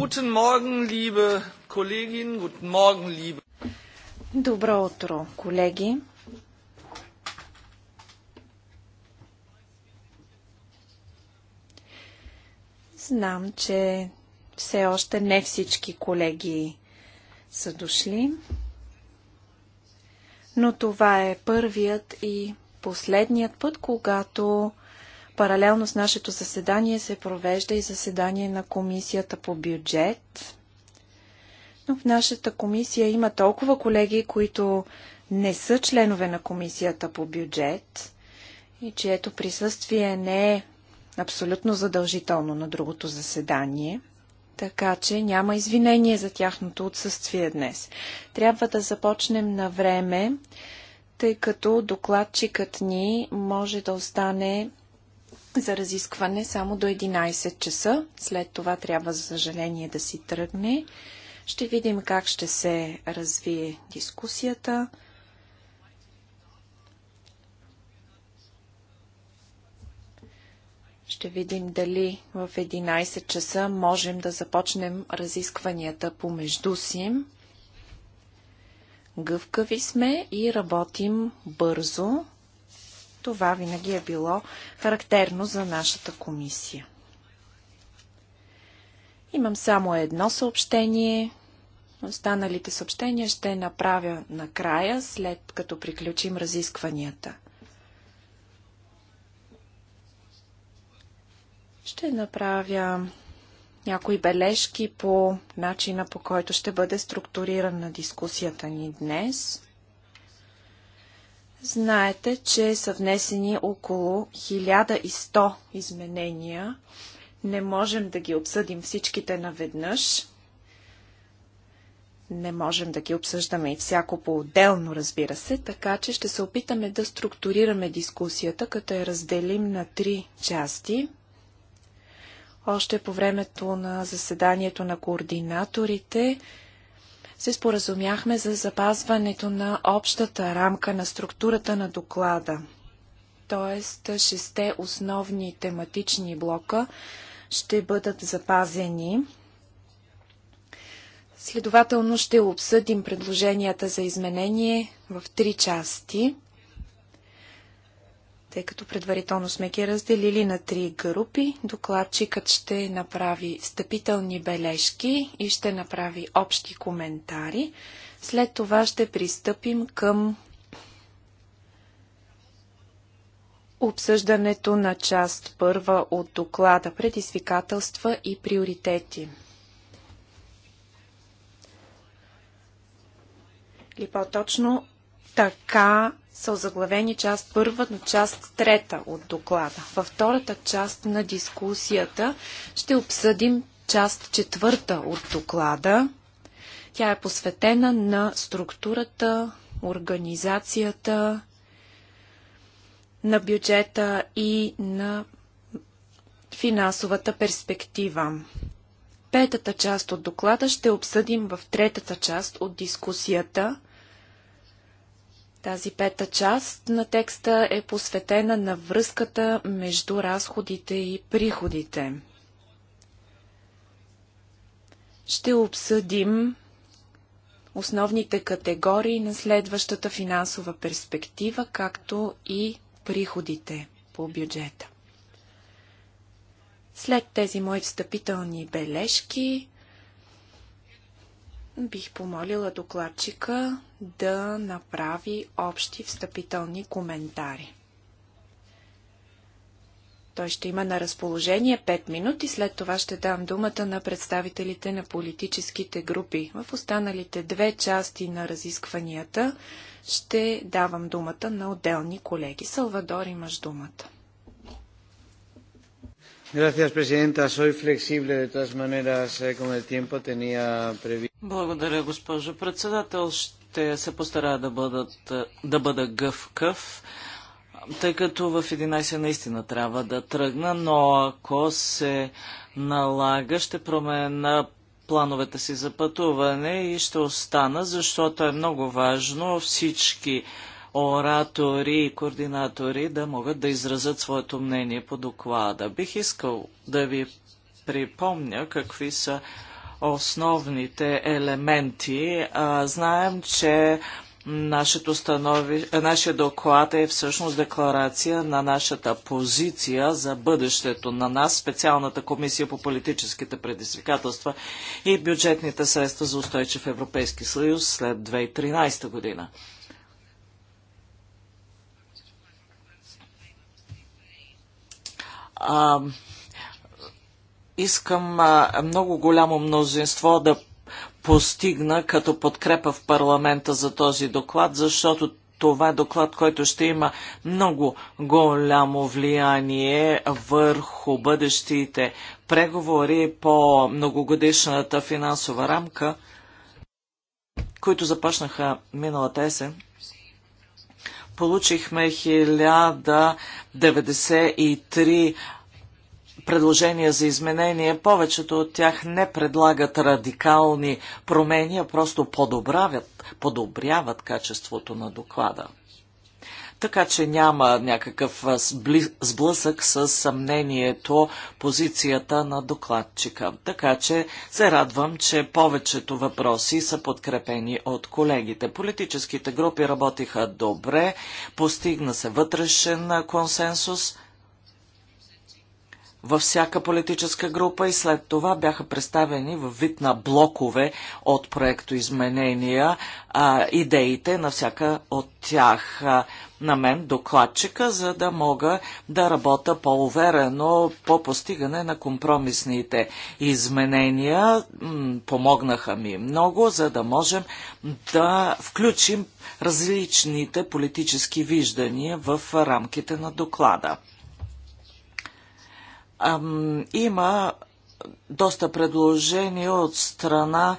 Guten Morgen, liebe Kolleginnen, guten Morgen, liebe. Добро утро, колеги. Знам, че все още не всички колеги са дошли, но това е първият и последният път, когато Паралелно с нашето заседание се провежда и заседание на комисията по бюджет. Но в нашата комисия има толкова колеги, които не са членове на комисията по бюджет и чието присъствие не е абсолютно задължително на другото заседание. Така че няма извинение за тяхното отсъствие днес. Трябва да започнем на време, тъй като докладчикът ни може да остане за разискване само до 11 часа. След това трябва, за съжаление, да си тръгне. Ще видим как ще се развие дискусията. Ще видим дали в 11 часа можем да започнем разискванията помежду си. Гъвкави сме и работим бързо. Това винаги е било характерно за нашата комисия. Имам само едно съобщение. Останалите съобщения ще направя накрая, след като приключим разискванията. Ще направя някои бележки по начина по който ще бъде структурирана дискусията ни днес. Знаете, че са внесени около 1100 изменения. Не можем да ги обсъдим всичките наведнъж. Не можем да ги обсъждаме и всяко по-отделно, разбира се, така че ще се опитаме да структурираме дискусията, като я разделим на три части. Още по времето на заседанието на координаторите се споразумяхме за запазването на общата рамка на структурата на доклада, т.е. шесте основни тематични блока ще бъдат запазени. Следователно ще обсъдим предложенията за изменение в три части. Тъй като предварително сме ги разделили на три групи, докладчикът ще направи встъпителни бележки и ще направи общи коментари. След това ще пристъпим към обсъждането на част първа от доклада предизвикателства и приоритети. И по-точно така са озаглавени част първа на част трета от доклада. Във втората част на дискусията ще обсъдим част четвърта от доклада. Тя е посветена на структурата, организацията на бюджета и на финансовата перспектива. Петата част от доклада ще обсъдим в третата част от дискусията – тази пета част на текста е посветена на връзката между разходите и приходите. Ще обсъдим основните категории на следващата финансова перспектива, както и приходите по бюджета. След тези мои встъпителни бележки бих помолила докладчика да направи общи встъпителни коментари. Той ще има на разположение 5 минути, след това ще дам думата на представителите на политическите групи. В останалите две части на разискванията ще давам думата на отделни колеги. Салвадор, имаш думата. Gracias, Presidenta. Soy flexible. De todas maneras, eh, con el tiempo tenía previsto. Благодаря, госпожо председател. Ще се постарая да, бъдат, е, да бъда гъвкъв, тъй като в 11 наистина трябва да тръгна, но ако се налага, ще променя плановете си за пътуване и ще остана, защото е много важно всички оратори и координатори да могат да изразят своето мнение по доклада. Бих искал да ви припомня какви са основните елементи. А, знаем, че нашето станови... нашия доклад е всъщност декларация на нашата позиция за бъдещето на нас, специалната комисия по политическите предизвикателства и бюджетните средства за устойчив Европейски съюз след 2013 година. а, искам а, много голямо мнозинство да постигна като подкрепа в парламента за този доклад, защото това е доклад, който ще има много голямо влияние върху бъдещите преговори по многогодишната финансова рамка, които започнаха миналата есен. Получихме 1093 предложения за изменение. Повечето от тях не предлагат радикални промени, а просто подобряват, подобряват качеството на доклада така че няма някакъв сблъсък с съмнението позицията на докладчика. Така че се радвам, че повечето въпроси са подкрепени от колегите. Политическите групи работиха добре, постигна се вътрешен консенсус – във всяка политическа група и след това бяха представени в вид на блокове от проекто изменения а, идеите на всяка от тях а, на мен докладчика, за да мога да работя по-уверено по постигане на компромисните изменения. Помогнаха ми много, за да можем да включим различните политически виждания в рамките на доклада ам, има доста предложения от страна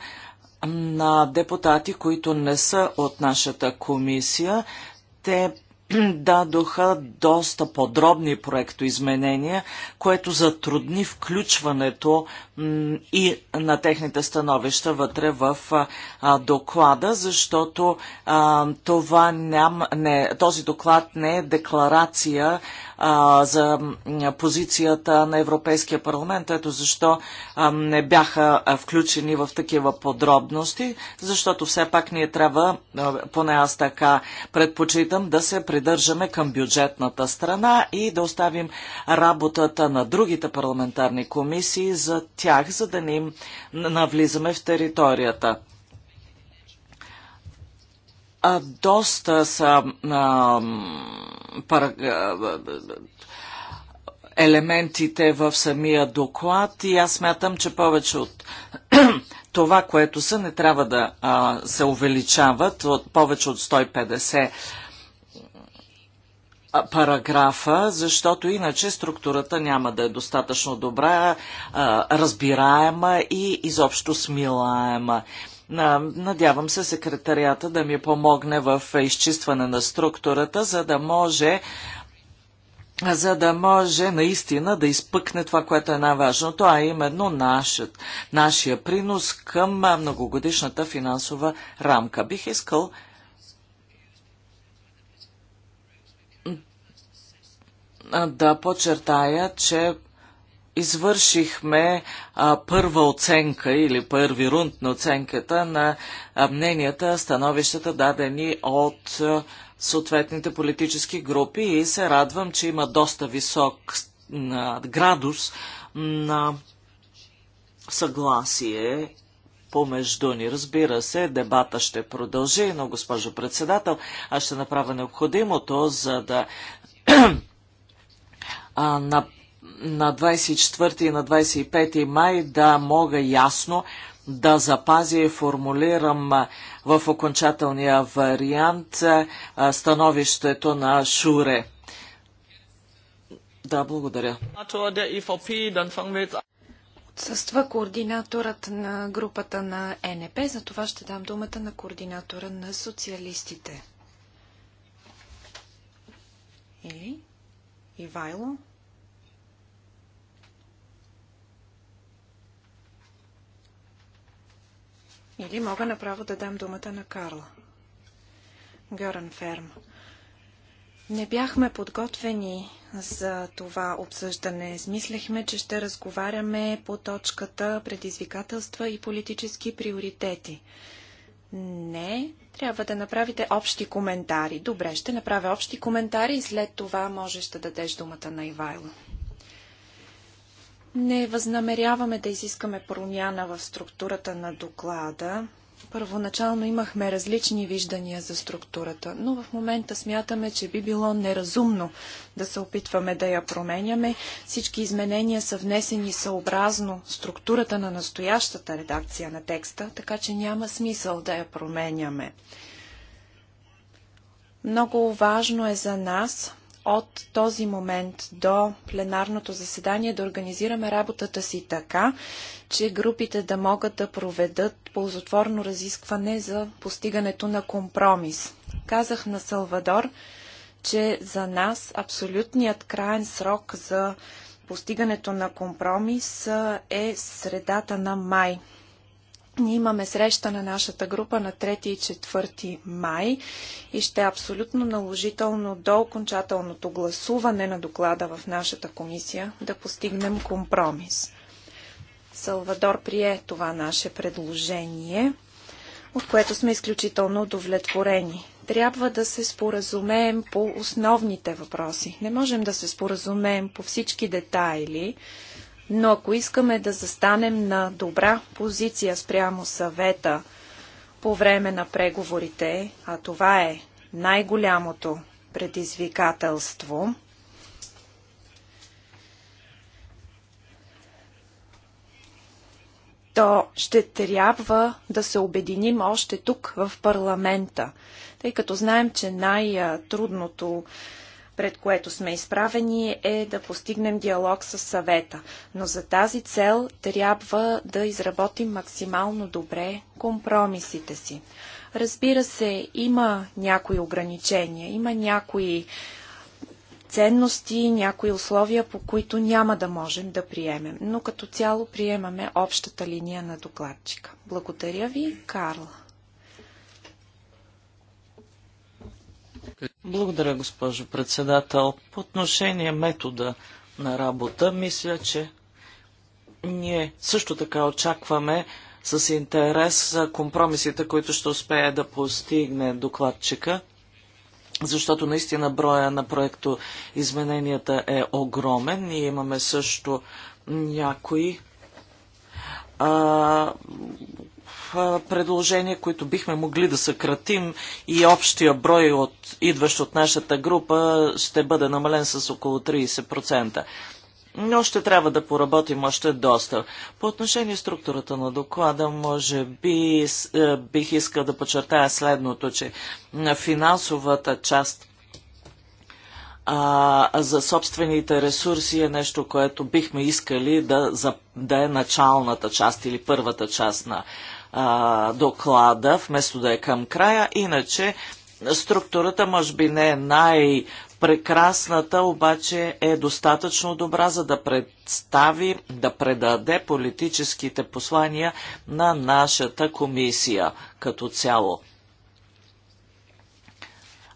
на депутати, които не са от нашата комисия. Те дадоха доста подробни проектоизменения, което затрудни включването и на техните становища вътре в доклада, защото това ням, не, този доклад не е декларация а, за позицията на Европейския парламент. Ето защо а, не бяха включени в такива подробности, защото все пак ние трябва, поне аз така предпочитам, да се придържаме към бюджетната страна и да оставим работата на другите парламентарни комисии за тях, за да не им навлизаме в територията доста са а, елементите в самия доклад и аз смятам, че повече от това, което са, не трябва да а, се увеличават от повече от 150 параграфа, защото иначе структурата няма да е достатъчно добра, а, разбираема и изобщо смилаема. Надявам се секретарията да ми помогне в изчистване на структурата, за да може за да може наистина да изпъкне това, което е най-важното, а именно нашът, нашия принос към многогодишната финансова рамка. Бих искал да подчертая, че извършихме а, първа оценка или първи рунд на оценката на мненията, становищата дадени от а, съответните политически групи и се радвам, че има доста висок а, градус на съгласие помежду ни. Разбира се, дебата ще продължи, но госпожо председател, аз ще направя необходимото, за да а, на на 24 и на 25 май да мога ясно да запазя и формулирам в окончателния вариант становището на Шуре. Да, благодаря. Отсъства координаторът на групата на НП, за това ще дам думата на координатора на социалистите. Или? Ивайло? Или мога направо да дам думата на Карл. Гърън Ферм. Не бяхме подготвени за това обсъждане. Смислехме, че ще разговаряме по точката предизвикателства и политически приоритети. Не, трябва да направите общи коментари. Добре, ще направя общи коментари и след това може да дадеш думата на Ивайло. Не възнамеряваме да изискаме промяна в структурата на доклада. Първоначално имахме различни виждания за структурата, но в момента смятаме, че би било неразумно да се опитваме да я променяме. Всички изменения са внесени съобразно структурата на настоящата редакция на текста, така че няма смисъл да я променяме. Много важно е за нас от този момент до пленарното заседание да организираме работата си така, че групите да могат да проведат ползотворно разискване за постигането на компромис. Казах на Салвадор, че за нас абсолютният крайен срок за постигането на компромис е средата на май. Ние имаме среща на нашата група на 3 и 4 май и ще е абсолютно наложително до окончателното гласуване на доклада в нашата комисия да постигнем компромис. Салвадор прие това наше предложение, от което сме изключително удовлетворени. Трябва да се споразумеем по основните въпроси. Не можем да се споразумеем по всички детайли, но ако искаме да застанем на добра позиция спрямо съвета по време на преговорите, а това е най-голямото предизвикателство, то ще трябва да се обединим още тук в парламента, тъй като знаем, че най-трудното пред което сме изправени, е да постигнем диалог с съвета. Но за тази цел трябва да изработим максимално добре компромисите си. Разбира се, има някои ограничения, има някои ценности, някои условия, по които няма да можем да приемем. Но като цяло приемаме общата линия на докладчика. Благодаря ви, Карла. Благодаря, госпожо председател. По отношение метода на работа, мисля, че ние също така очакваме с интерес за компромисите, които ще успее да постигне докладчика, защото наистина броя на проекто измененията е огромен. Ние имаме също някои а, предложения, които бихме могли да съкратим и общия брой от идващ от нашата група ще бъде намален с около 30%. Но ще трябва да поработим още доста. По отношение структурата на доклада, може би е, бих искал да подчертая следното, че финансовата част а, за собствените ресурси е нещо, което бихме искали да, за, да е началната част или първата част на а, доклада, вместо да е към края. Иначе структурата може би не е най- прекрасната, обаче е достатъчно добра, за да представи, да предаде политическите послания на нашата комисия като цяло.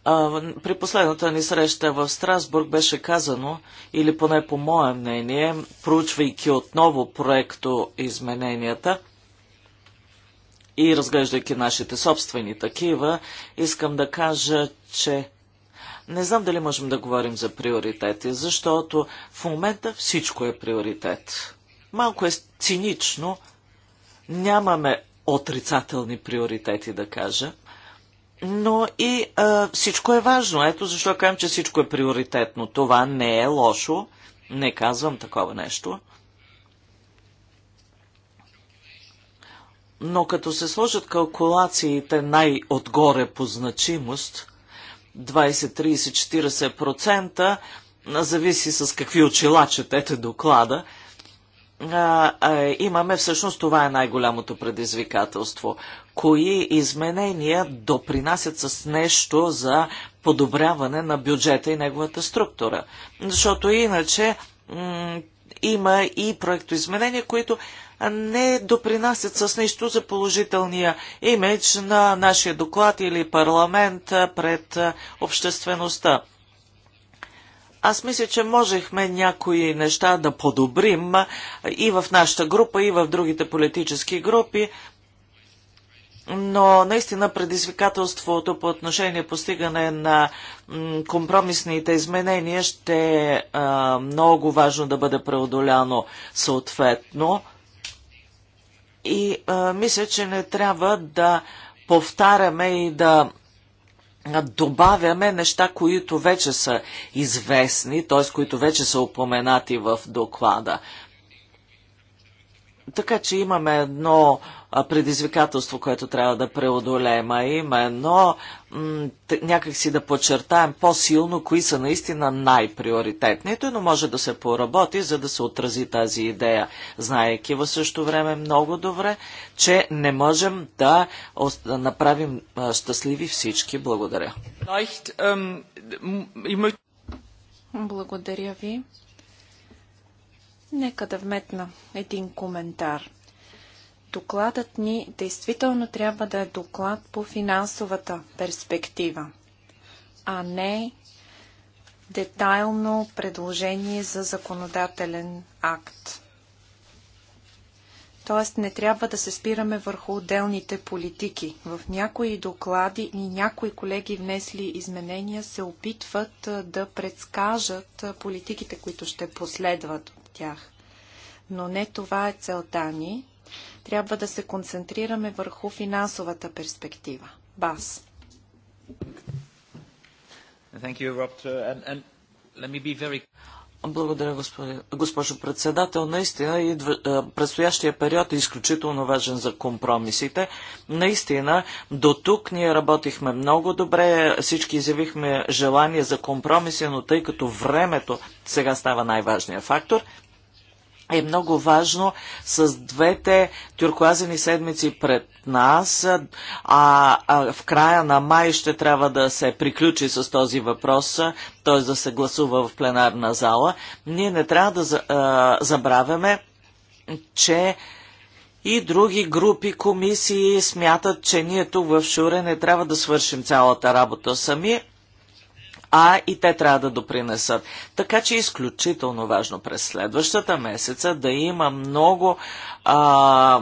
При последната ни среща в Страсбург беше казано, или поне по мое мнение, проучвайки отново проекто измененията и разглеждайки нашите собствени такива, искам да кажа, че не знам дали можем да говорим за приоритети, защото в момента всичко е приоритет. Малко е цинично, нямаме отрицателни приоритети, да кажа но и а, всичко е важно. Ето защо казвам, че всичко е приоритетно. Това не е лошо. Не казвам такова нещо. Но като се сложат калкулациите най-отгоре по значимост, 20-30-40% зависи с какви очила четете доклада, а, а, имаме всъщност това е най-голямото предизвикателство кои изменения допринасят с нещо за подобряване на бюджета и неговата структура. Защото иначе има и проектоизменения, които не допринасят с нищо за положителния имидж на нашия доклад или парламент пред обществеността. Аз мисля, че можехме някои неща да подобрим и в нашата група, и в другите политически групи, но наистина предизвикателството по отношение постигане на компромисните изменения ще е много важно да бъде преодоляно съответно. И мисля, че не трябва да повтаряме и да добавяме неща, които вече са известни, т.е. които вече са упоменати в доклада. Така че имаме едно предизвикателство, което трябва да преодолеем, а именно някакси да подчертаем по-силно кои са наистина най-приоритетните, но може да се поработи, за да се отрази тази идея, знаеки в същото време много добре, че не можем да направим щастливи всички. Благодаря. Благодаря ви. Нека да вметна един коментар. Докладът ни действително трябва да е доклад по финансовата перспектива, а не детайлно предложение за законодателен акт. Тоест не трябва да се спираме върху отделните политики. В някои доклади и някои колеги внесли изменения се опитват да предскажат политиките, които ще последват тях. Но не това е целта ни. Трябва да се концентрираме върху финансовата перспектива. БАС. Thank you, Rob. And, and let me be very... Благодаря, госпожо председател. Наистина и предстоящия период е изключително важен за компромисите. Наистина, до тук ние работихме много добре, всички изявихме желание за компромиси, но тъй като времето сега става най-важният фактор, е много важно с двете тюркуазени седмици пред нас, а, а в края на май ще трябва да се приключи с този въпрос, т.е. да се гласува в пленарна зала. Ние не трябва да а, забравяме, че и други групи, комисии смятат, че ние тук в Шуре не трябва да свършим цялата работа сами, а и те трябва да допринесат. Така че е изключително важно през следващата месеца да има много а,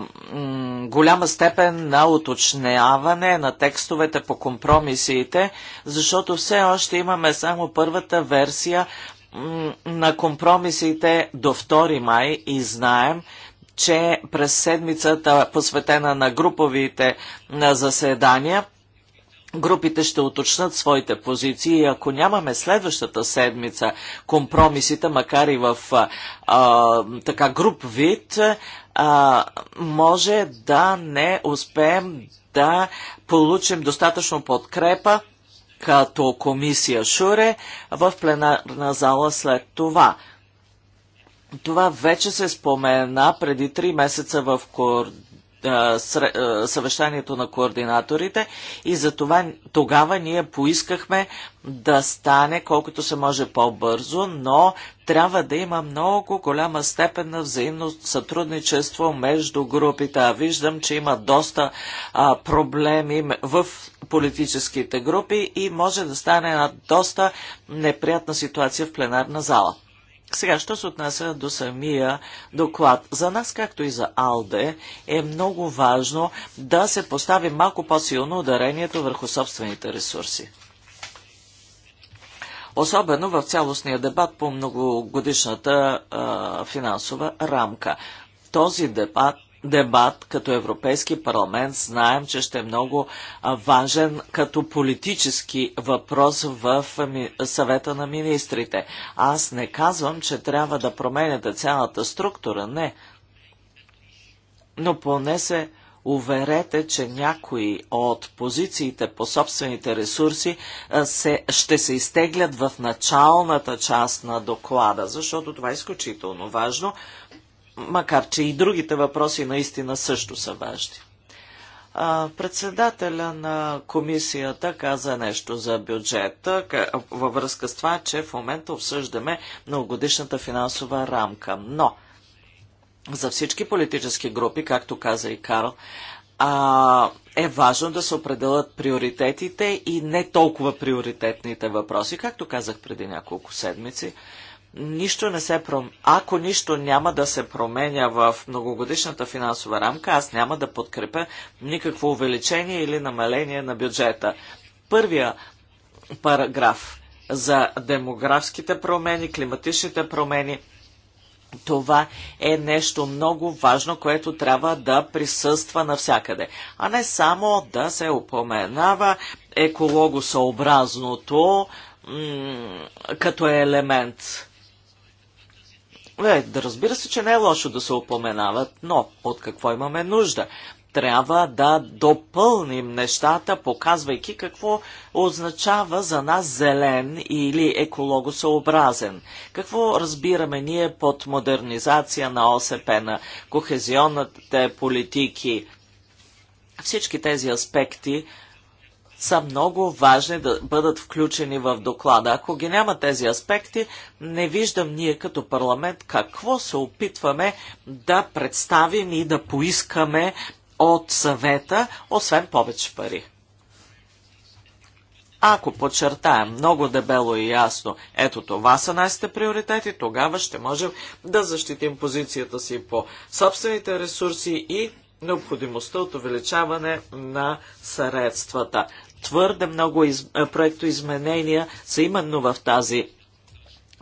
голяма степен на уточняване на текстовете по компромисите, защото все още имаме само първата версия на компромисите до 2 май и знаем, че през седмицата, посветена на груповите заседания, Групите ще уточнат своите позиции и ако нямаме следващата седмица компромисите, макар и в а, така груп вид, а, може да не успеем да получим достатъчно подкрепа като комисия Шуре в пленарна зала след това. Това вече се спомена преди три месеца в Кордон съвещанието на координаторите и за това тогава ние поискахме да стане колкото се може по-бързо, но трябва да има много голяма степен на взаимно сътрудничество между групите. А виждам, че има доста а, проблеми в политическите групи и може да стане една доста неприятна ситуация в пленарна зала. Сега, що се отнася до самия доклад? За нас, както и за АЛДЕ, е много важно да се постави малко по-силно ударението върху собствените ресурси. Особено в цялостния дебат по многогодишната а, финансова рамка. Този дебат дебат като Европейски парламент знаем, че ще е много важен като политически въпрос в съвета на министрите. Аз не казвам, че трябва да променяте цялата структура, не. Но поне се уверете, че някои от позициите по собствените ресурси се, ще се изтеглят в началната част на доклада, защото това е изключително важно, макар че и другите въпроси наистина също са важни. Председателя на комисията каза нещо за бюджета във връзка с това, че в момента обсъждаме многогодишната финансова рамка. Но за всички политически групи, както каза и Карл, а, е важно да се определят приоритетите и не толкова приоритетните въпроси. Както казах преди няколко седмици, нищо не се пром... ако нищо няма да се променя в многогодишната финансова рамка, аз няма да подкрепя никакво увеличение или намаление на бюджета. Първия параграф за демографските промени, климатичните промени, това е нещо много важно, което трябва да присъства навсякъде, а не само да се упоменава екологосъобразното като елемент е, да разбира се, че не е лошо да се упоменават, но от какво имаме нужда? Трябва да допълним нещата, показвайки какво означава за нас зелен или екологосъобразен. Какво разбираме ние под модернизация на ОСП, на кохезионните политики? Всички тези аспекти са много важни да бъдат включени в доклада. Ако ги няма тези аспекти, не виждам ние като парламент какво се опитваме да представим и да поискаме от съвета, освен повече пари. Ако подчертаем много дебело и ясно, ето това са нашите приоритети, тогава ще можем да защитим позицията си по собствените ресурси и необходимостта от увеличаване на средствата. Твърде много из... проектоизменения са именно в тази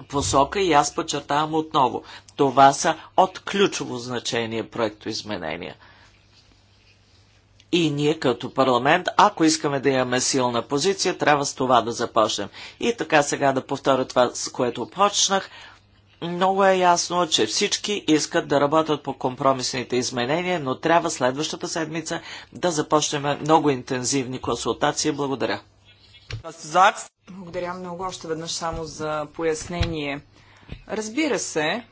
посока и аз подчертавам отново. Това са от ключово значение проектоизменения. И ние като парламент, ако искаме да имаме силна позиция, трябва с това да започнем. И така сега да повторя това, с което почнах. Много е ясно, че всички искат да работят по компромисните изменения, но трябва следващата седмица да започнем много интензивни консултации. Благодаря. Благодаря много още веднъж само за пояснение. Разбира се,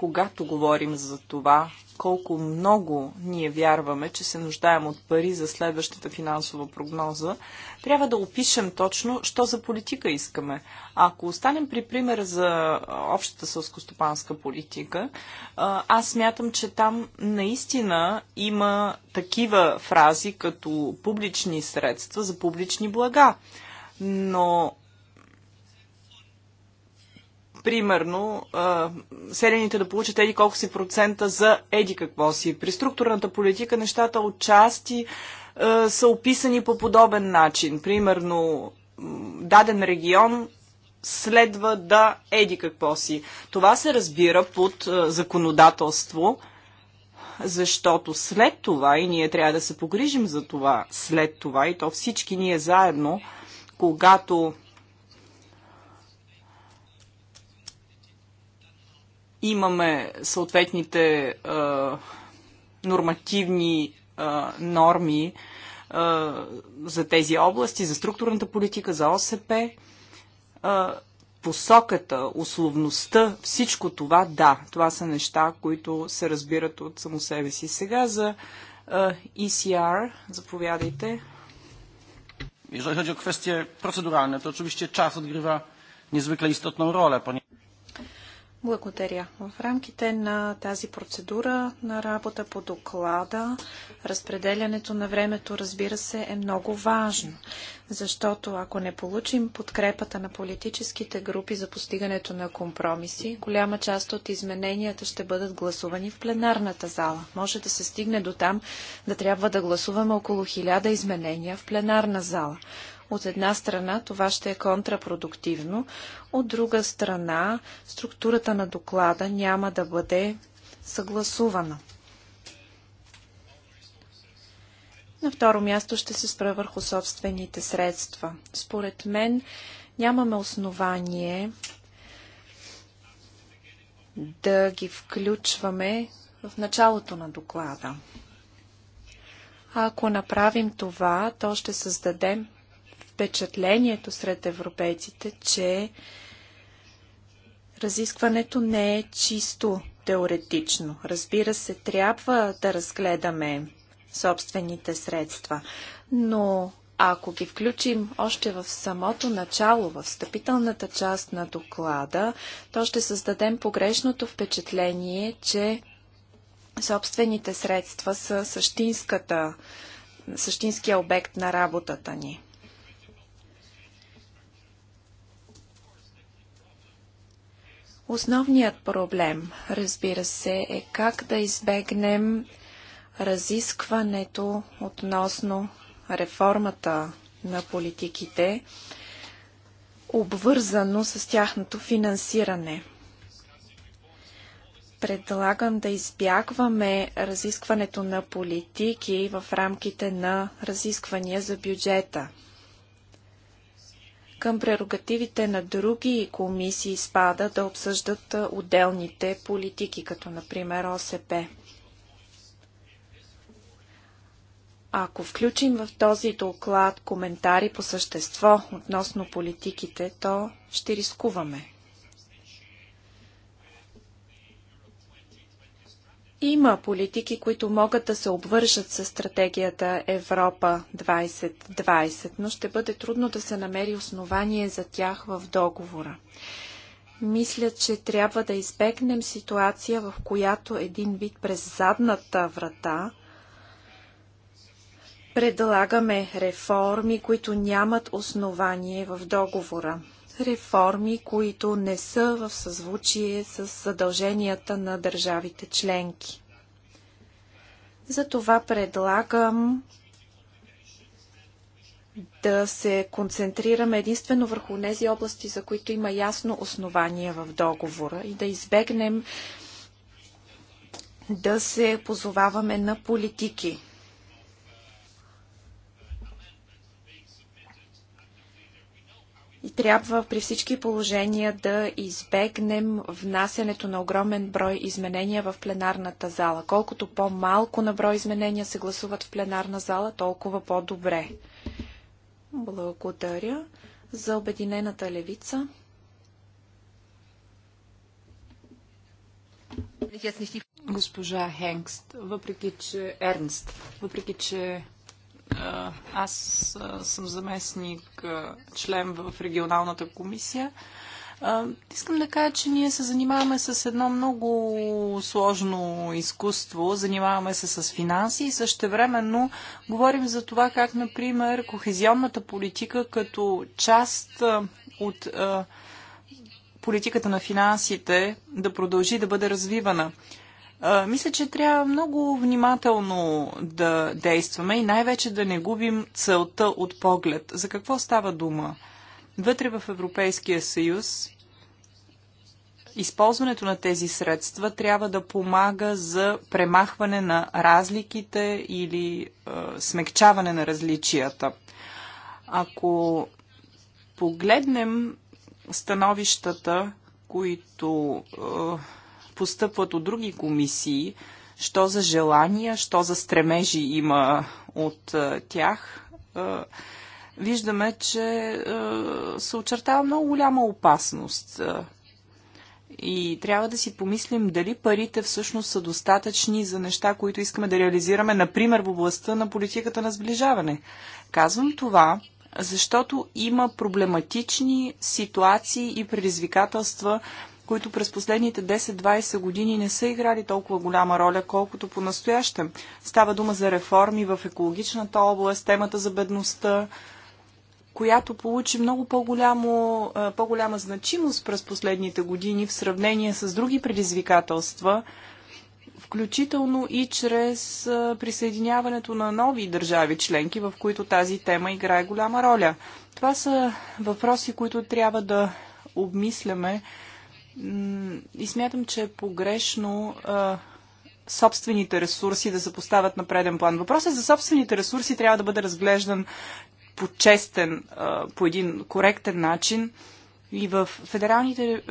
когато говорим за това, колко много ние вярваме, че се нуждаем от пари за следващата финансова прогноза, трябва да опишем точно, що за политика искаме. Ако останем при пример за общата сълскостопанска политика, аз смятам, че там наистина има такива фрази като публични средства за публични блага. Но примерно, селените да получат еди колко си процента за еди какво си. При структурната политика нещата отчасти са описани по подобен начин. Примерно, даден регион следва да еди какво си. Това се разбира под законодателство, защото след това, и ние трябва да се погрижим за това, след това, и то всички ние заедно, когато имаме съответните а, нормативни а, норми а, за тези области, за структурната политика, за ОСП. А, посоката, условността, всичко това, да, това са неща, които се разбират от само себе си. Сега за а, ECR, заповядайте. Jeżeli chodzi o kwestie proceduralne, to oczywiście czas odgrywa niezwykle istotną rolę, ponieważ благодаря. В рамките на тази процедура на работа по доклада, разпределянето на времето, разбира се, е много важно, защото ако не получим подкрепата на политическите групи за постигането на компромиси, голяма част от измененията ще бъдат гласувани в пленарната зала. Може да се стигне до там да трябва да гласуваме около хиляда изменения в пленарна зала. От една страна това ще е контрапродуктивно, от друга страна структурата на доклада няма да бъде съгласувана. На второ място ще се спра върху собствените средства. Според мен нямаме основание да ги включваме в началото на доклада. А ако направим това, то ще създадем впечатлението сред европейците, че разискването не е чисто теоретично. Разбира се, трябва да разгледаме собствените средства, но ако ги включим още в самото начало, в встъпителната част на доклада, то ще създадем погрешното впечатление, че собствените средства са същинската, същинския обект на работата ни. Основният проблем, разбира се, е как да избегнем разискването относно реформата на политиките, обвързано с тяхното финансиране. Предлагам да избягваме разискването на политики в рамките на разисквания за бюджета. Към прерогативите на други комисии спада да обсъждат отделните политики, като например ОСП. Ако включим в този доклад коментари по същество относно политиките, то ще рискуваме. Има политики, които могат да се обвържат с стратегията Европа 2020, но ще бъде трудно да се намери основание за тях в договора. Мисля, че трябва да избегнем ситуация, в която един вид през задната врата предлагаме реформи, които нямат основание в договора реформи, които не са в съзвучие с задълженията на държавите членки. Затова предлагам да се концентрираме единствено върху тези области, за които има ясно основание в договора и да избегнем да се позоваваме на политики. трябва при всички положения да избегнем внасянето на огромен брой изменения в пленарната зала. Колкото по-малко на брой изменения се гласуват в пленарна зала, толкова по-добре. Благодаря за Обединената левица. Госпожа Хенкст, въпреки че Ернст, въпреки че е, аз е, съм заместник е, член в регионалната комисия. Искам да кажа, че ние се занимаваме с едно много сложно изкуство. Занимаваме се с финанси и същевременно говорим за това как, например, кохезионната политика като част от политиката на финансите да продължи да бъде развивана мисля, че трябва много внимателно да действаме и най-вече да не губим целта от поглед. За какво става дума? Вътре в Европейския съюз използването на тези средства трябва да помага за премахване на разликите или е, смекчаване на различията. Ако погледнем становищата, които. Е, постъпват от други комисии, що за желания, що за стремежи има от е, тях, е, виждаме, че е, се очертава много голяма опасност. И трябва да си помислим дали парите всъщност са достатъчни за неща, които искаме да реализираме, например в областта на политиката на сближаване. Казвам това, защото има проблематични ситуации и предизвикателства, които през последните 10-20 години не са играли толкова голяма роля, колкото по-настоящем. Става дума за реформи в екологичната област, темата за бедността, която получи много по по-голяма значимост през последните години в сравнение с други предизвикателства, включително и чрез присъединяването на нови държави членки, в които тази тема играе голяма роля. Това са въпроси, които трябва да обмисляме и смятам, че е погрешно а, собствените ресурси да се поставят на преден план. Въпросът е за собствените ресурси трябва да бъде разглеждан по честен, а, по един коректен начин. И в федералните а,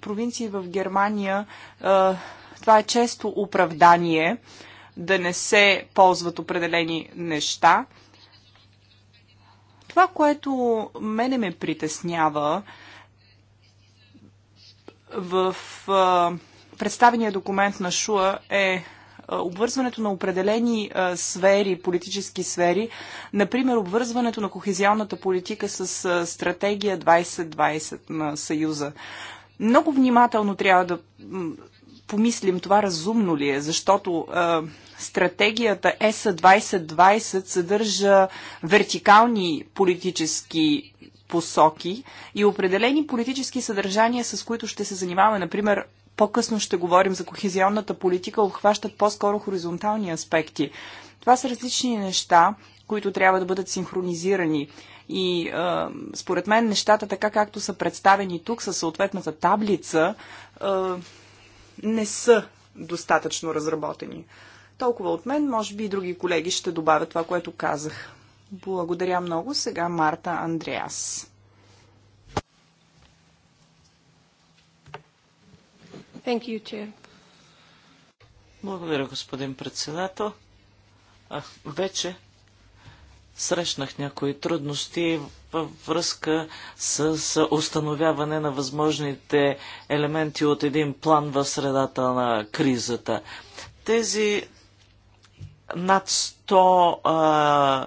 провинции в Германия а, това е често оправдание да не се ползват определени неща. Това, което мене ме притеснява, в представения документ на Шуа е обвързването на определени а, сфери, политически сфери, например обвързването на кохезионната политика с а, стратегия 2020 на Съюза. Много внимателно трябва да помислим това разумно ли е, защото а, стратегията ЕСА 2020 съдържа вертикални политически посоки и определени политически съдържания, с които ще се занимаваме. Например, по-късно ще говорим за кохезионната политика, обхващат по-скоро хоризонтални аспекти. Това са различни неща, които трябва да бъдат синхронизирани. И е, според мен нещата, така както са представени тук, със съответната таблица, е, не са достатъчно разработени. Толкова от мен, може би и други колеги ще добавят това, което казах. Благодаря много. Сега Марта Андреас. Thank you, Chair. Благодаря, господин председател. А, вече срещнах някои трудности във връзка с установяване на възможните елементи от един план в средата на кризата. Тези над 100 а,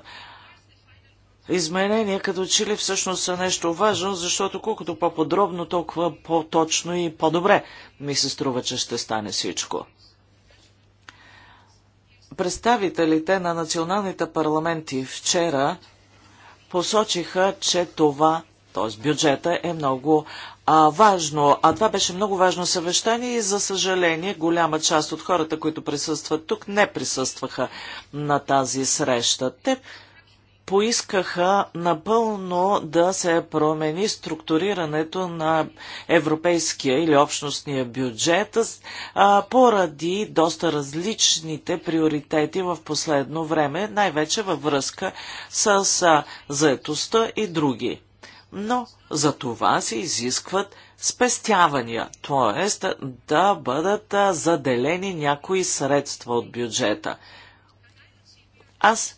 изменения като че ли всъщност са нещо важно, защото колкото по-подробно, толкова по-точно и по-добре ми се струва, че ще стане всичко. Представителите на националните парламенти вчера посочиха, че това, т.е. бюджета е много а, важно. А това беше много важно съвещание и за съжаление голяма част от хората, които присъстват тук, не присъстваха на тази среща. Те поискаха напълно да се промени структурирането на европейския или общностния бюджет а, поради доста различните приоритети в последно време, най-вече във връзка с а, заетостта и други. Но за това се изискват спестявания, т.е. да бъдат а, заделени някои средства от бюджета. Аз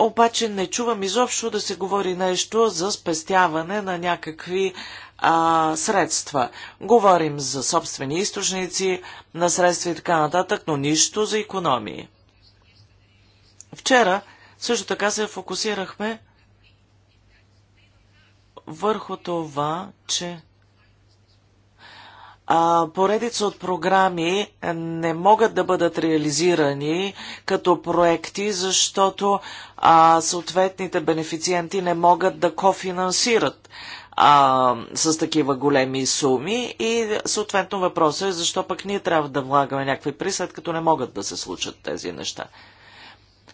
обаче не чувам изобщо да се говори нещо за спестяване на някакви а, средства. Говорим за собствени източници на средства и така нататък, но нищо за економии. Вчера също така се фокусирахме върху това, че поредица от програми не могат да бъдат реализирани като проекти, защото а, съответните бенефициенти не могат да кофинансират а, с такива големи суми и съответно въпросът е защо пък ние трябва да влагаме някакви присъд, като не могат да се случат тези неща.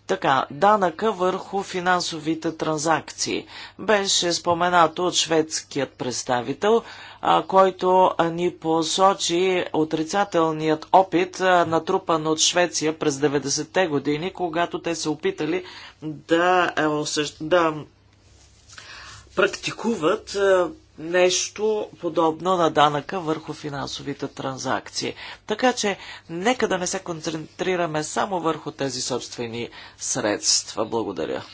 Така, данъка върху финансовите транзакции беше споменато от шведският представител, а, който ни посочи отрицателният опит, а, натрупан от Швеция през 90-те години, когато те се опитали да, е, да практикуват нещо подобно на данъка върху финансовите транзакции. Така че, нека да не се концентрираме само върху тези собствени средства. Благодаря.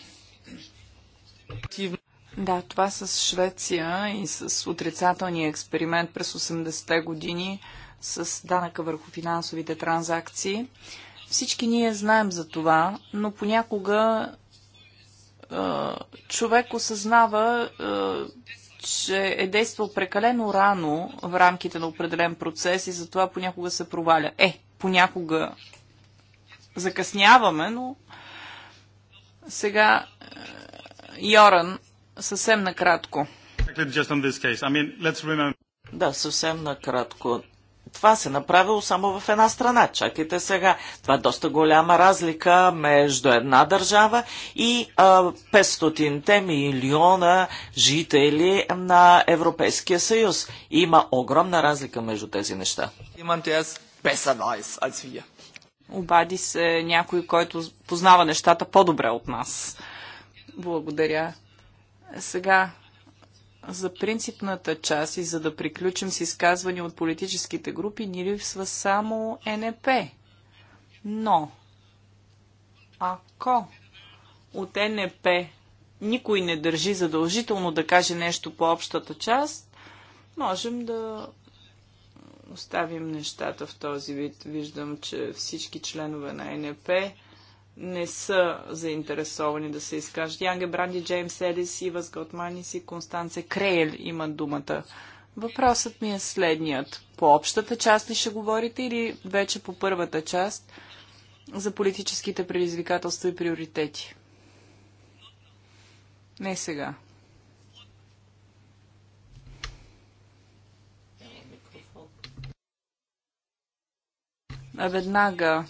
Да, това с Швеция и с отрицателния експеримент през 80-те години с данъка върху финансовите транзакции. Всички ние знаем за това, но понякога е, човек осъзнава е, че е действал прекалено рано в рамките на определен процес и затова понякога се проваля. Е, понякога закъсняваме, но сега е, Йоран съвсем накратко. Да, съвсем накратко това се направило само в една страна. Чакайте сега. Това е доста голяма разлика между една държава и 500-те милиона жители на Европейския съюз. Има огромна разлика между тези неща. Е. Обади се някой, който познава нещата по-добре от нас. Благодаря. Сега за принципната част и за да приключим с изказване от политическите групи, ни липсва само НП. Но, ако от НП никой не държи задължително да каже нещо по общата част, можем да оставим нещата в този вид. Виждам, че всички членове на НП не са заинтересовани да се изкажат. Янге Бранди, Джеймс Едис, Ива Готманис и Констанце Крейл имат думата. Въпросът ми е следният. По общата част ли ще говорите или вече по първата част за политическите предизвикателства и приоритети? Не сега. А веднага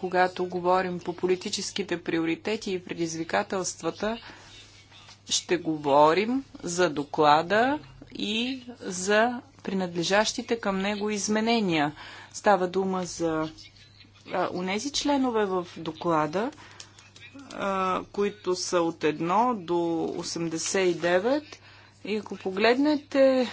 когато говорим по политическите приоритети и предизвикателствата, ще говорим за доклада и за принадлежащите към него изменения. Става дума за унези членове в доклада, които са от 1 до 89. И ако погледнете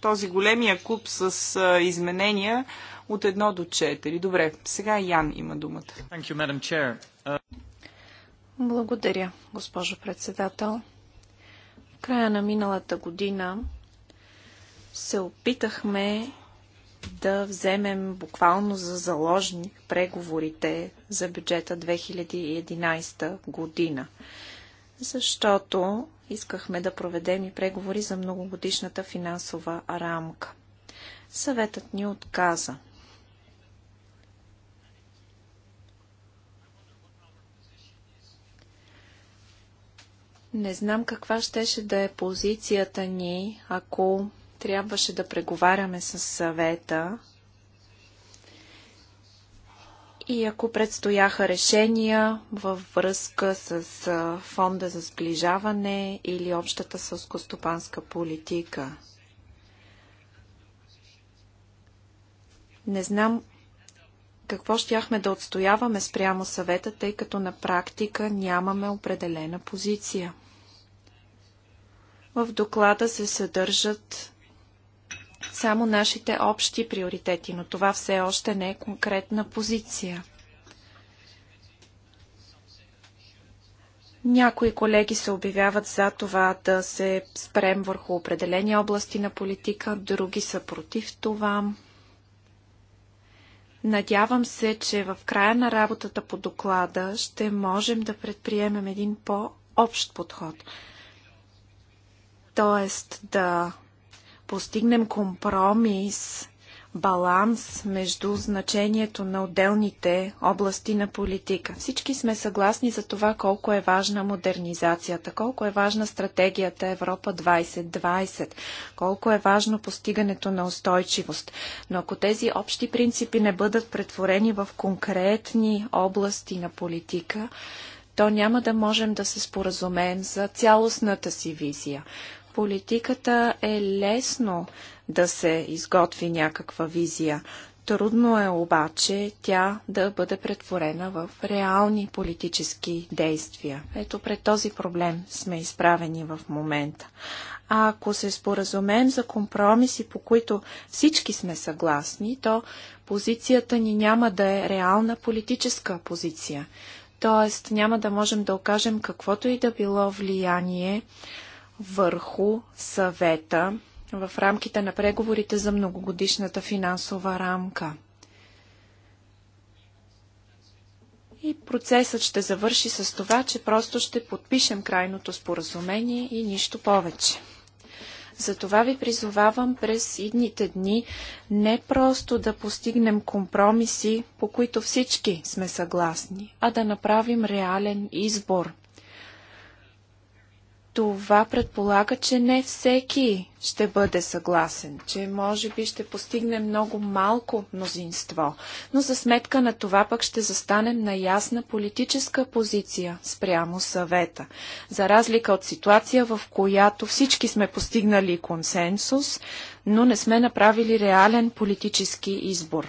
този големия куп с изменения, от 1 до 4. Добре, сега Ян има думата. Uh, Благодаря, госпожо председател. В края на миналата година се опитахме да вземем буквално за заложник преговорите за бюджета 2011 година, защото искахме да проведем и преговори за многогодишната финансова рамка. Съветът ни отказа. Не знам каква щеше да е позицията ни, ако трябваше да преговаряме с съвета и ако предстояха решения във връзка с фонда за сближаване или общата сълскостопанска политика. Не знам какво щяхме да отстояваме спрямо съвета, тъй като на практика нямаме определена позиция. В доклада се съдържат само нашите общи приоритети, но това все още не е конкретна позиция. Някои колеги се обявяват за това да се спрем върху определени области на политика, други са против това. Надявам се, че в края на работата по доклада ще можем да предприемем един по-общ подход. Тоест да постигнем компромис баланс между значението на отделните области на политика. Всички сме съгласни за това колко е важна модернизацията, колко е важна стратегията Европа 2020, колко е важно постигането на устойчивост. Но ако тези общи принципи не бъдат претворени в конкретни области на политика, то няма да можем да се споразумеем за цялостната си визия политиката е лесно да се изготви някаква визия. Трудно е обаче тя да бъде претворена в реални политически действия. Ето пред този проблем сме изправени в момента. А ако се споразумеем за компромиси, по които всички сме съгласни, то позицията ни няма да е реална политическа позиция. Тоест няма да можем да окажем каквото и да било влияние върху съвета в рамките на преговорите за многогодишната финансова рамка. И процесът ще завърши с това, че просто ще подпишем крайното споразумение и нищо повече. Затова ви призовавам през идните дни не просто да постигнем компромиси, по които всички сме съгласни, а да направим реален избор това предполага, че не всеки ще бъде съгласен, че може би ще постигне много малко мнозинство, но за сметка на това пък ще застанем на ясна политическа позиция спрямо съвета. За разлика от ситуация, в която всички сме постигнали консенсус, но не сме направили реален политически избор.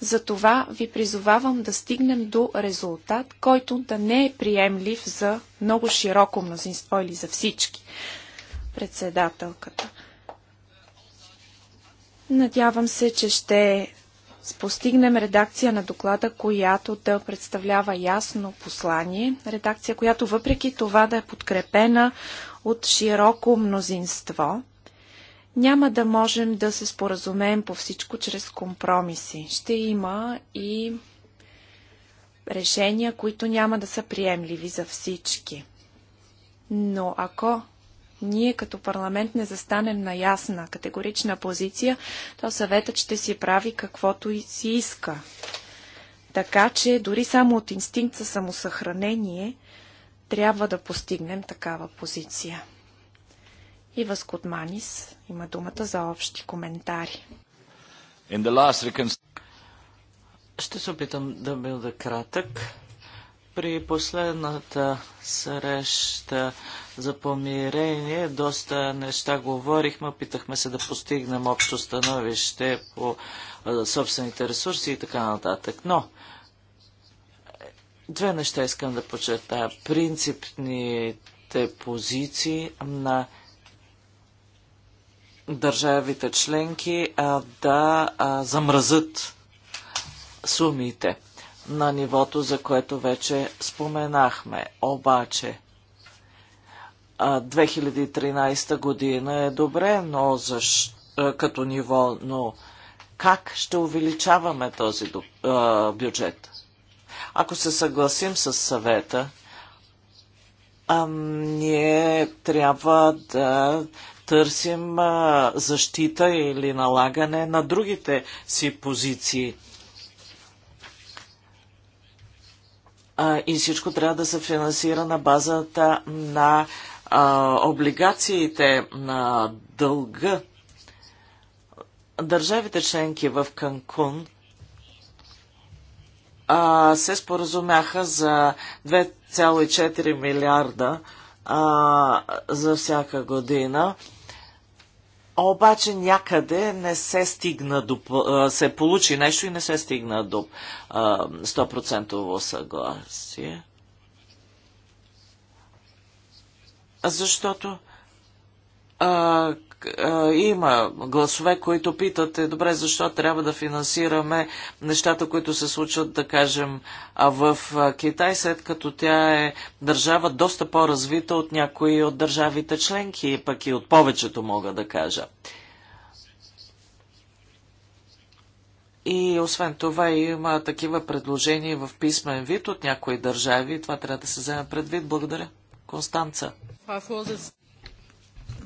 Затова ви призовавам да стигнем до резултат, който да не е приемлив за много широко мнозинство или за всички. Председателката. Надявам се, че ще постигнем редакция на доклада, която да представлява ясно послание. Редакция, която въпреки това да е подкрепена от широко мнозинство – няма да можем да се споразумеем по всичко чрез компромиси. Ще има и решения, които няма да са приемливи за всички. Но ако ние като парламент не застанем на ясна, категорична позиция, то съветът ще си прави каквото и си иска. Така че дори само от инстинкт за самосъхранение трябва да постигнем такава позиция. И Скотманис има думата за общи коментари. Last... Ще се опитам да бъда кратък. При последната среща за помирение доста неща говорихме, опитахме се да постигнем общо становище по собствените ресурси и така нататък. Но две неща искам да подчертая. Принципните позиции на държавите членки а, да а, замразат сумите на нивото, за което вече споменахме. Обаче, 2013 година е добре, но защ... като ниво, но как ще увеличаваме този бюджет? Ако се съгласим с съвета, ние трябва да търсим защита или налагане на другите си позиции. И всичко трябва да се финансира на базата на облигациите на дълга. Държавите членки в Канкун а, се споразумяха за 2,4 милиарда а, за всяка година обаче някъде не се стигна до, се получи нещо и не се стигна до 100% съгласие. Защото а, е, има гласове, които питате, добре, защо трябва да финансираме нещата, които се случват, да кажем, в е, Китай, след като тя е държава доста по-развита от някои от държавите членки, пък и от повечето, мога да кажа. И освен това има такива предложения в писмен вид от някои държави. Това трябва да се вземе предвид. Благодаря. Констанца.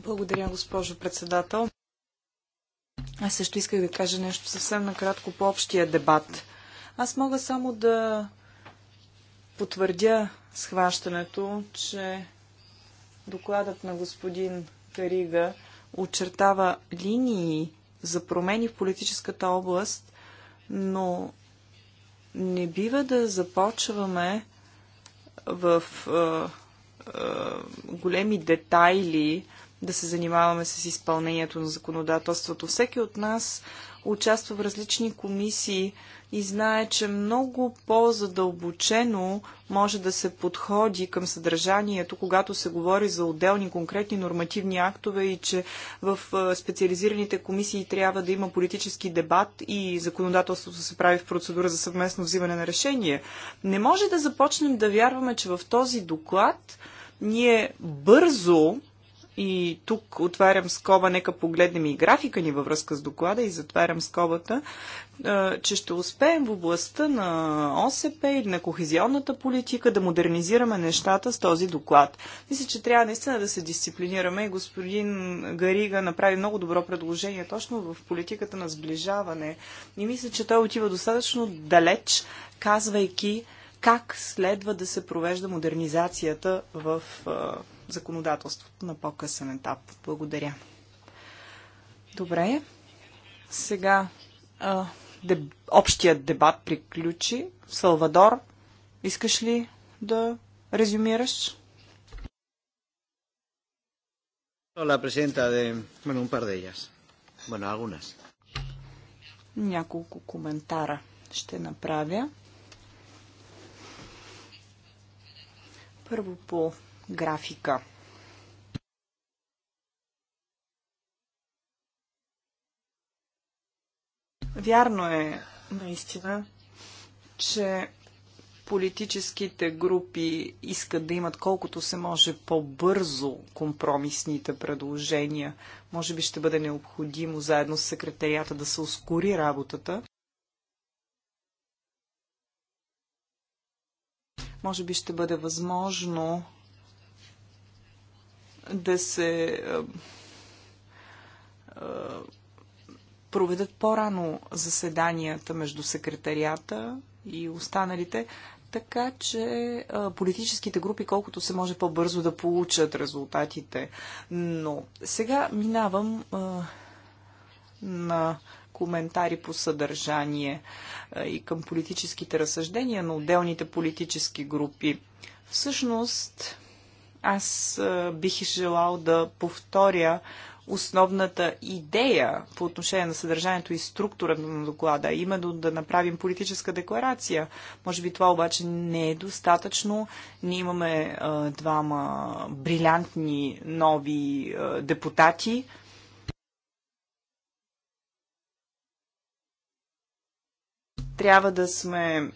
Благодаря, госпожо председател. Аз също исках да кажа нещо съвсем накратко по общия дебат. Аз мога само да потвърдя схващането, че докладът на господин Карига очертава линии за промени в политическата област, но не бива да започваме в е, е, големи детайли да се занимаваме с изпълнението на законодателството. Всеки от нас участва в различни комисии и знае, че много по-задълбочено може да се подходи към съдържанието, когато се говори за отделни конкретни нормативни актове и че в специализираните комисии трябва да има политически дебат и законодателството се прави в процедура за съвместно взимане на решение. Не може да започнем да вярваме, че в този доклад ние бързо и тук отварям скоба, нека погледнем и графика ни във връзка с доклада и затварям скобата, че ще успеем в областта на ОСП или на кохезионната политика да модернизираме нещата с този доклад. Мисля, че трябва наистина да се дисциплинираме и господин Гарига направи много добро предложение точно в политиката на сближаване. И мисля, че той отива достатъчно далеч, казвайки как следва да се провежда модернизацията в законодателството на по-късен етап. Благодаря. Добре. Сега а, деб, общият дебат приключи. Салвадор, искаш ли да резюмираш? Hola, presidenta de, bueno, un par de ellas. Bueno, algunas. Няколко коментара ще направя. Първо по графика. Вярно е, наистина, че политическите групи искат да имат колкото се може по-бързо компромисните предложения. Може би ще бъде необходимо заедно с секретарията да се ускори работата. Може би ще бъде възможно да се проведат по-рано заседанията между секретарията и останалите, така че политическите групи колкото се може по-бързо да получат резултатите. Но сега минавам на коментари по съдържание и към политическите разсъждения на отделните политически групи. Всъщност, аз бих желал да повторя основната идея по отношение на съдържанието и структурата на доклада, именно да направим политическа декларация. Може би това обаче не е достатъчно. Ние имаме а, двама брилянтни нови а, депутати. Трябва да сме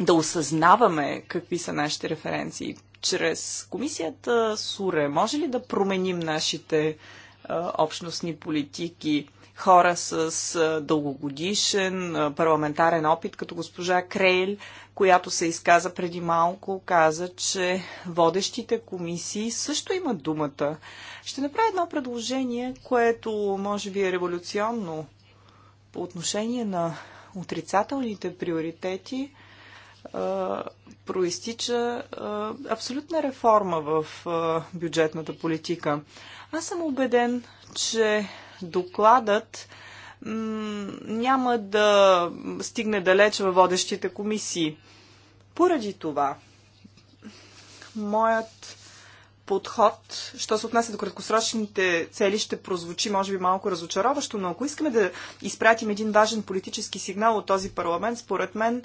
да осъзнаваме какви са нашите референции чрез комисията СУРЕ може ли да променим нашите а, общностни политики? Хора с а, дългогодишен а, парламентарен опит, като госпожа Крейл, която се изказа преди малко, каза, че водещите комисии също имат думата. Ще направя едно предложение, което може би е революционно по отношение на отрицателните приоритети проистича абсолютна реформа в бюджетната политика. Аз съм убеден, че докладът няма да стигне далеч във водещите комисии. Поради това, моят подход, що се отнася до краткосрочните цели, ще прозвучи може би малко разочароващо, но ако искаме да изпратим един важен политически сигнал от този парламент, според мен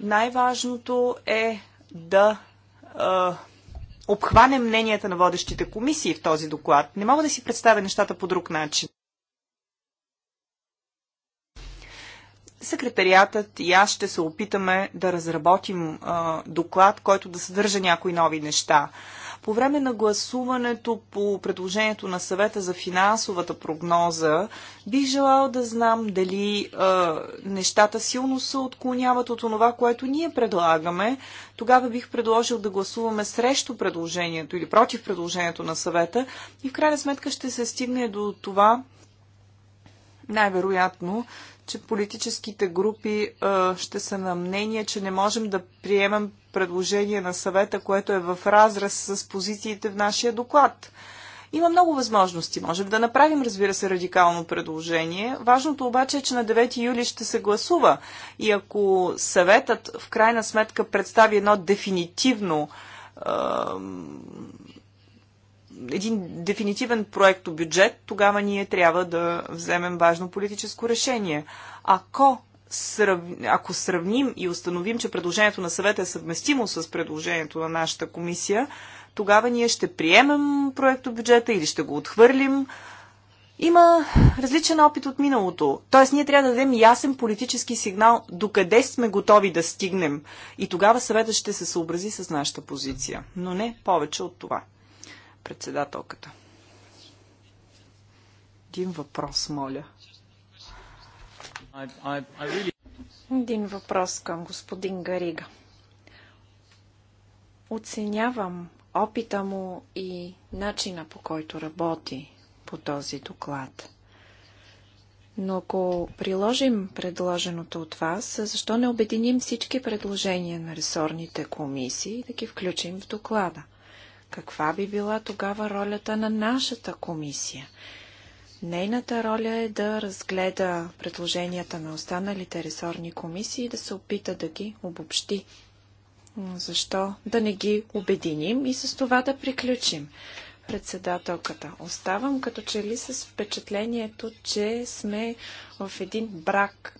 най-важното е да е, обхване мненията на водещите комисии в този доклад. Не мога да си представя нещата по друг начин. Секретариатът и аз ще се опитаме да разработим а, доклад, който да съдържа някои нови неща. По време на гласуването по предложението на съвета за финансовата прогноза, бих желал да знам дали а, нещата силно се отклоняват от това, което ние предлагаме. Тогава бих предложил да гласуваме срещу предложението или против предложението на съвета и в крайна сметка ще се стигне до това, най-вероятно че политическите групи а, ще са на мнение, че не можем да приемем предложение на съвета, което е в разрез с позициите в нашия доклад. Има много възможности. Можем да направим, разбира се, радикално предложение. Важното обаче е, че на 9 юли ще се гласува. И ако съветът в крайна сметка представи едно дефинитивно един дефинитивен проект бюджет, тогава ние трябва да вземем важно политическо решение. Ако ако сравним и установим, че предложението на съвета е съвместимо с предложението на нашата комисия, тогава ние ще приемем проекто бюджета или ще го отхвърлим. Има различен опит от миналото. Тоест, ние трябва да дадем ясен политически сигнал докъде сме готови да стигнем. И тогава съветът ще се съобрази с нашата позиция. Но не повече от това. Председателката. Един въпрос, моля. Един въпрос към господин Гарига. Оценявам опита му и начина по който работи по този доклад. Но ако приложим предложеното от вас, защо не обединим всички предложения на ресорните комисии и да ги включим в доклада? Каква би била тогава ролята на нашата комисия? Нейната роля е да разгледа предложенията на останалите ресорни комисии и да се опита да ги обобщи. Защо да не ги обединим и с това да приключим? Председателката. Оставам като че ли с впечатлението, че сме в един брак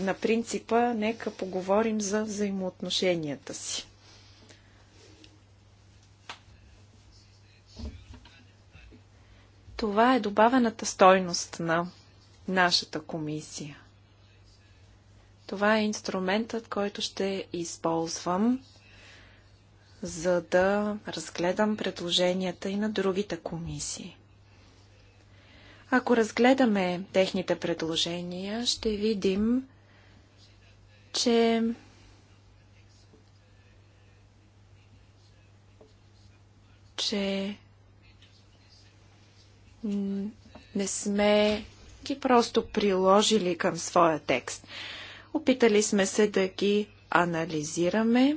на принципа нека поговорим за взаимоотношенията си. Това е добавената стойност на нашата комисия. Това е инструментът, който ще използвам, за да разгледам предложенията и на другите комисии. Ако разгледаме техните предложения, ще видим, че че не сме ги просто приложили към своя текст. Опитали сме се да ги анализираме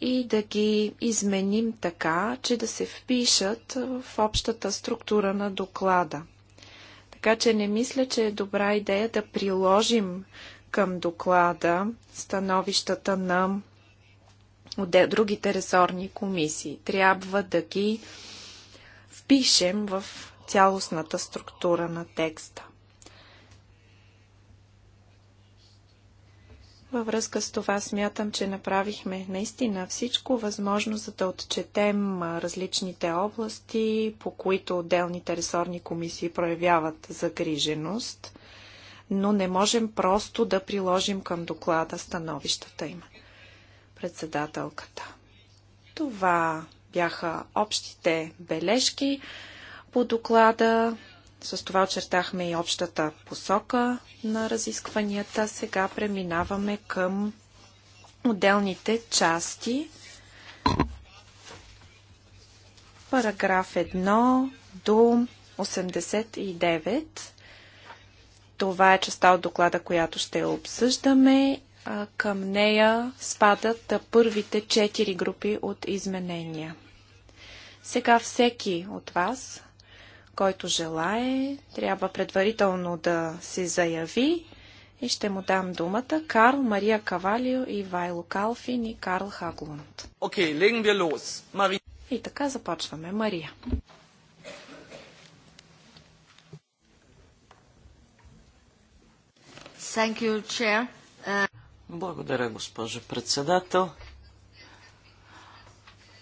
и да ги изменим така, че да се впишат в общата структура на доклада. Така че не мисля, че е добра идея да приложим към доклада становищата на другите ресорни комисии. Трябва да ги впишем в цялостната структура на текста. Във връзка с това смятам, че направихме наистина всичко възможно, за да отчетем различните области, по които отделните ресорни комисии проявяват загриженост, но не можем просто да приложим към доклада становищата им. Председателката. Това бяха общите бележки по доклада. С това очертахме и общата посока на разискванията. Сега преминаваме към отделните части. Параграф 1 до 89. Това е частта от доклада, която ще обсъждаме. Към нея спадат първите четири групи от изменения. Сега всеки от вас който желае, трябва предварително да се заяви и ще му дам думата. Карл, Мария Кавалио, и Вайло Калфин и Карл Хаглунд. Окей, okay, wir Мари... И така започваме. Мария. Thank you, chair. Uh... Благодаря, госпожо председател.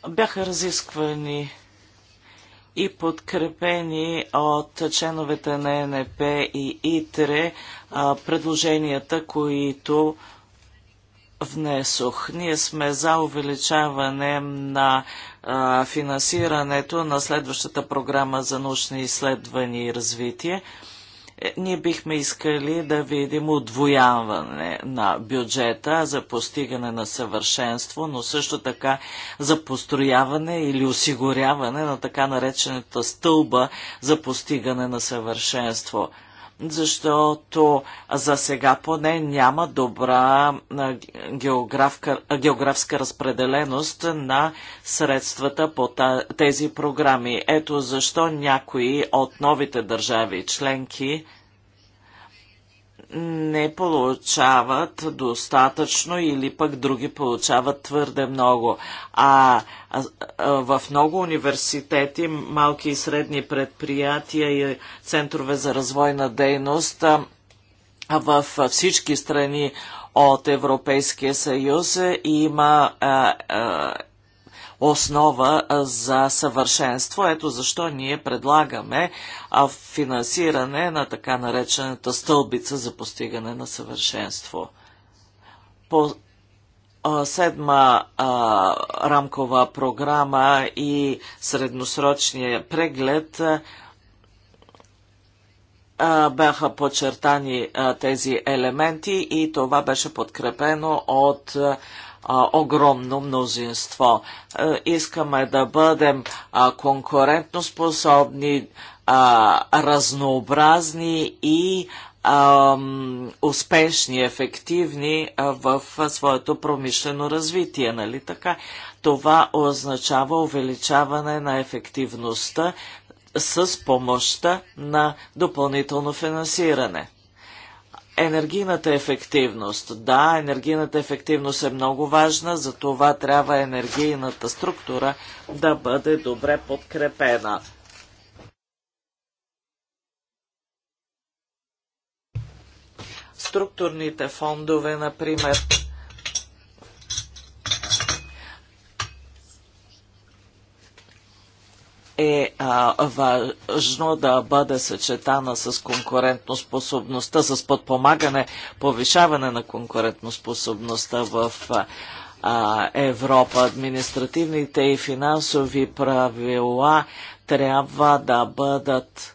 Бяха разисквани и подкрепени от членовете на НП и ИТРЕ предложенията, които внесох. Ние сме за увеличаване на финансирането на следващата програма за научни изследвания и развитие – ние бихме искали да видим отвояване на бюджета за постигане на съвършенство, но също така за построяване или осигуряване на така наречената стълба за постигане на съвършенство – защото за сега поне няма добра географска разпределеност на средствата по тези програми. Ето защо някои от новите държави членки не получават достатъчно или пък други получават твърде много. А, а, а в много университети, малки и средни предприятия и центрове за развойна дейност а, в всички страни от Европейския съюз има а, а, основа за съвършенство. Ето защо ние предлагаме финансиране на така наречената стълбица за постигане на съвършенство. По седма а, рамкова програма и средносрочния преглед а, бяха подчертани а, тези елементи и това беше подкрепено от а, а, огромно мнозинство. А, е, искаме да бъдем а, конкурентно способни, а, разнообразни и а, успешни, ефективни а, в а, своето промишлено развитие, нали така? Това означава увеличаване на ефективността с помощта на допълнително финансиране енергийната ефективност. Да, енергийната ефективност е много важна, за това трябва енергийната структура да бъде добре подкрепена. Структурните фондове, например, е а, важно да бъде съчетана с конкурентоспособността, с подпомагане, повишаване на конкурентоспособността в а, Европа. Административните и финансови правила трябва да бъдат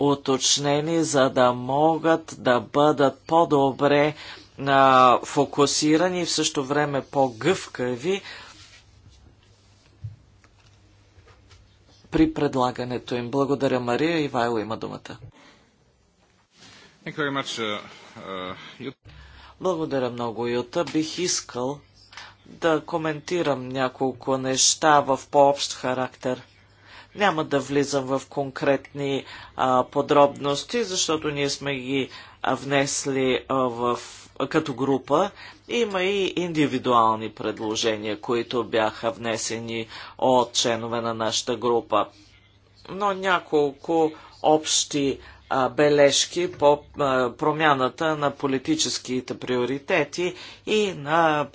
уточнени, за да могат да бъдат по-добре фокусирани и в същото време по-гъвкави при предлагането им. Благодаря, Мария. Ивайло има думата. Uh, uh, Благодаря много, Юта. Бих искал да коментирам няколко неща в по-общ характер. Няма да влизам в конкретни а, подробности, защото ние сме ги а, внесли а, в като група. Има и индивидуални предложения, които бяха внесени от членове на нашата група. Но няколко общи бележки по промяната на политическите приоритети и на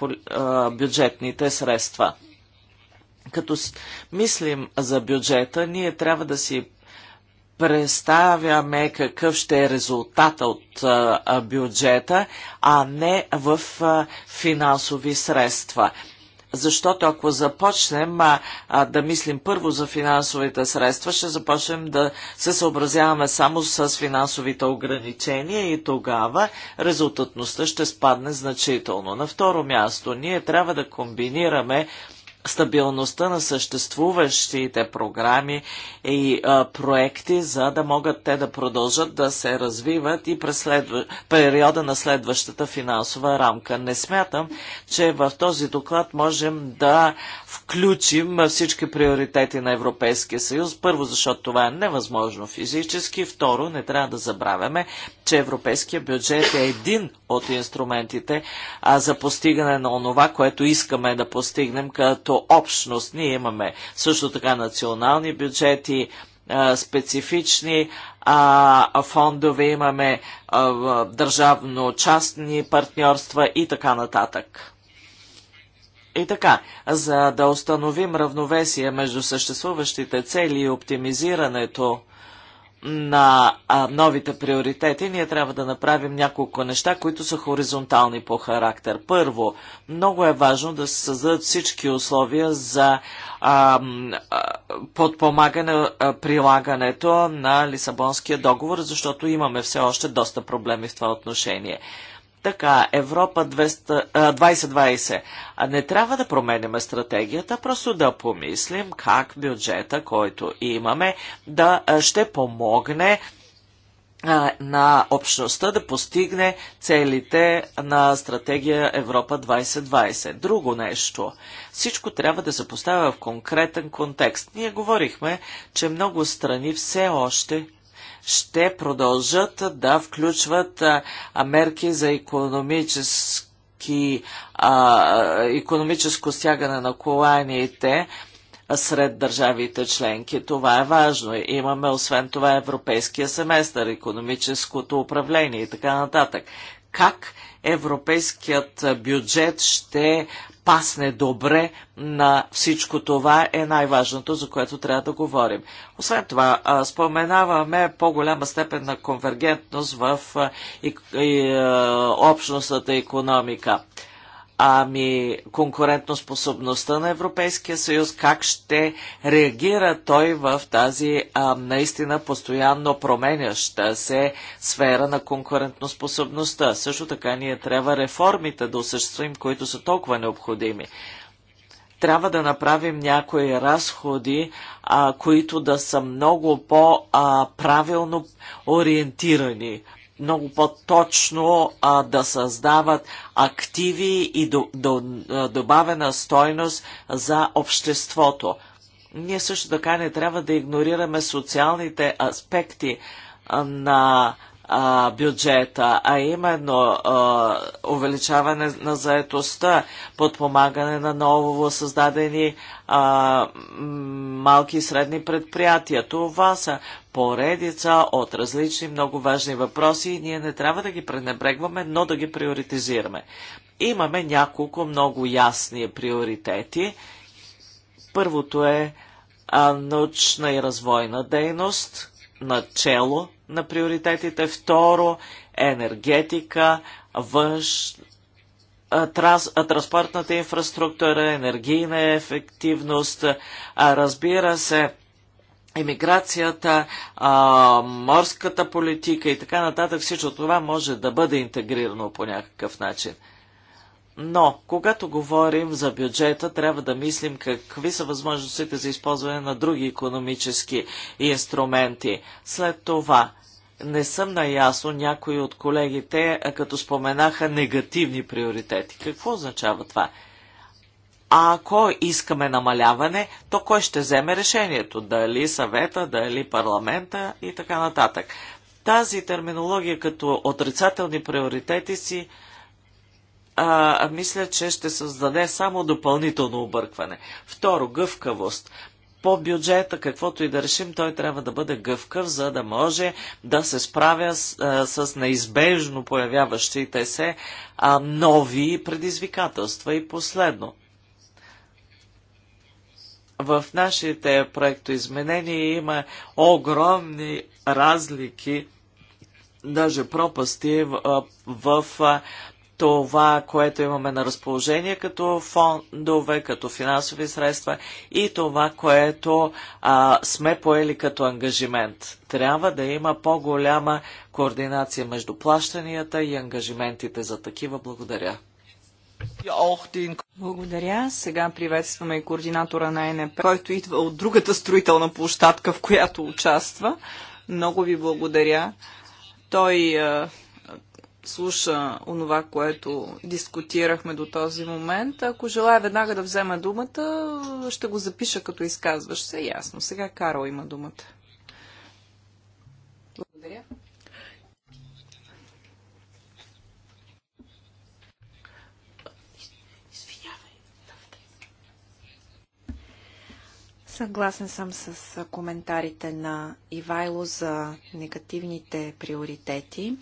бюджетните средства. Като мислим за бюджета, ние трябва да си представяме какъв ще е резултата от бюджета, а не в финансови средства. Защото ако започнем а, а, да мислим първо за финансовите средства, ще започнем да се съобразяваме само с финансовите ограничения и тогава резултатността ще спадне значително. На второ място, ние трябва да комбинираме а, стабилността на съществуващите програми и а, проекти, за да могат те да продължат да се развиват и през следва... периода на следващата финансова рамка. Не смятам, че в този доклад можем да включим всички приоритети на Европейския съюз. Първо, защото това е невъзможно физически. Второ, не трябва да забравяме, че Европейския бюджет е един от инструментите а, за постигане на онова, което искаме да постигнем като като общност. Ние имаме също така национални бюджети, специфични а, фондове, имаме държавно-частни партньорства и така нататък. И така, за да установим равновесие между съществуващите цели и оптимизирането на а, новите приоритети, ние трябва да направим няколко неща, които са хоризонтални по характер. Първо, много е важно да се създадат всички условия за а, а, подпомагане а, прилагането на Лисабонския договор, защото имаме все още доста проблеми в това отношение. Така, Европа 200, 2020. А не трябва да променяме стратегията, просто да помислим как бюджета, който имаме, да ще помогне на общността да постигне целите на стратегия Европа 2020. Друго нещо. Всичко трябва да се поставя в конкретен контекст. Ние говорихме, че много страни все още ще продължат да включват мерки за економически, економическо стягане на коланите сред държавите членки. Това е важно. Имаме освен това Европейския семестър, економическото управление и така нататък. Как европейският бюджет ще пасне добре на всичко това е най-важното, за което трябва да говорим. Освен това, споменаваме по-голяма степен на конвергентност в общностната економика. Ами, конкурентоспособността на Европейския съюз, как ще реагира той в тази а, наистина постоянно променяща се сфера на конкурентоспособността. Също така ние трябва реформите да осъществим, които са толкова необходими. Трябва да направим някои разходи, а, които да са много по-правилно ориентирани много по-точно да създават активи и до, до, добавена стойност за обществото. Ние също така не трябва да игнорираме социалните аспекти на а, бюджета, а именно а, увеличаване на заетостта, подпомагане на ново създадени а, малки и средни предприятия. Това са поредица от различни много важни въпроси и ние не трябва да ги пренебрегваме, но да ги приоритизираме. Имаме няколко много ясни приоритети. Първото е а, научна и развойна дейност – начало на приоритетите. Второ, енергетика, въж, транс, транспортната инфраструктура, енергийна ефективност, разбира се, емиграцията, морската политика и така нататък, всичко това може да бъде интегрирано по някакъв начин. Но, когато говорим за бюджета, трябва да мислим какви са възможностите за използване на други економически инструменти. След това, не съм наясно някои от колегите, като споменаха негативни приоритети. Какво означава това? А ако искаме намаляване, то кой ще вземе решението? Дали съвета, дали парламента и така нататък. Тази терминология като отрицателни приоритети си а, мисля, че ще създаде само допълнително объркване. Второ, гъвкавост. По бюджета, каквото и да решим, той трябва да бъде гъвкав, за да може да се справя с, а, с неизбежно появяващите се а, нови предизвикателства. И последно, в нашите проектоизменения има огромни разлики, даже пропасти в, в, в това, което имаме на разположение като фондове, като финансови средства и това, което а, сме поели като ангажимент. Трябва да има по-голяма координация между плащанията и ангажиментите за такива. Благодаря. Благодаря. Сега приветстваме и координатора на НП, който идва от другата строителна площадка, в която участва. Много ви благодаря. Той слуша онова, което дискутирахме до този момент. Ако желая веднага да взема думата, ще го запиша като изказваш се. Ясно. Сега Карл има думата. Благодаря. Съгласен съм с коментарите на Ивайло за негативните приоритети.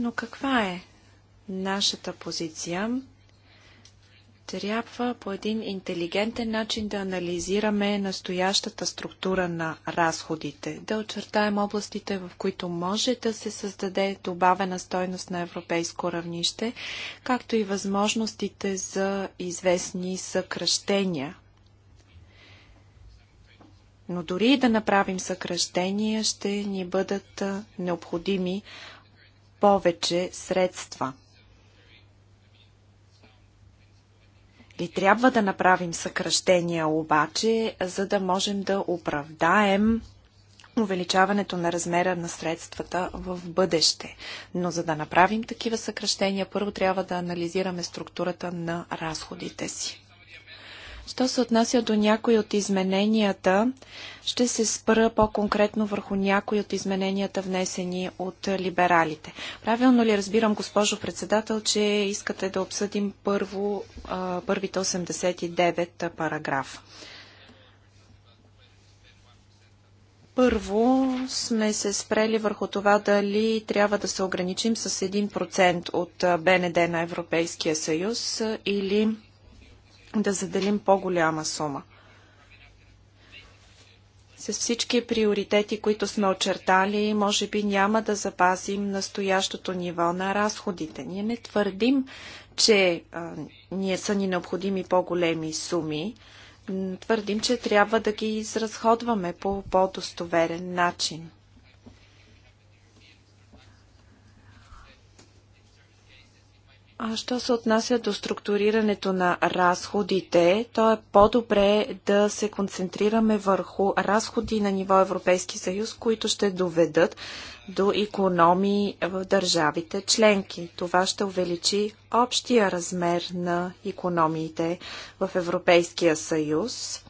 Но каква е нашата позиция? Трябва по един интелигентен начин да анализираме настоящата структура на разходите, да очертаем областите, в които може да се създаде добавена стойност на европейско равнище, както и възможностите за известни съкръщения но дори и да направим съкръщения, ще ни бъдат необходими повече средства. И трябва да направим съкръщения обаче, за да можем да оправдаем увеличаването на размера на средствата в бъдеще. Но за да направим такива съкръщения, първо трябва да анализираме структурата на разходите си. Що се отнася до някои от измененията, ще се спра по-конкретно върху някои от измененията, внесени от либералите. Правилно ли разбирам, госпожо председател, че искате да обсъдим първо първите 89 параграф? Първо сме се спрели върху това дали трябва да се ограничим с 1% от БНД на Европейския съюз или да заделим по-голяма сума. С всички приоритети, които сме очертали, може би няма да запазим настоящото ниво на разходите. Ние не твърдим, че а, ние са ни необходими по-големи суми. Твърдим, че трябва да ги изразходваме по по-достоверен начин. А що се отнася до структурирането на разходите, то е по-добре да се концентрираме върху разходи на ниво Европейски съюз, които ще доведат до економии в държавите членки. Това ще увеличи общия размер на економиите в Европейския съюз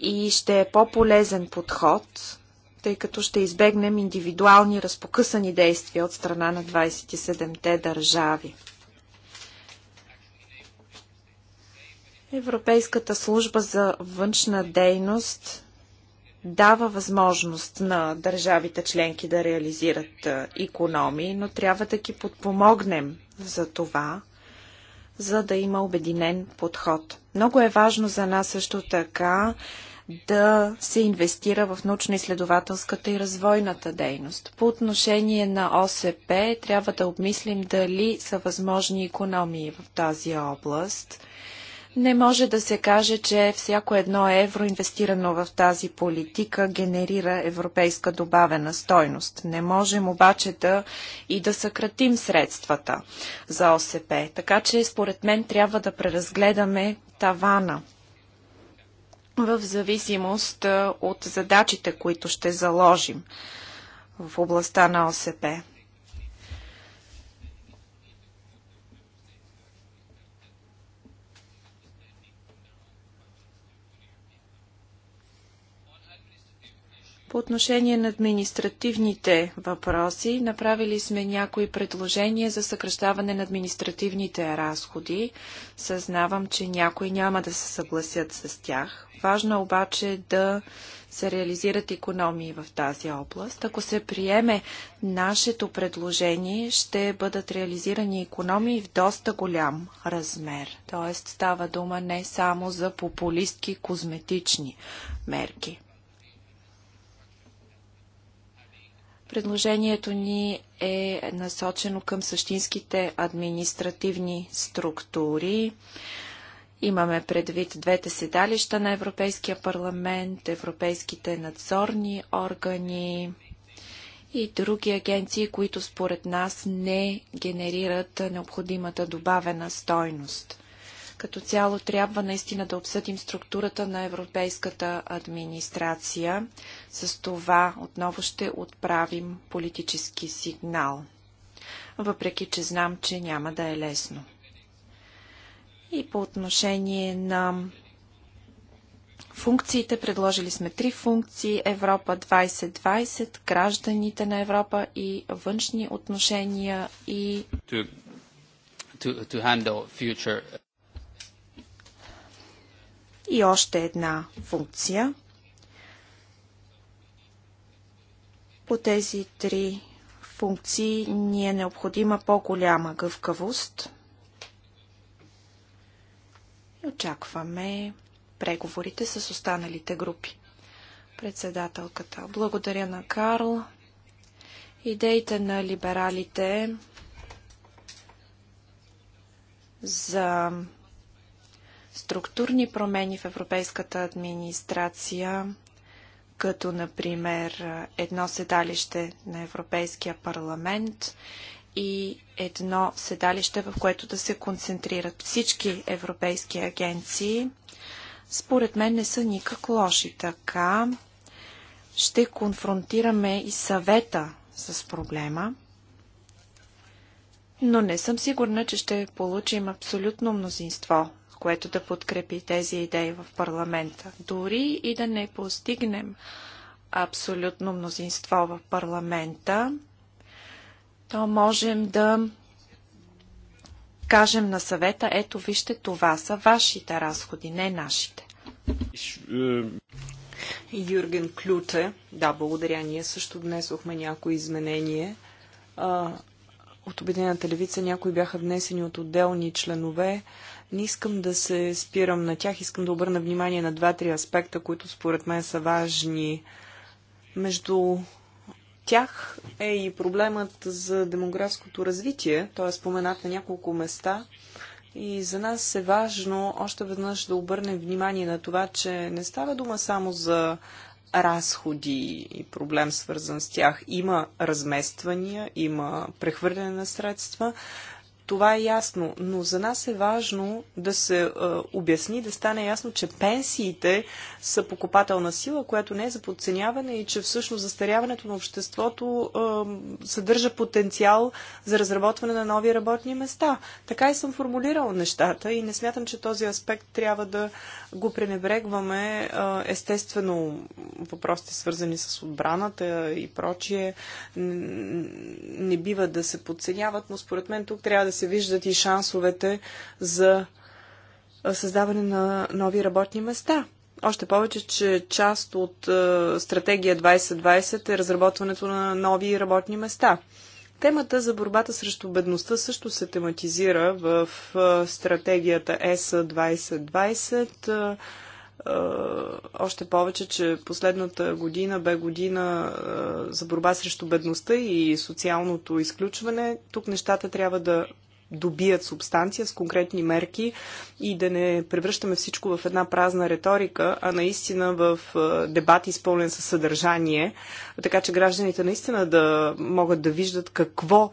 и ще е по-полезен подход, тъй като ще избегнем индивидуални разпокъсани действия от страна на 27-те държави. Европейската служба за външна дейност дава възможност на държавите членки да реализират економии, но трябва да ги подпомогнем за това, за да има обединен подход. Много е важно за нас също така да се инвестира в научно-изследователската и развойната дейност. По отношение на ОСП трябва да обмислим дали са възможни економии в тази област. Не може да се каже, че всяко едно евро, инвестирано в тази политика, генерира европейска добавена стойност. Не можем обаче да и да съкратим средствата за ОСП. Така че, според мен, трябва да преразгледаме тавана в зависимост от задачите, които ще заложим в областта на ОСП. По отношение на административните въпроси, направили сме някои предложения за съкръщаване на административните разходи. Съзнавам, че някои няма да се съгласят с тях. Важно е обаче да се реализират економии в тази област. Ако се приеме нашето предложение, ще бъдат реализирани економии в доста голям размер. Тоест става дума не само за популистки козметични мерки. Предложението ни е насочено към същинските административни структури. Имаме предвид двете седалища на Европейския парламент, европейските надзорни органи и други агенции, които според нас не генерират необходимата добавена стойност. Като цяло трябва наистина да обсъдим структурата на европейската администрация. С това отново ще отправим политически сигнал. Въпреки, че знам, че няма да е лесно. И по отношение на функциите, предложили сме три функции Европа 2020, гражданите на Европа и външни отношения и to, to и още една функция. По тези три функции ни е необходима по-голяма гъвкавост. И очакваме преговорите с останалите групи. Председателката. Благодаря на Карл. Идеите на либералите за структурни промени в европейската администрация, като например едно седалище на Европейския парламент и едно седалище, в което да се концентрират всички европейски агенции, според мен не са никак лоши. Така ще конфронтираме и съвета с проблема, но не съм сигурна, че ще получим абсолютно мнозинство което да подкрепи тези идеи в парламента. Дори и да не постигнем абсолютно мнозинство в парламента, то можем да кажем на съвета, ето вижте, това са вашите разходи, не нашите. Юрген Клюте, да, благодаря. Ние също внесохме някои изменения. От Обединената левица някои бяха внесени от отделни членове, не искам да се спирам на тях, искам да обърна внимание на два-три аспекта, които според мен са важни. Между тях е и проблемът за демографското развитие, той е споменат на няколко места. И за нас е важно още веднъж да обърнем внимание на това, че не става дума само за разходи и проблем свързан с тях. Има размествания, има прехвърляне на средства, това е ясно, но за нас е важно да се е, обясни, да стане ясно, че пенсиите са покупателна сила, която не е за подценяване и че всъщност застаряването на обществото е, съдържа потенциал за разработване на нови работни места. Така и съм формулирал нещата и не смятам, че този аспект трябва да е, го пренебрегваме. Естествено, въпросите свързани с отбраната и прочие не бива да се подценяват, но според мен тук трябва да се виждат и шансовете за създаване на нови работни места. Още повече, че част от стратегия 2020 е разработването на нови работни места. Темата за борбата срещу бедността също се тематизира в стратегията ЕС 2020. Още повече, че последната година бе година за борба срещу бедността и социалното изключване. Тук нещата трябва да добият субстанция с конкретни мерки и да не превръщаме всичко в една празна риторика, а наистина в дебат изпълнен със съдържание, така че гражданите наистина да могат да виждат какво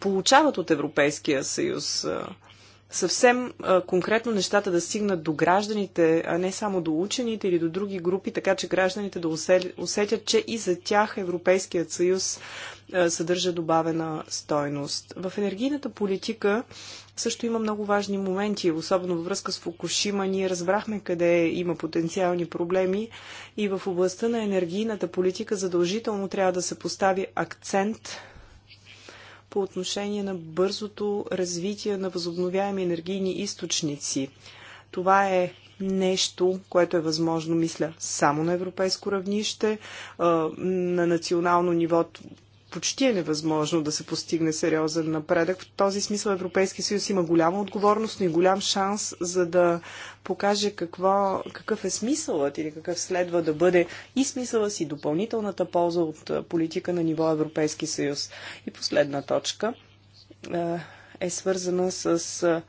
получават от Европейския съюз съвсем а, конкретно нещата да стигнат до гражданите, а не само до учените или до други групи, така че гражданите да усетят, че и за тях Европейският съюз а, съдържа добавена стойност. В енергийната политика също има много важни моменти, особено във връзка с Фукушима. Ние разбрахме къде има потенциални проблеми и в областта на енергийната политика задължително трябва да се постави акцент по отношение на бързото развитие на възобновяеми енергийни източници. Това е нещо, което е възможно, мисля, само на европейско равнище. На национално ниво почти е невъзможно да се постигне сериозен напредък. В този смисъл Европейския съюз има голяма отговорност, но и голям шанс за да покаже какво, какъв е смисълът или какъв следва да бъде и смисъла си допълнителната полза от политика на ниво Европейски съюз. И последна точка е свързана с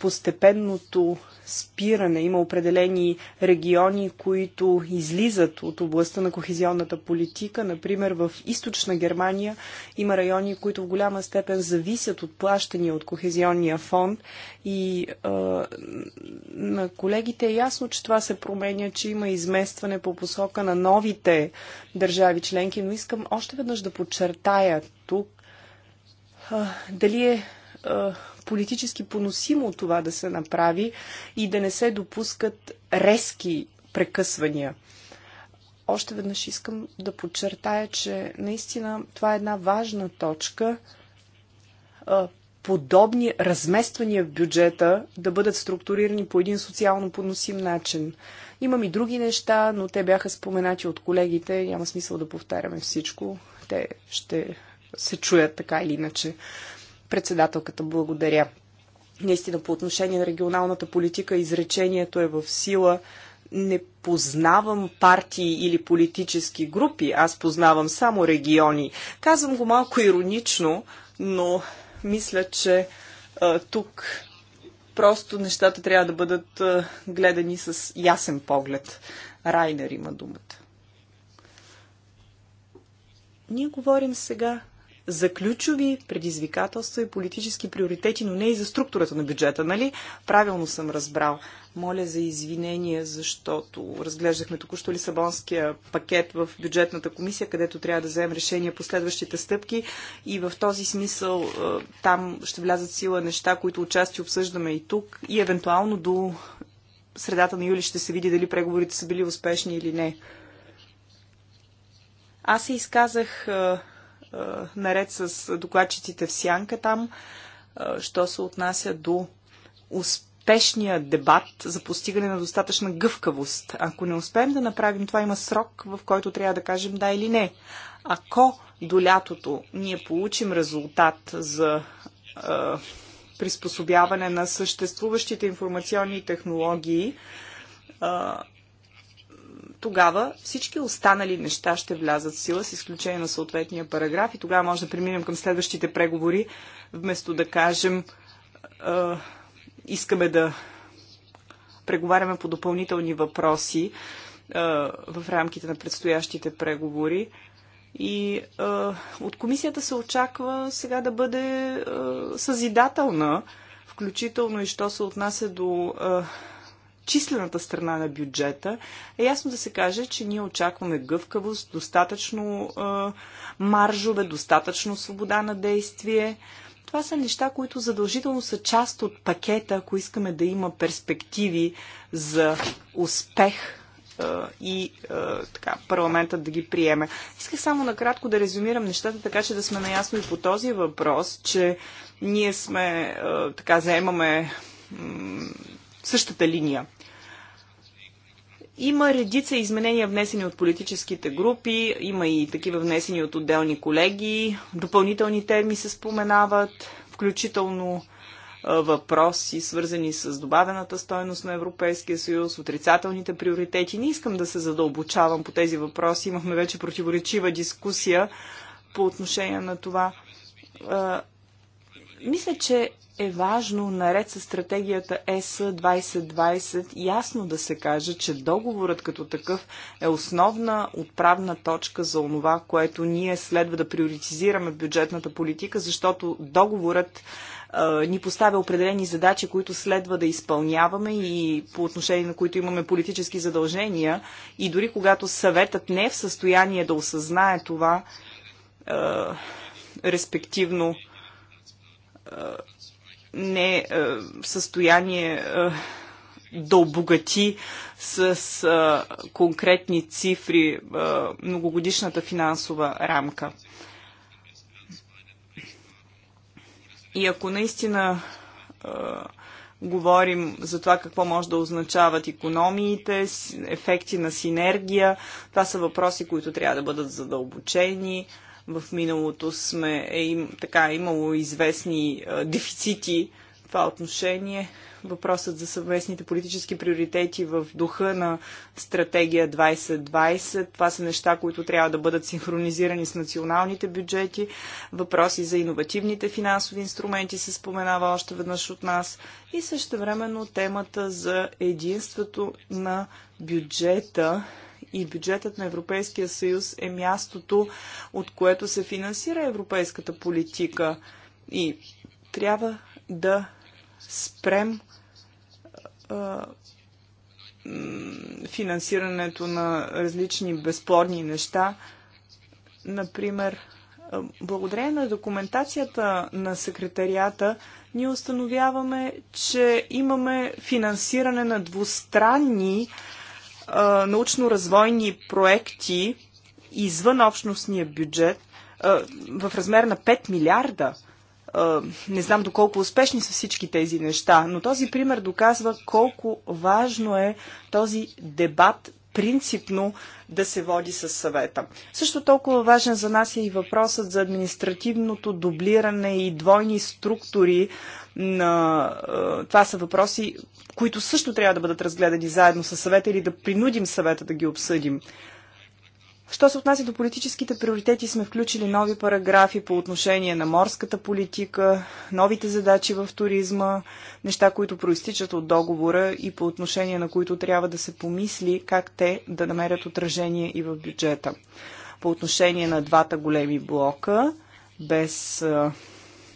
постепенното спиране. Има определени региони, които излизат от областта на кохезионната политика. Например, в източна Германия има райони, които в голяма степен зависят от плащания от кохезионния фонд. И а, на колегите е ясно, че това се променя, че има изместване по посока на новите държави членки, но искам още веднъж да подчертая тук а, дали е политически поносимо това да се направи и да не се допускат резки прекъсвания. Още веднъж искам да подчертая, че наистина това е една важна точка. Подобни размествания в бюджета да бъдат структурирани по един социално поносим начин. Имам и други неща, но те бяха споменати от колегите. Няма смисъл да повтаряме всичко. Те ще се чуят така или иначе. Председателката, благодаря. Наистина по отношение на регионалната политика изречението е в сила не познавам партии или политически групи, аз познавам само региони. Казвам го малко иронично, но мисля, че а, тук просто нещата трябва да бъдат а, гледани с ясен поглед. Райнер има думата. Ние говорим сега за ключови предизвикателства и политически приоритети, но не и за структурата на бюджета, нали? Правилно съм разбрал. Моля за извинение, защото разглеждахме току-що Лисабонския пакет в бюджетната комисия, където трябва да вземем решение по следващите стъпки и в този смисъл е, там ще влязат сила неща, които отчасти обсъждаме и тук и евентуално до средата на юли ще се види дали преговорите са били успешни или не. Аз се изказах е, наред с докладчиците в Сянка там, що се отнася до успешния дебат за постигане на достатъчна гъвкавост. Ако не успеем да направим това, има срок, в който трябва да кажем да или не. Ако до лятото ние получим резултат за е, приспособяване на съществуващите информационни технологии, тогава всички останали неща ще влязат в сила, с изключение на съответния параграф и тогава може да преминем към следващите преговори, вместо да кажем е, искаме да преговаряме по допълнителни въпроси е, в рамките на предстоящите преговори. И е, от комисията се очаква сега да бъде е, съзидателна, включително и що се отнася до е, числената страна на бюджета, е ясно да се каже, че ние очакваме гъвкавост, достатъчно е, маржове, достатъчно свобода на действие. Това са неща, които задължително са част от пакета, ако искаме да има перспективи за успех и така, парламентът да ги приеме. Исках само накратко да резюмирам нещата, така че да сме наясно и по този въпрос, че ние сме, така, заемаме същата линия. Има редица изменения внесени от политическите групи, има и такива внесени от отделни колеги, допълнителни теми се споменават, включително въпроси, свързани с добавената стойност на Европейския съюз, отрицателните приоритети. Не искам да се задълбочавам по тези въпроси. Имахме вече противоречива дискусия по отношение на това. Мисля, че е важно, наред с стратегията ЕС 2020, ясно да се каже, че договорът като такъв е основна отправна точка за онова, което ние следва да приоритизираме в бюджетната политика, защото договорът ни поставя определени задачи, които следва да изпълняваме и по отношение на които имаме политически задължения. И дори когато съветът не е в състояние да осъзнае това, респективно не е в състояние е, да обогати с е, конкретни цифри е, многогодишната финансова рамка. И ако наистина е, говорим за това какво може да означават економиите, ефекти на синергия, това са въпроси, които трябва да бъдат задълбочени. В миналото сме, е, им, така, е имало известни е, дефицити в това отношение. Въпросът за съвместните политически приоритети в духа на стратегия 2020. Това са неща, които трябва да бъдат синхронизирани с националните бюджети. Въпроси за иновативните финансови инструменти се споменава още веднъж от нас. И също времено темата за единството на бюджета и бюджетът на Европейския съюз е мястото, от което се финансира европейската политика. И трябва да спрем а, финансирането на различни безспорни неща. Например, благодарение на документацията на секретарията, ние установяваме, че имаме финансиране на двустранни научно-развойни проекти извън общностния бюджет в размер на 5 милиарда. Не знам доколко успешни са всички тези неща, но този пример доказва колко важно е този дебат принципно да се води с съвета. Също толкова важен за нас е и въпросът за административното дублиране и двойни структури. На, е, това са въпроси, които също трябва да бъдат разгледани заедно с съвета или да принудим съвета да ги обсъдим. Що се отнася до политическите приоритети, сме включили нови параграфи по отношение на морската политика, новите задачи в туризма, неща, които проистичат от договора и по отношение на които трябва да се помисли как те да намерят отражение и в бюджета. По отношение на двата големи блока, без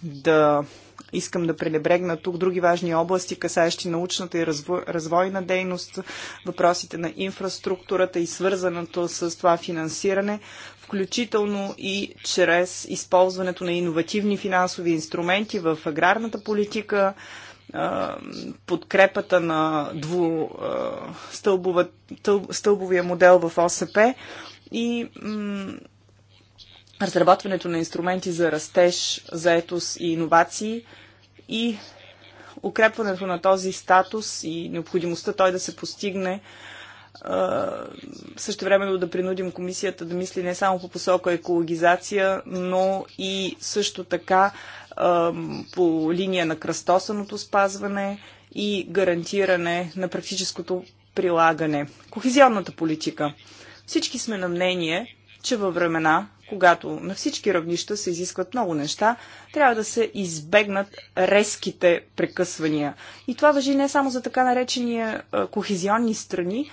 да искам да пренебрегна тук други важни области, касаещи научната и развойна дейност, въпросите на инфраструктурата и свързаното с това финансиране, включително и чрез използването на иновативни финансови инструменти в аграрната политика, подкрепата на дву, стълбова, стълбовия модел в ОСП и разработването на инструменти за растеж, заетост и иновации и укрепването на този статус и необходимостта той да се постигне също времено да принудим комисията да мисли не само по посока екологизация, но и също така по линия на кръстосаното спазване и гарантиране на практическото прилагане. Кохезионната политика. Всички сме на мнение, че във времена, когато на всички равнища се изискват много неща, трябва да се избегнат резките прекъсвания. И това въжи не само за така наречения кохезионни страни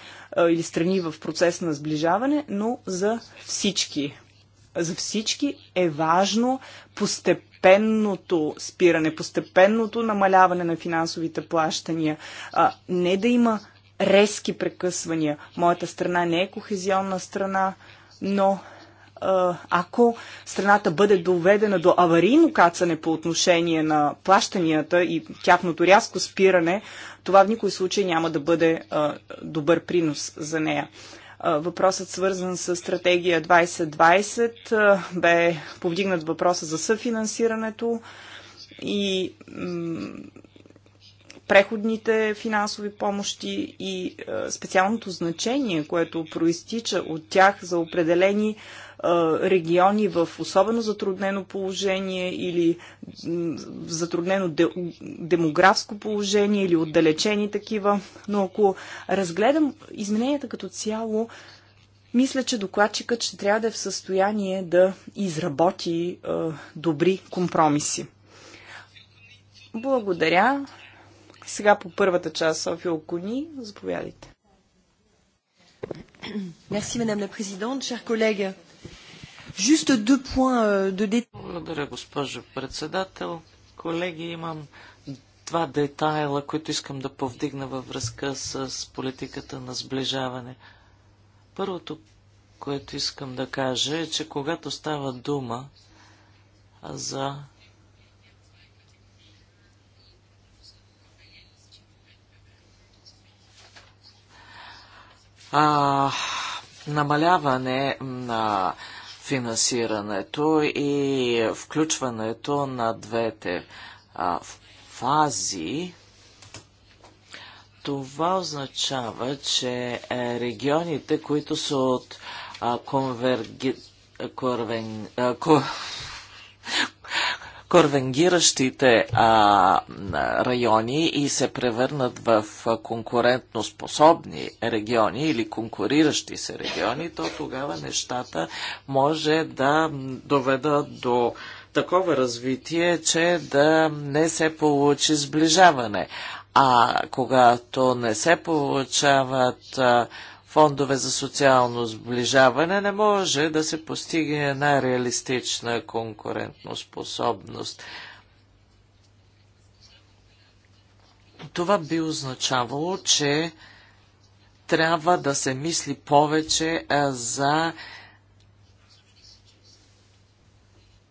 или страни в процес на сближаване, но за всички. За всички е важно постепенно постепенното спиране, постепенното намаляване на финансовите плащания, а, не да има резки прекъсвания. Моята страна не е кохезионна страна, но ако страната бъде доведена до аварийно кацане по отношение на плащанията и тяхното рязко спиране, това в никой случай няма да бъде добър принос за нея. Въпросът свързан с стратегия 2020 бе повдигнат въпроса за съфинансирането и преходните финансови помощи и специалното значение, което проистича от тях за определени региони в особено затруднено положение или в затруднено демографско положение или отдалечени такива. Но ако разгледам измененията като цяло, мисля, че докладчикът ще трябва да е в състояние да изработи добри компромиси. Благодаря. Сега по първата част, София Окуни, заповядайте. Merci, Madame la Présidente, chers collègues. Juste deux points euh, de Благодаря, госпожо председател. Колеги, имам два детайла, които искам да повдигна във връзка с политиката на сближаване. Първото, което искам да кажа е, че когато става дума за а, намаляване на финансирането и включването на двете а, фази, това означава, че е, регионите, които са от конверги... Корвен корвенгиращите а, райони и се превърнат в конкурентно способни региони или конкуриращи се региони, то тогава нещата може да доведат до такова развитие, че да не се получи сближаване. А когато не се получават а, фондове за социално сближаване не може да се постигне една реалистична конкурентоспособност. Това би означавало, че трябва да се мисли повече за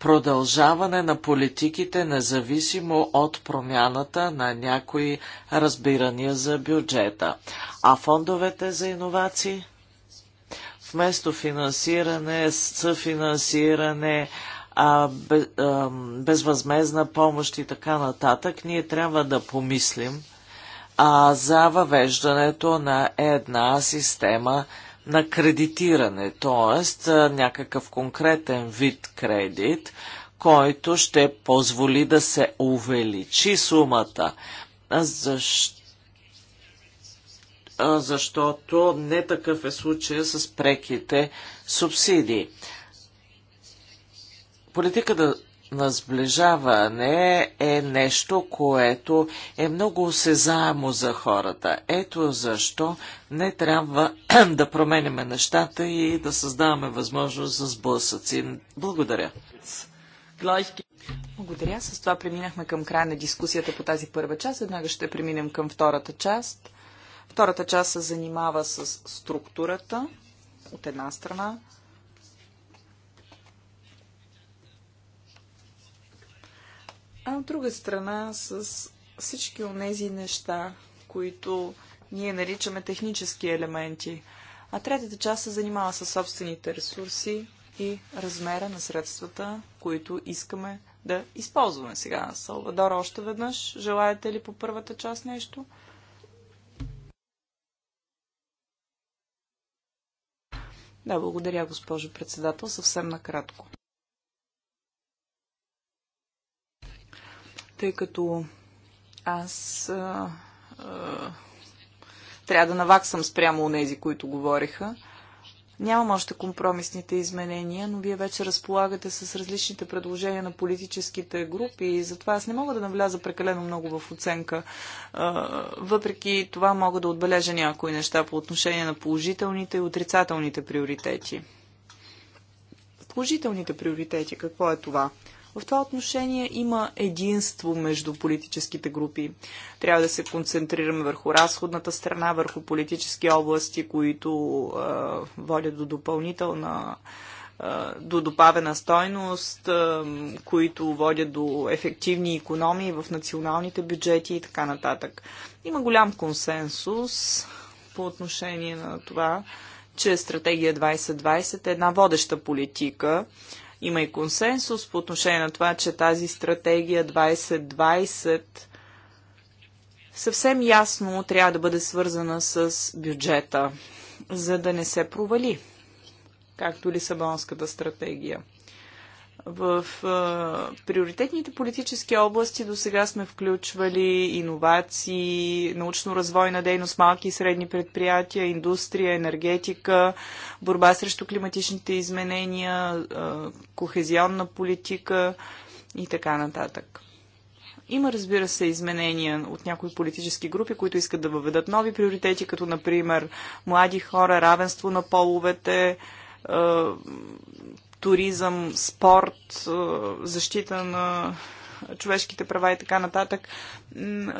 продължаване на политиките, независимо от промяната на някои разбирания за бюджета. А фондовете за иновации? Вместо финансиране, съфинансиране, а, безвъзмезна помощ и така нататък, ние трябва да помислим а, за въвеждането на една система на кредитиране, т.е. някакъв конкретен вид кредит, който ще позволи да се увеличи сумата, защото не такъв е случая с преките субсидии. Политиката на сближаване е нещо, което е много осезаемо за хората. Ето защо не трябва да променяме нещата и да създаваме възможност за сблъсъци. Благодаря. Благодаря. С това преминахме към края на дискусията по тази първа част. Еднага ще преминем към втората част. Втората част се занимава с структурата от една страна А от друга страна, с всички тези неща, които ние наричаме технически елементи, а третата част се занимава с собствените ресурси и размера на средствата, които искаме да използваме сега. Салвадор, още веднъж, желаете ли по първата част нещо? Да, благодаря, госпожо председател, съвсем накратко. тъй като аз а, а, трябва да наваксам спрямо у нези, които говориха. Нямам още компромисните изменения, но вие вече разполагате с различните предложения на политическите групи и затова аз не мога да навляза прекалено много в оценка. Въпреки това мога да отбележа някои неща по отношение на положителните и отрицателните приоритети. Положителните приоритети, какво е това? В това отношение има единство между политическите групи. Трябва да се концентрираме върху разходната страна, върху политически области, които е, водят до допълнителна до добавена стойност, които водят до ефективни економии в националните бюджети и така нататък. Има голям консенсус по отношение на това, че стратегия 2020 е една водеща политика има и консенсус по отношение на това, че тази стратегия 2020 съвсем ясно трябва да бъде свързана с бюджета, за да не се провали, както Лисабонската стратегия. В а, приоритетните политически области до сега сме включвали иновации, научно-развойна дейност, малки и средни предприятия, индустрия, енергетика, борба срещу климатичните изменения, а, кохезионна политика и така нататък. Има, разбира се, изменения от някои политически групи, които искат да въведат нови приоритети, като, например, млади хора, равенство на половете, туризъм, спорт, е, защита на човешките права и така нататък.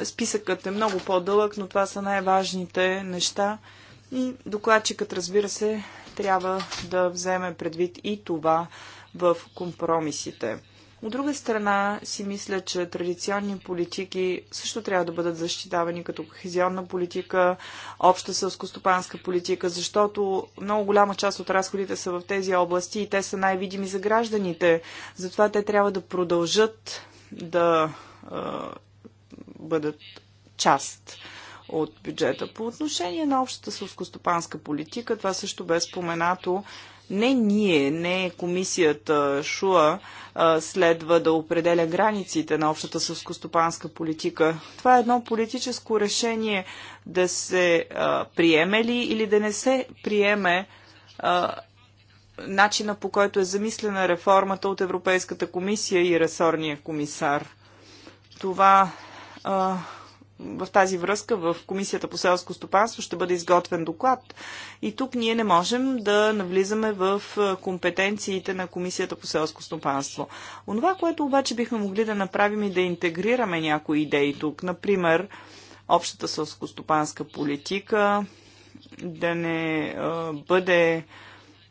Списъкът е много по-дълъг, но това са най-важните неща. И докладчикът, разбира се, трябва да вземе предвид и това в компромисите. От друга страна си мисля, че традиционни политики също трябва да бъдат защитавани като кохезионна политика, обща сълскостопанска политика, защото много голяма част от разходите са в тези области и те са най-видими за гражданите. Затова те трябва да продължат да е, бъдат част от бюджета. По отношение на общата сълскостопанска политика, това също бе споменато, не ние, не комисията ШУА следва да определя границите на общата сълскостопанска политика. Това е едно политическо решение да се приеме ли или да не се приеме начина по който е замислена реформата от Европейската комисия и ресорния комисар. Това в тази връзка в Комисията по селско стопанство ще бъде изготвен доклад. И тук ние не можем да навлизаме в компетенциите на Комисията по селско стопанство. Онова, което обаче бихме могли да направим и да интегрираме някои идеи тук, например, общата селскостопанска политика, да не бъде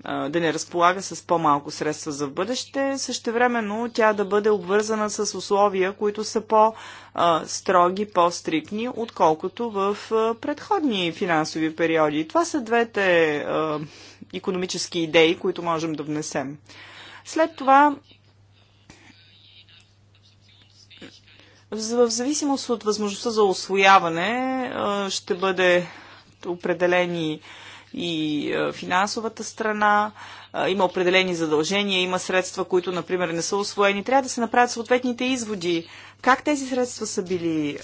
да не разполага с по-малко средства за бъдеще, същевременно тя да бъде обвързана с условия, които са по-строги, по-стрикни, отколкото в предходни финансови периоди. Това са двете економически идеи, които можем да внесем. След това в зависимост от възможността за освояване ще бъде определени и е, финансовата страна. Е, има определени задължения, има средства, които, например, не са освоени. Трябва да се направят съответните изводи. Как тези средства са били е,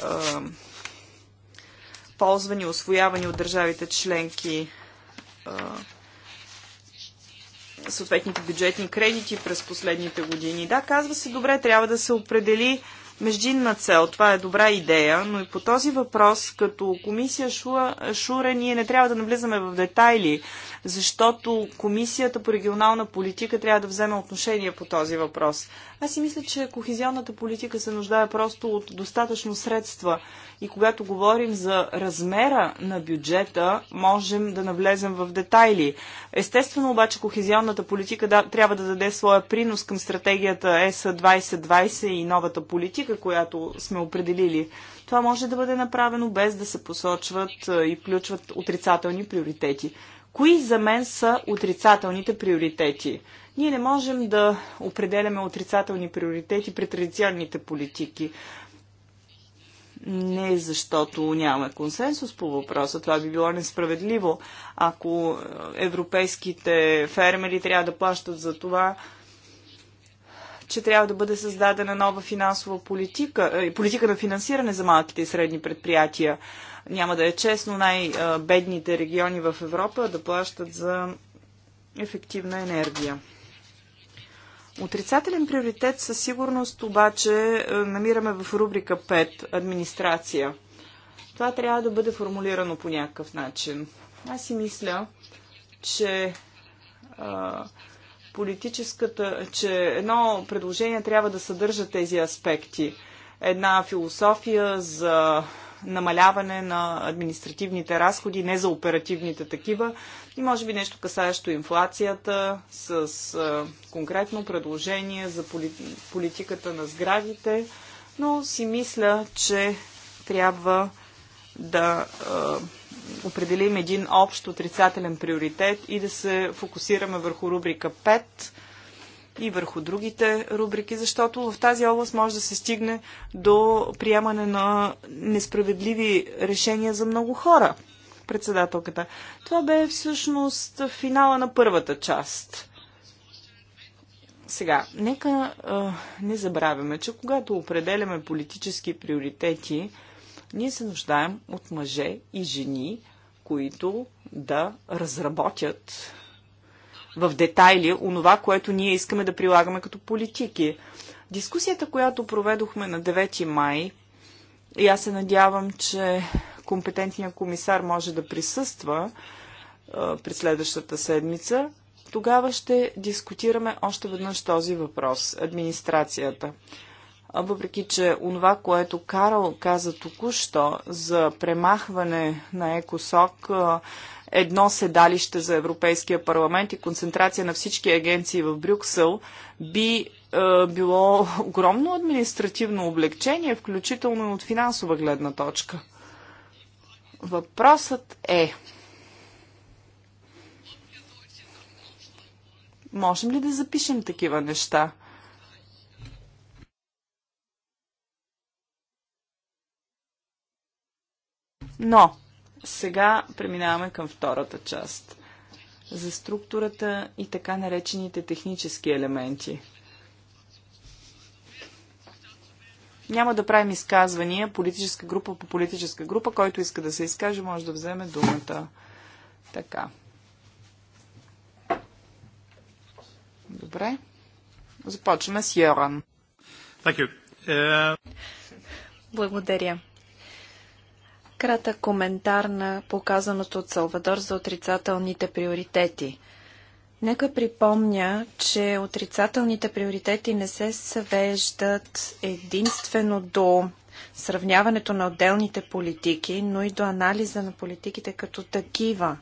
ползвани, освоявани от държавите членки? Е, съответните бюджетни кредити през последните години. Да, казва се, добре, трябва да се определи междинна цел. Това е добра идея, но и по този въпрос, като комисия Шура, Шура ние не трябва да навлизаме в детайли, защото комисията по регионална политика трябва да вземе отношение по този въпрос. Аз си мисля, че кохезионната политика се нуждае просто от достатъчно средства и когато говорим за размера на бюджета, можем да навлезем в детайли. Естествено обаче кохезионната политика да, трябва да даде своя принос към стратегията ЕС 2020 и новата политика, политика, която сме определили. Това може да бъде направено без да се посочват и включват отрицателни приоритети. Кои за мен са отрицателните приоритети? Ние не можем да определяме отрицателни приоритети при традиционните политики. Не защото нямаме консенсус по въпроса, това би било несправедливо, ако европейските фермери трябва да плащат за това, че трябва да бъде създадена нова финансова политика, е, политика на финансиране за малките и средни предприятия. Няма да е честно най-бедните региони в Европа да плащат за ефективна енергия. Отрицателен приоритет със сигурност обаче е, намираме в рубрика 5 администрация. Това трябва да бъде формулирано по някакъв начин. Аз си мисля, че а, политическата, че едно предложение трябва да съдържа тези аспекти. Една философия за намаляване на административните разходи, не за оперативните такива и може би нещо касаещо инфлацията с а, конкретно предложение за поли, политиката на сградите, но си мисля, че трябва да а, определим един общ отрицателен приоритет и да се фокусираме върху рубрика 5 и върху другите рубрики, защото в тази област може да се стигне до приемане на несправедливи решения за много хора. Председателката. Това бе всъщност финала на първата част. Сега, нека а, не забравяме, че когато определяме политически приоритети, ние се нуждаем от мъже и жени, които да разработят в детайли онова, което ние искаме да прилагаме като политики. Дискусията, която проведохме на 9 май, и аз се надявам, че компетентният комисар може да присъства е, при следващата седмица, тогава ще дискутираме още веднъж този въпрос – администрацията въпреки че онова, което Карл каза току-що за премахване на ЕКОСОК, едно седалище за Европейския парламент и концентрация на всички агенции в Брюксел би е, било огромно административно облегчение, включително и от финансова гледна точка. Въпросът е. Можем ли да запишем такива неща? Но сега преминаваме към втората част за структурата и така наречените технически елементи. Няма да правим изказвания политическа група по политическа група. Който иска да се изкаже, може да вземе думата. Така. Добре. Започваме с Йоран. Е, Благодаря. Кратък коментар на показаното от Салвадор за отрицателните приоритети. Нека припомня, че отрицателните приоритети не се свеждат единствено до сравняването на отделните политики, но и до анализа на политиките като такива.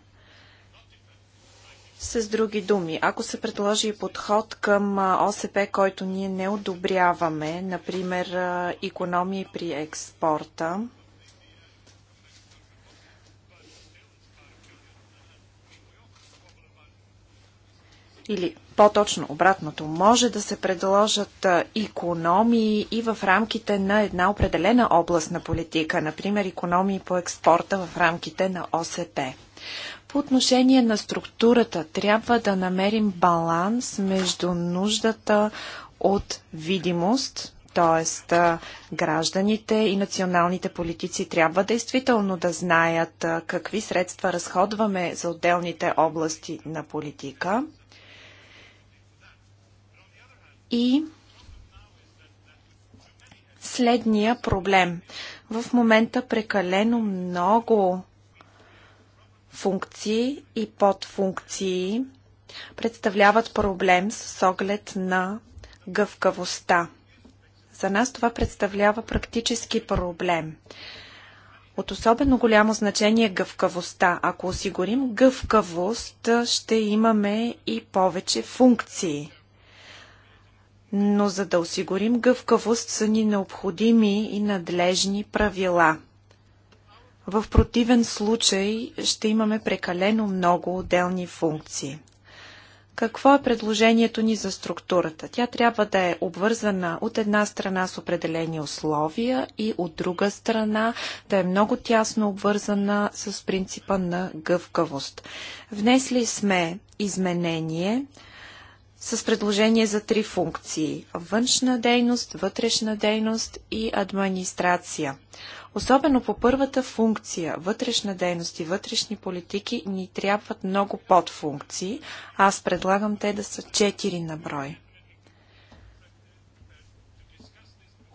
С други думи, ако се предложи подход към ОСП, който ние не одобряваме, например економии при експорта, или по-точно обратното, може да се предложат економии и в рамките на една определена област на политика, например економии по експорта в рамките на ОСП. По отношение на структурата, трябва да намерим баланс между нуждата от видимост, т.е. гражданите и националните политици трябва действително да знаят какви средства разходваме за отделните области на политика – и следния проблем. В момента прекалено много функции и подфункции представляват проблем с оглед на гъвкавостта. За нас това представлява практически проблем. От особено голямо значение е гъвкавостта. Ако осигурим гъвкавост, ще имаме и повече функции но за да осигурим гъвкавост са ни необходими и надлежни правила. В противен случай ще имаме прекалено много отделни функции. Какво е предложението ни за структурата? Тя трябва да е обвързана от една страна с определени условия и от друга страна да е много тясно обвързана с принципа на гъвкавост. Внесли сме изменение, с предложение за три функции – външна дейност, вътрешна дейност и администрация. Особено по първата функция – вътрешна дейност и вътрешни политики, ни трябват много подфункции. Аз предлагам те да са четири на брой.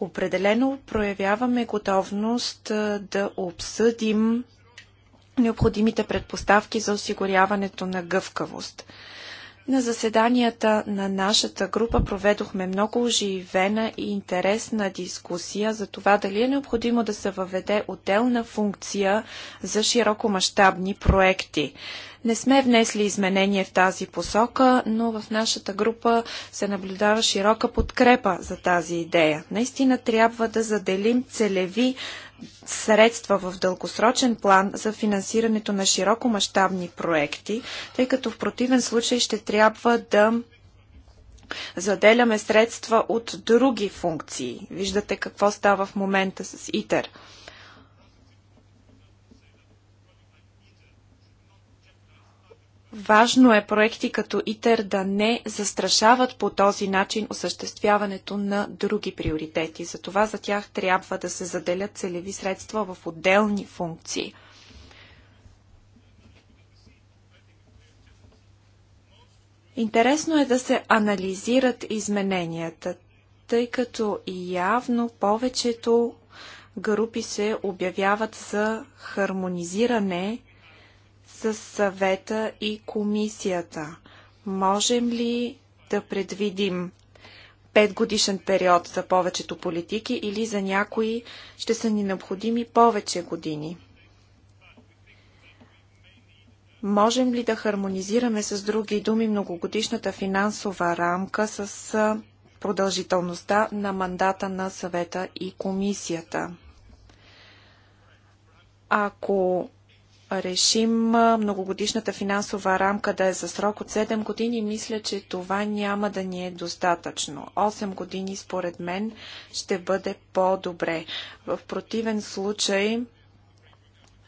Определено проявяваме готовност да обсъдим необходимите предпоставки за осигуряването на гъвкавост – на заседанията на нашата група проведохме много оживена и интересна дискусия за това дали е необходимо да се въведе отделна функция за широкомащабни проекти. Не сме внесли изменение в тази посока, но в нашата група се наблюдава широка подкрепа за тази идея. Наистина трябва да заделим целеви средства в дългосрочен план за финансирането на широкомащабни проекти, тъй като в противен случай ще трябва да заделяме средства от други функции. Виждате какво става в момента с ИТЕР. Важно е проекти като ИТЕР да не застрашават по този начин осъществяването на други приоритети. Затова за тях трябва да се заделят целеви средства в отделни функции. Интересно е да се анализират измененията, тъй като явно повечето групи се обявяват за хармонизиране с съвета и комисията? Можем ли да предвидим петгодишен период за повечето политики или за някои ще са ни необходими повече години? Можем ли да хармонизираме с други думи многогодишната финансова рамка с продължителността на мандата на съвета и комисията? Ако решим многогодишната финансова рамка да е за срок от 7 години, мисля, че това няма да ни е достатъчно. 8 години, според мен, ще бъде по-добре. В противен случай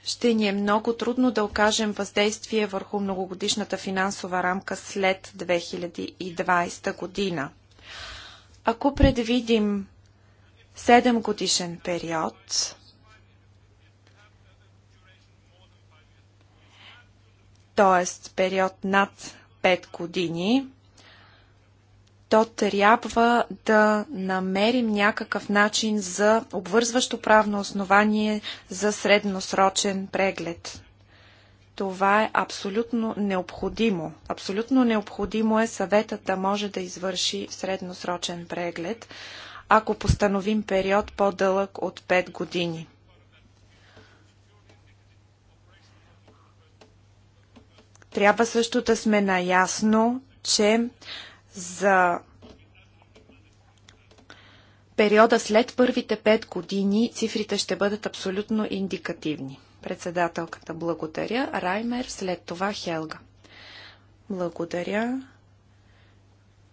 ще ни е много трудно да окажем въздействие върху многогодишната финансова рамка след 2020 година. Ако предвидим 7 годишен период, т.е. период над 5 години, то трябва да намерим някакъв начин за обвързващо правно основание за средносрочен преглед. Това е абсолютно необходимо. Абсолютно необходимо е съветът да може да извърши средносрочен преглед, ако постановим период по-дълъг от 5 години. Трябва също да сме наясно, че за периода след първите пет години цифрите ще бъдат абсолютно индикативни. Председателката благодаря, Раймер, след това Хелга. Благодаря.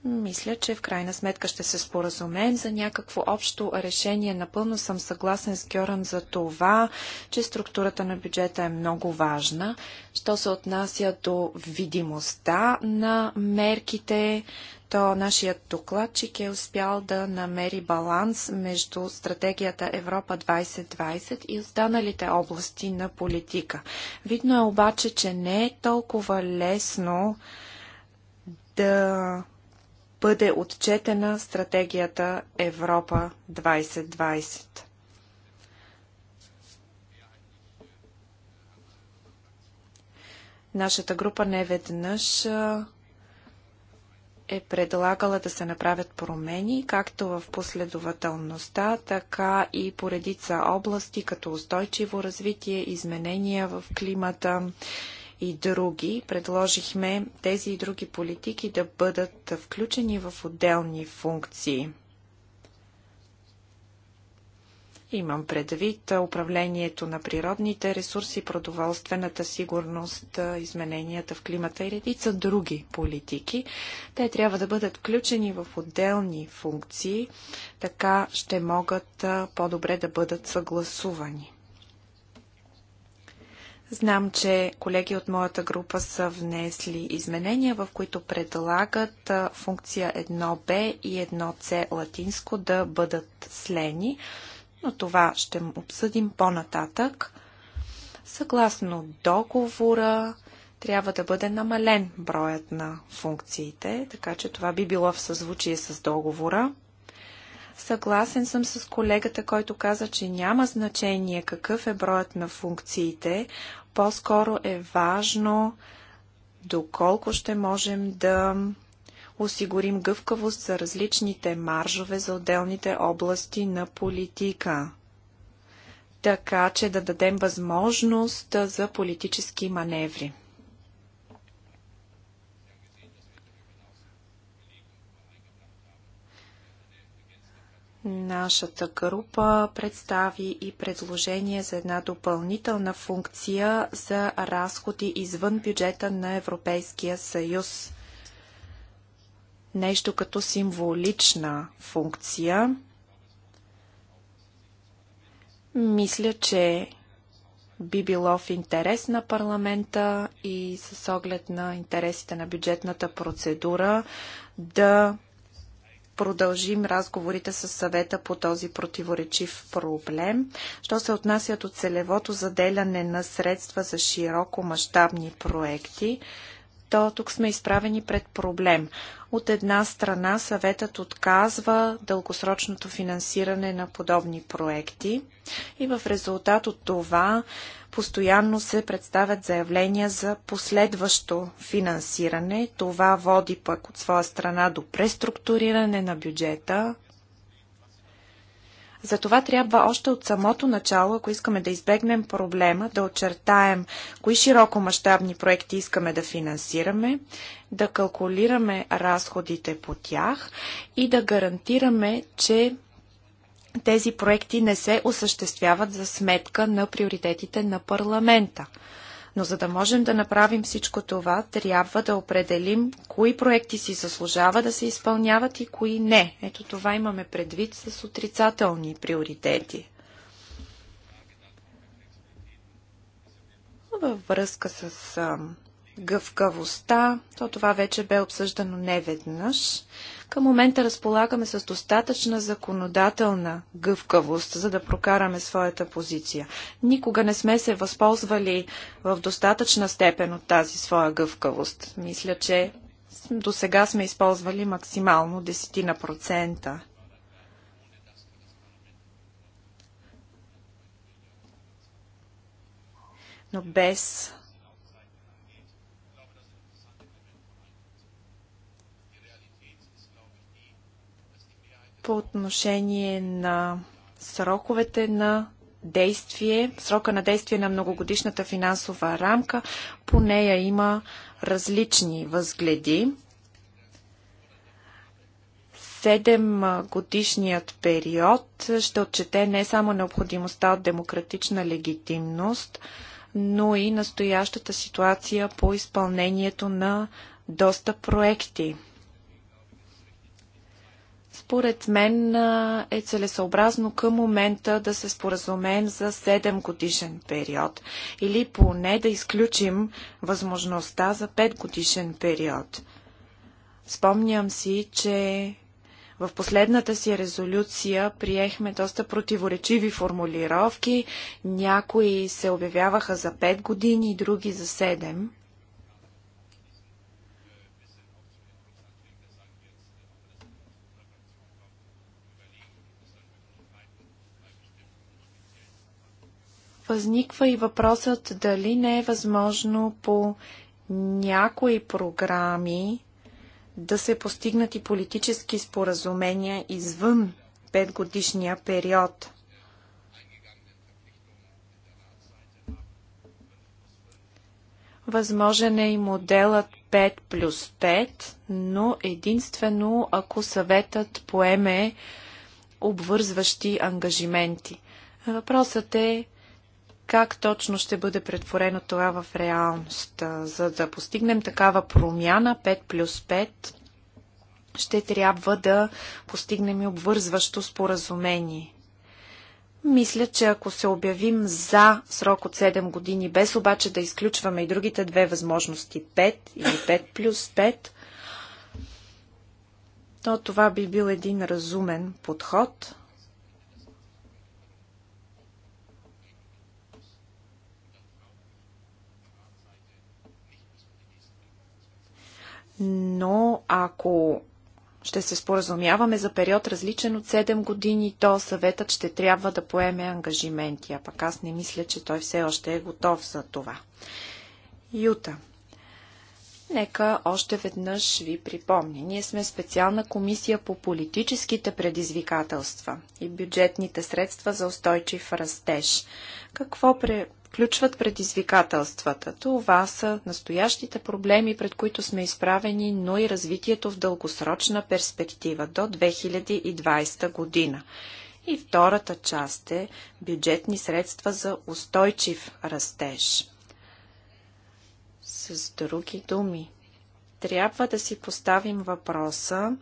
Мисля, че в крайна сметка ще се споразумеем за някакво общо решение. Напълно съм съгласен с Гьоран за това, че структурата на бюджета е много важна. Що се отнася до видимостта на мерките, то нашият докладчик е успял да намери баланс между стратегията Европа 2020 и останалите области на политика. Видно е обаче, че не е толкова лесно да бъде отчетена стратегията Европа 2020. Нашата група не веднъж е предлагала да се направят промени, както в последователността, така и поредица области, като устойчиво развитие, изменения в климата, и други. Предложихме тези и други политики да бъдат включени в отделни функции. Имам предвид управлението на природните ресурси, продоволствената сигурност, измененията в климата и редица други политики. Те трябва да бъдат включени в отделни функции, така ще могат по-добре да бъдат съгласувани. Знам, че колеги от моята група са внесли изменения, в които предлагат функция 1b и 1c латинско да бъдат слени, но това ще обсъдим по-нататък. Съгласно договора, трябва да бъде намален броят на функциите, така че това би било в съзвучие с договора. Съгласен съм с колегата, който каза, че няма значение какъв е броят на функциите. По-скоро е важно доколко ще можем да осигурим гъвкавост за различните маржове за отделните области на политика така че да дадем възможност за политически маневри. Нашата група представи и предложение за една допълнителна функция за разходи извън бюджета на Европейския съюз. Нещо като символична функция. Мисля, че би било в интерес на парламента и с оглед на интересите на бюджетната процедура да продължим разговорите с съвета по този противоречив проблем. Що се отнася до целевото заделяне на средства за широко мащабни проекти, то тук сме изправени пред проблем. От една страна съветът отказва дългосрочното финансиране на подобни проекти и в резултат от това постоянно се представят заявления за последващо финансиране. Това води пък от своя страна до преструктуриране на бюджета, затова трябва още от самото начало, ако искаме да избегнем проблема, да очертаем кои широко мащабни проекти искаме да финансираме, да калкулираме разходите по тях и да гарантираме, че тези проекти не се осъществяват за сметка на приоритетите на парламента. Но за да можем да направим всичко това, трябва да определим кои проекти си заслужава да се изпълняват и кои не. Ето това имаме предвид с отрицателни приоритети. Във връзка с гъвкавостта, то това вече бе обсъждано неведнъж. веднъж. Към момента разполагаме с достатъчна законодателна гъвкавост, за да прокараме своята позиция. Никога не сме се възползвали в достатъчна степен от тази своя гъвкавост. Мисля, че до сега сме използвали максимално 10%. Но без по отношение на сроковете на действие, срока на действие на многогодишната финансова рамка, по нея има различни възгледи. седем годишният период ще отчете не само необходимостта от демократична легитимност, но и настоящата ситуация по изпълнението на доста проекти. Според мен е целесообразно към момента да се споразумеем за 7 годишен период или поне да изключим възможността за 5 годишен период. Спомням си, че в последната си резолюция приехме доста противоречиви формулировки. Някои се обявяваха за 5 години, други за 7. възниква и въпросът дали не е възможно по някои програми да се постигнат и политически споразумения извън петгодишния период. Възможен е и моделът 5 плюс 5, но единствено ако съветът поеме обвързващи ангажименти. Въпросът е как точно ще бъде претворено това в реалност. За да постигнем такава промяна 5 плюс 5, ще трябва да постигнем и обвързващо споразумение. Мисля, че ако се обявим за срок от 7 години, без обаче да изключваме и другите две възможности 5 или 5 плюс 5, то това би бил един разумен подход – но ако ще се споразумяваме за период различен от 7 години, то съветът ще трябва да поеме ангажименти, а пък аз не мисля, че той все още е готов за това. Юта. Нека още веднъж ви припомня. Ние сме специална комисия по политическите предизвикателства и бюджетните средства за устойчив растеж. Какво пре включват предизвикателствата. Това са настоящите проблеми, пред които сме изправени, но и развитието в дългосрочна перспектива до 2020 година. И втората част е бюджетни средства за устойчив растеж. С други думи, трябва да си поставим въпроса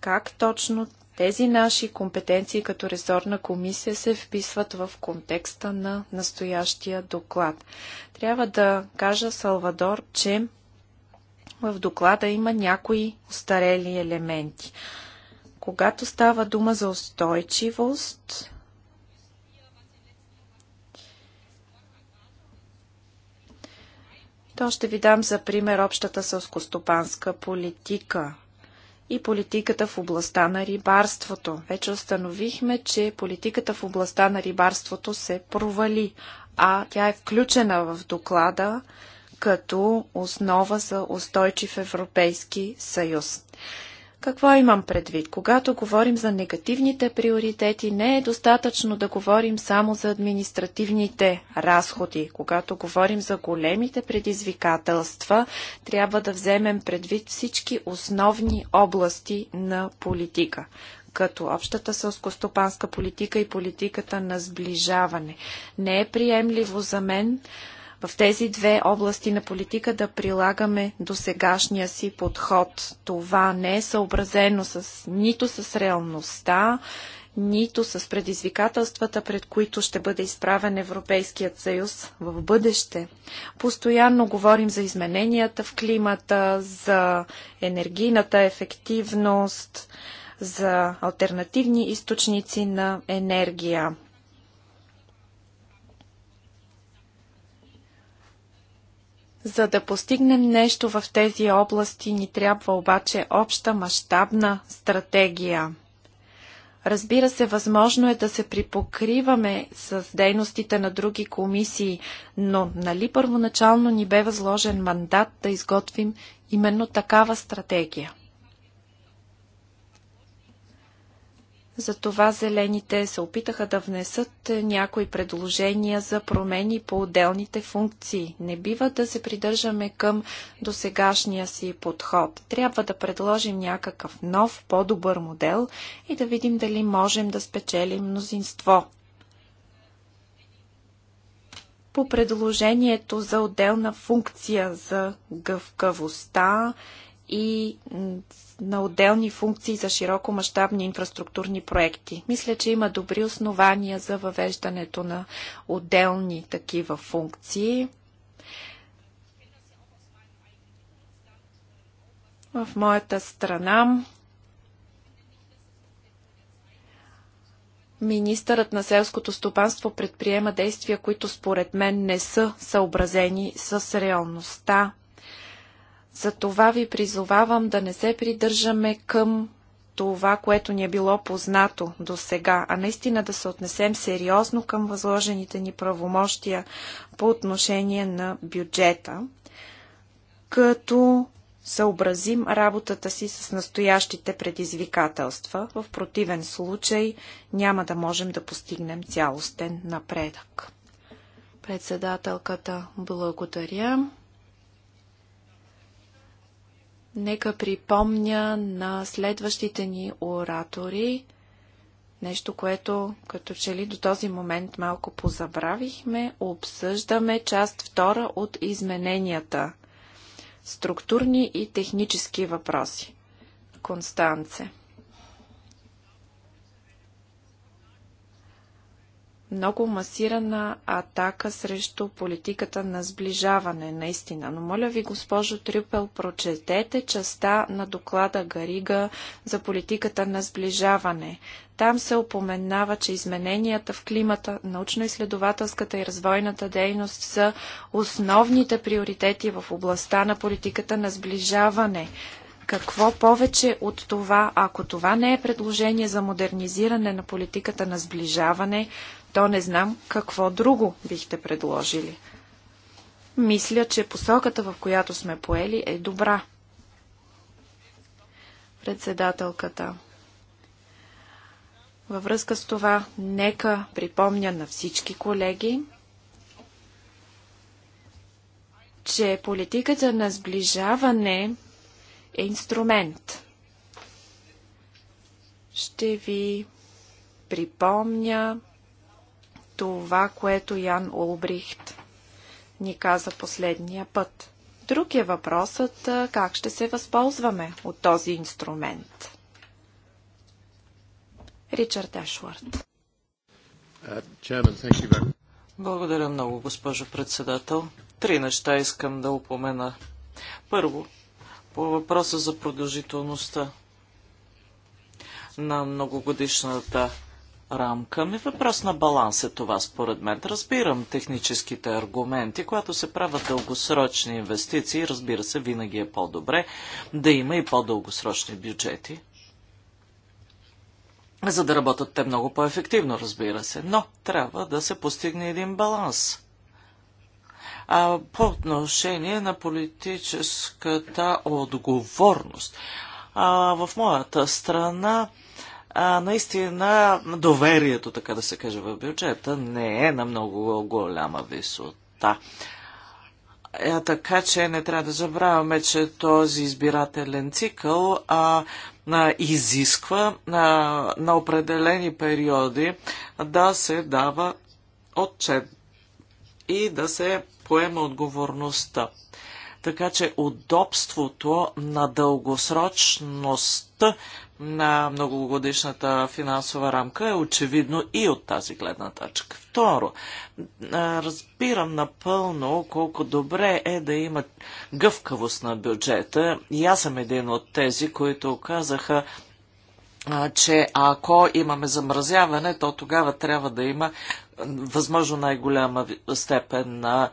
как точно тези наши компетенции като ресорна комисия се вписват в контекста на настоящия доклад. Трябва да кажа, Салвадор, че в доклада има някои устарели елементи. Когато става дума за устойчивост, то ще ви дам за пример общата сълскостопанска политика – и политиката в областта на рибарството. Вече установихме, че политиката в областта на рибарството се провали, а тя е включена в доклада като основа за устойчив Европейски съюз. Какво имам предвид? Когато говорим за негативните приоритети, не е достатъчно да говорим само за административните разходи. Когато говорим за големите предизвикателства, трябва да вземем предвид всички основни области на политика като общата сълскостопанска политика и политиката на сближаване. Не е приемливо за мен в тези две области на политика да прилагаме досегашния си подход. Това не е съобразено с, нито с реалността, нито с предизвикателствата, пред които ще бъде изправен Европейският съюз в бъдеще. Постоянно говорим за измененията в климата, за енергийната ефективност, за альтернативни източници на енергия. За да постигнем нещо в тези области, ни трябва обаче обща мащабна стратегия. Разбира се, възможно е да се припокриваме с дейностите на други комисии, но нали първоначално ни бе възложен мандат да изготвим именно такава стратегия? Затова зелените се опитаха да внесат някои предложения за промени по отделните функции. Не бива да се придържаме към досегашния си подход. Трябва да предложим някакъв нов, по-добър модел и да видим дали можем да спечелим мнозинство. По предложението за отделна функция за гъвкавостта и на отделни функции за широко мащабни инфраструктурни проекти. Мисля, че има добри основания за въвеждането на отделни такива функции. В моята страна Министърът на селското стопанство предприема действия, които според мен не са съобразени с реалността затова ви призовавам да не се придържаме към това, което ни е било познато до сега, а наистина да се отнесем сериозно към възложените ни правомощия по отношение на бюджета, като съобразим работата си с настоящите предизвикателства. В противен случай няма да можем да постигнем цялостен напредък. Председателката благодаря. Нека припомня на следващите ни оратори нещо, което като че ли до този момент малко позабравихме. Обсъждаме част втора от измененията. Структурни и технически въпроси. Констанце. много масирана атака срещу политиката на сближаване, наистина. Но моля ви, госпожо Трюпел, прочетете частта на доклада Гарига за политиката на сближаване. Там се опоменава, че измененията в климата, научно-изследователската и развойната дейност са основните приоритети в областта на политиката на сближаване. Какво повече от това, ако това не е предложение за модернизиране на политиката на сближаване, то не знам какво друго бихте предложили. Мисля, че посоката, в която сме поели, е добра. Председателката. Във връзка с това, нека припомня на всички колеги, че политиката на сближаване е инструмент. Ще ви припомня това, което Ян Улбрихт ни каза последния път. Друг е въпросът как ще се възползваме от този инструмент. Ричард Ашвард. Uh, Благодаря много, госпожо председател. Три неща искам да упомена. Първо, по въпроса за продължителността на многогодишната рамка. Ми въпрос на баланс е това, според мен. Разбирам техническите аргументи, когато се правят дългосрочни инвестиции, разбира се, винаги е по-добре да има и по-дългосрочни бюджети, за да работят те много по-ефективно, разбира се. Но трябва да се постигне един баланс. А по отношение на политическата отговорност. А, в моята страна а, наистина доверието, така да се каже, в бюджета не е на много голяма висота. А, е, така че не трябва да забравяме, че този избирателен цикъл а, а, изисква а, на определени периоди да се дава отчет и да се поема отговорността. Така че удобството на дългосрочността на многогодишната финансова рамка е очевидно и от тази гледна точка. Второ, разбирам напълно колко добре е да има гъвкавост на бюджета и аз съм един от тези, които казаха, че ако имаме замразяване, то тогава трябва да има възможно най-голяма степен на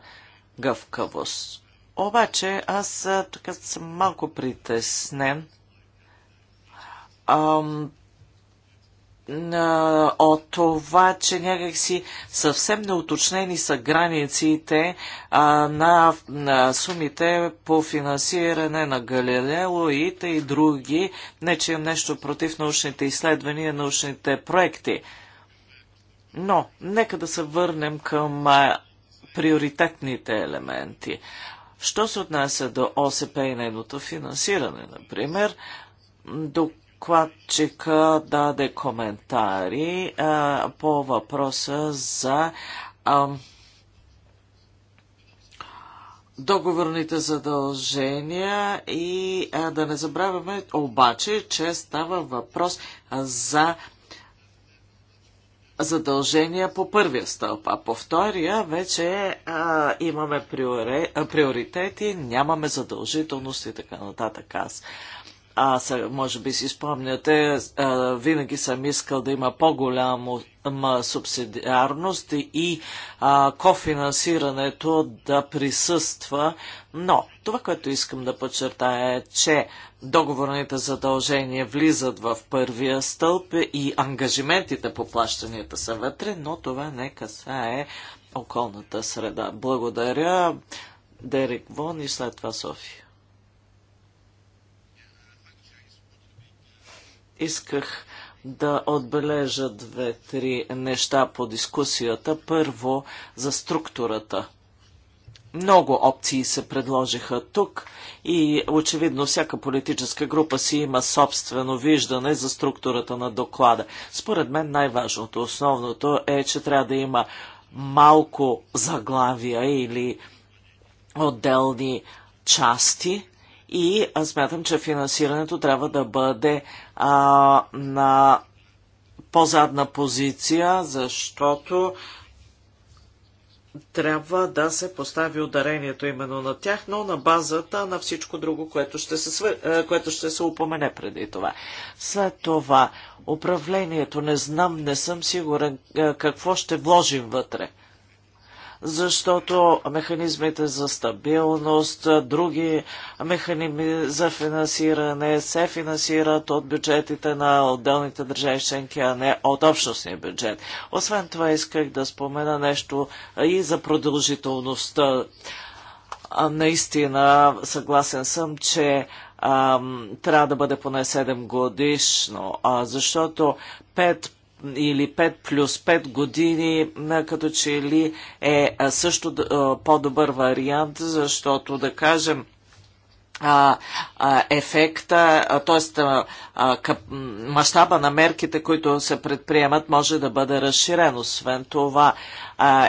гъвкавост. Обаче аз така съм малко притеснен, от това, че някакси съвсем неуточнени са границите а, на, на сумите по финансиране на Галилео, и и други. Не, че имам нещо против научните изследвания, научните проекти. Но, нека да се върнем към а, приоритетните елементи. Що се отнася до ОСП и нейното финансиране, например, до докладчик даде коментари а, по въпроса за а, договорните задължения и а, да не забравяме обаче, че става въпрос за задължения по първия стълб, а по втория вече а, имаме приори, а, приоритети, нямаме задължителност и така нататък. Аз аз, може би си спомняте, винаги съм искал да има по-голяма субсидиарност и кофинансирането да присъства. Но това, което искам да подчертая е, че договорните задължения влизат в първия стълб и ангажиментите по плащанията са вътре, но това не касае околната среда. Благодаря, Дерек Вон и след това София. исках да отбележа две-три неща по дискусията. Първо, за структурата. Много опции се предложиха тук и очевидно всяка политическа група си има собствено виждане за структурата на доклада. Според мен най-важното, основното е, че трябва да има малко заглавия или отделни части, и аз смятам, че финансирането трябва да бъде а, на по-задна позиция, защото трябва да се постави ударението именно на тях, но на базата на всичко друго, което ще се, свър... което ще се упомене преди това. След това, управлението, не знам, не съм сигурен какво ще вложим вътре защото механизмите за стабилност, други механизми за финансиране се финансират от бюджетите на отделните държави членки, а не от общностния бюджет. Освен това исках да спомена нещо и за продължителността. Наистина съгласен съм, че трябва да бъде поне 7 годишно, защото 5 или 5 плюс 5 години, като че ли е също по-добър вариант, защото да кажем, ефекта, т.е. мащаба на мерките, които се предприемат, може да бъде разширен. Освен това,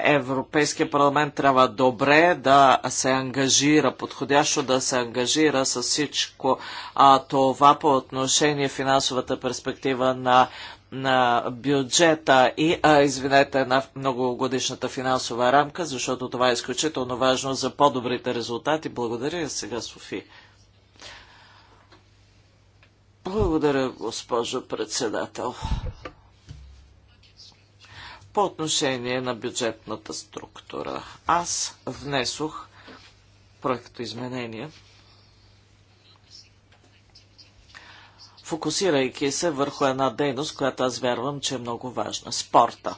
Европейския парламент трябва добре да се ангажира, подходящо да се ангажира с всичко това по отношение финансовата перспектива на на бюджета и, а, извинете, на многогодишната финансова рамка, защото това е изключително важно за по-добрите резултати. Благодаря сега, Софи. Благодаря, госпожо председател. По отношение на бюджетната структура, аз внесох проекто изменения фокусирайки се върху една дейност, която аз вярвам, че е много важна – спорта.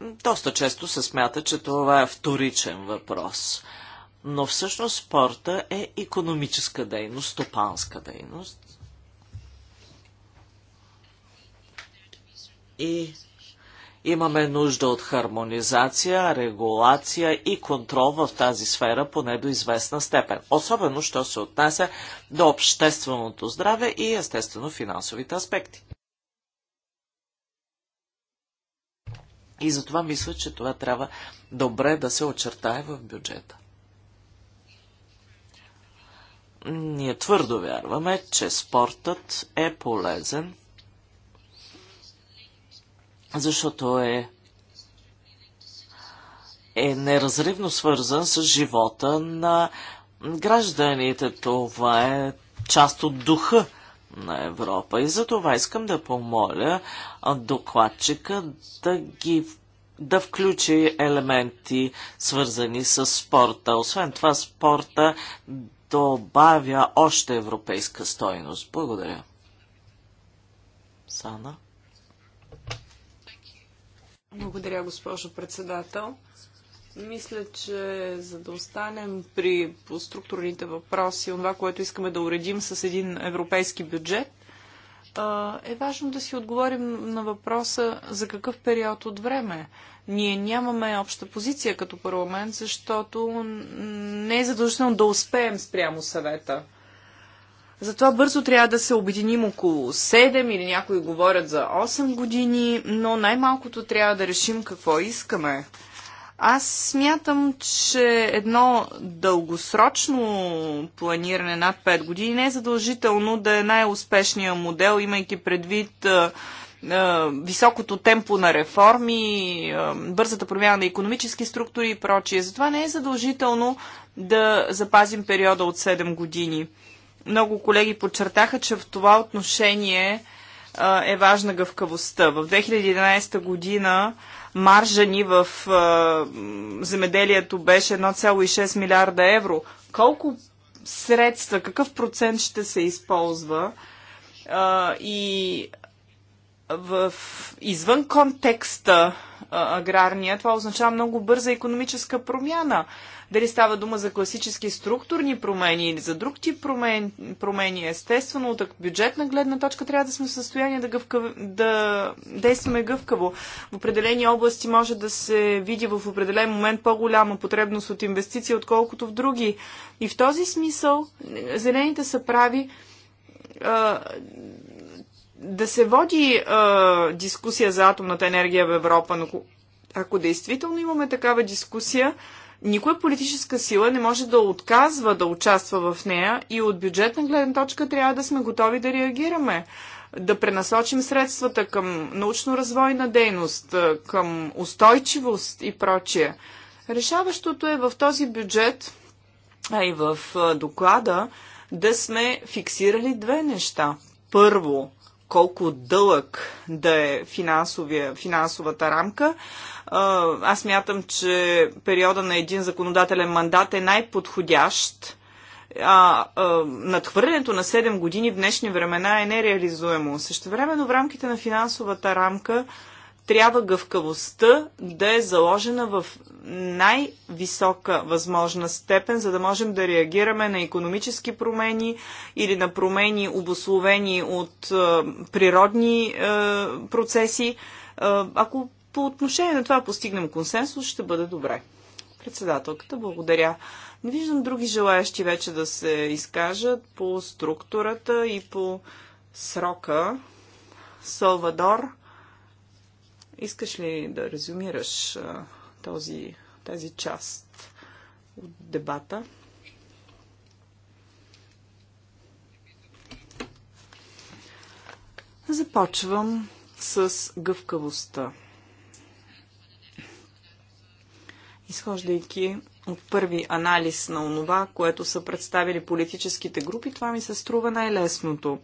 Доста често се смята, че това е вторичен въпрос. Но всъщност спорта е економическа дейност, стопанска дейност. И Имаме нужда от хармонизация, регулация и контрол в тази сфера поне до известна степен. Особено, що се отнася до общественото здраве и естествено финансовите аспекти. И затова мисля, че това трябва добре да се очертае в бюджета. Ние твърдо вярваме, че спортът е полезен – защото е, е неразривно свързан с живота на гражданите. Това е част от духа на Европа. И за това искам да помоля докладчика да ги да включи елементи, свързани с спорта. Освен това, спорта добавя още европейска стойност. Благодаря. Сана? Благодаря, госпожо председател. Мисля, че за да останем при по структурните въпроси, това, което искаме да уредим с един европейски бюджет, е важно да си отговорим на въпроса за какъв период от време. Ние нямаме обща позиция като парламент, защото не е задължително да успеем спрямо съвета. Затова бързо трябва да се обединим около 7 или някои говорят за 8 години, но най-малкото трябва да решим какво искаме. Аз смятам, че едно дългосрочно планиране над 5 години не е задължително да е най-успешният модел, имайки предвид високото темпо на реформи, бързата промяна на економически структури и прочие. Затова не е задължително да запазим периода от 7 години. Много колеги подчертаха, че в това отношение е важна гъвкавостта. В 2011 година маржа ни в земеделието беше 1,6 милиарда евро. Колко средства, какъв процент ще се използва? и в, извън контекста а, аграрния, това означава много бърза економическа промяна. Дали става дума за класически структурни промени или за друг тип промен, промени, естествено, от бюджетна гледна точка трябва да сме в състояние да, гъвкав, да действаме гъвкаво. В определени области може да се види в определен момент по-голяма потребност от инвестиции, отколкото в други. И в този смисъл е, зелените са прави да се води а, дискусия за атомната енергия в Европа, но ако действително имаме такава дискусия, никоя политическа сила не може да отказва да участва в нея и от бюджетна гледна точка трябва да сме готови да реагираме да пренасочим средствата към научно-развойна дейност, към устойчивост и прочие. Решаващото е в този бюджет, а и в доклада, да сме фиксирали две неща. Първо, колко дълъг да е финансовата рамка. Аз мятам, че периода на един законодателен мандат е най-подходящ. А, а надхвърлянето на 7 години в днешни времена е нереализуемо. времено в рамките на финансовата рамка трябва гъвкавостта да е заложена в най-висока възможна степен, за да можем да реагираме на економически промени или на промени обословени от е, природни е, процеси. Е, ако по отношение на това постигнем консенсус, ще бъде добре. Председателката, благодаря. Не виждам други желаящи вече да се изкажат по структурата и по срока. Салвадор. Искаш ли да резюмираш този, тази част от дебата? Започвам с гъвкавостта. Изхождайки от първи анализ на онова, което са представили политическите групи, това ми се струва най-лесното.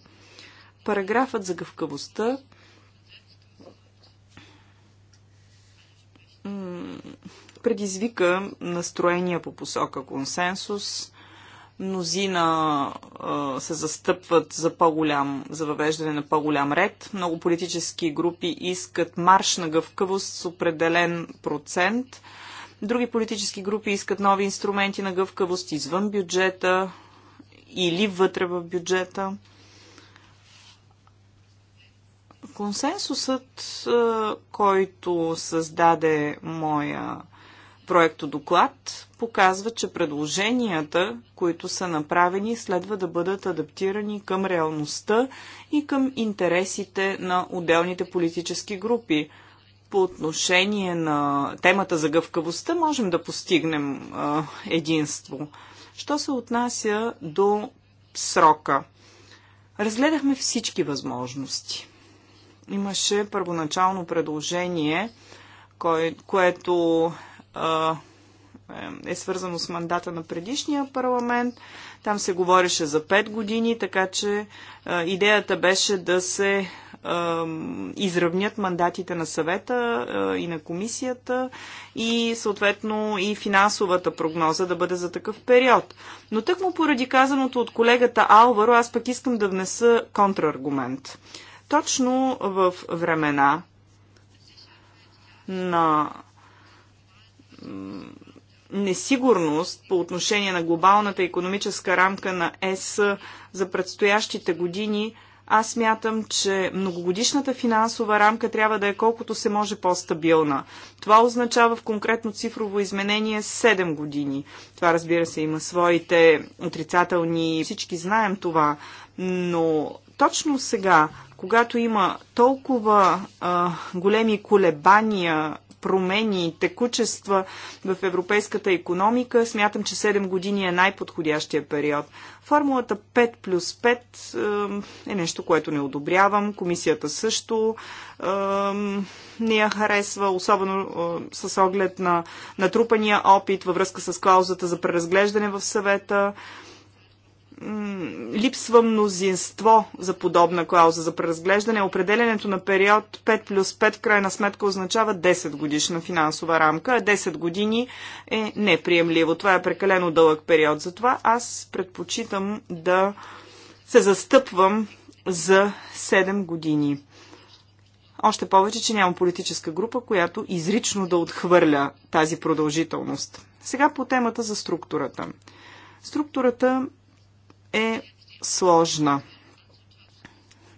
Параграфът за гъвкавостта предизвика настроения по посока консенсус. Мнозина се застъпват за, по-голям, за въвеждане на по-голям ред. Много политически групи искат марш на гъвкавост с определен процент. Други политически групи искат нови инструменти на гъвкавост извън бюджета или вътре в бюджета. Консенсусът, който създаде моя проекто доклад показва, че предложенията, които са направени, следва да бъдат адаптирани към реалността и към интересите на отделните политически групи. По отношение на темата за гъвкавостта можем да постигнем а, единство. Що се отнася до срока? Разгледахме всички възможности. Имаше първоначално предложение, кое, което е, е свързано с мандата на предишния парламент. Там се говореше за 5 години, така че идеята беше да се изравнят мандатите на съвета и на комисията и съответно и финансовата прогноза да бъде за такъв период. Но тък му поради казаното от колегата Алваро, аз пък искам да внеса контраргумент. Точно в времена на несигурност по отношение на глобалната економическа рамка на ЕС за предстоящите години, аз мятам, че многогодишната финансова рамка трябва да е колкото се може по-стабилна. Това означава в конкретно цифрово изменение 7 години. Това разбира се има своите отрицателни, всички знаем това, но точно сега, когато има толкова а, големи колебания промени, текучества в европейската економика, смятам, че 7 години е най-подходящия период. Формулата 5 плюс 5 е нещо, което не одобрявам. Комисията също не я харесва, особено с оглед на натрупания опит във връзка с клаузата за преразглеждане в съвета липсва мнозинство за подобна клауза за преразглеждане. Определенето на период 5 плюс 5 в крайна сметка означава 10 годишна финансова рамка, а 10 години е неприемливо. Това е прекалено дълъг период. Затова аз предпочитам да се застъпвам за 7 години. Още повече, че няма политическа група, която изрично да отхвърля тази продължителност. Сега по темата за структурата. Структурата е сложна.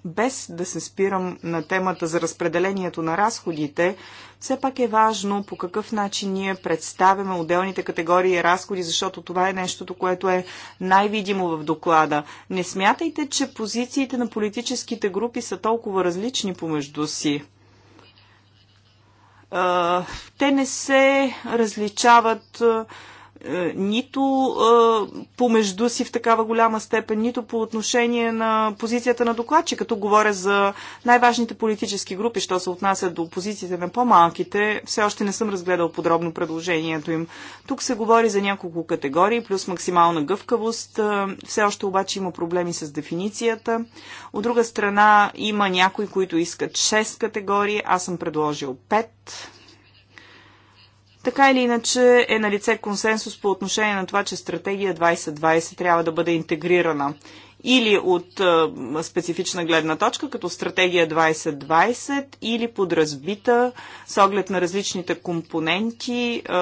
Без да се спирам на темата за разпределението на разходите, все пак е важно по какъв начин ние представяме отделните категории разходи, защото това е нещото, което е най-видимо в доклада. Не смятайте, че позициите на политическите групи са толкова различни помежду си. Те не се различават е, нито е, помежду си в такава голяма степен, нито по отношение на позицията на докладчи. Като говоря за най-важните политически групи, що се отнася до позициите на по-малките, все още не съм разгледал подробно предложението им. Тук се говори за няколко категории, плюс максимална гъвкавост. Е, все още обаче има проблеми с дефиницията. От друга страна има някои, които искат 6 категории. Аз съм предложил 5 така или иначе е на лице консенсус по отношение на това, че стратегия 2020 трябва да бъде интегрирана или от е, специфична гледна точка, като стратегия 2020, или подразбита с оглед на различните компоненти, е, е,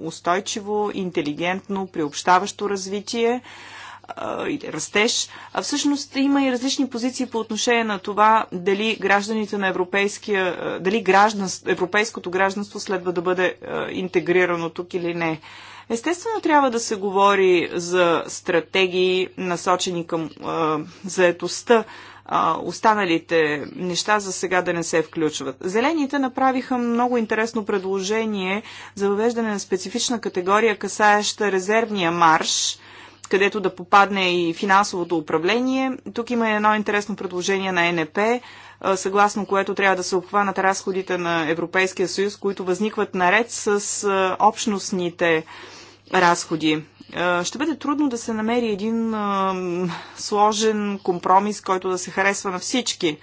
устойчиво, интелигентно, приобщаващо развитие или растеж, а всъщност има и различни позиции по отношение на това дали гражданите на европейския, дали гражданство, европейското гражданство следва да бъде интегрирано тук или не. Естествено трябва да се говори за стратегии, насочени към е, заетостта, Е, останалите неща за сега да не се включват. Зелените направиха много интересно предложение за въвеждане на специфична категория, касаеща резервния марш, където да попадне и финансовото управление. Тук има едно интересно предложение на НП, съгласно което трябва да се обхванат разходите на Европейския съюз, които възникват наред с общностните разходи. Ще бъде трудно да се намери един сложен компромис, който да се харесва на всички.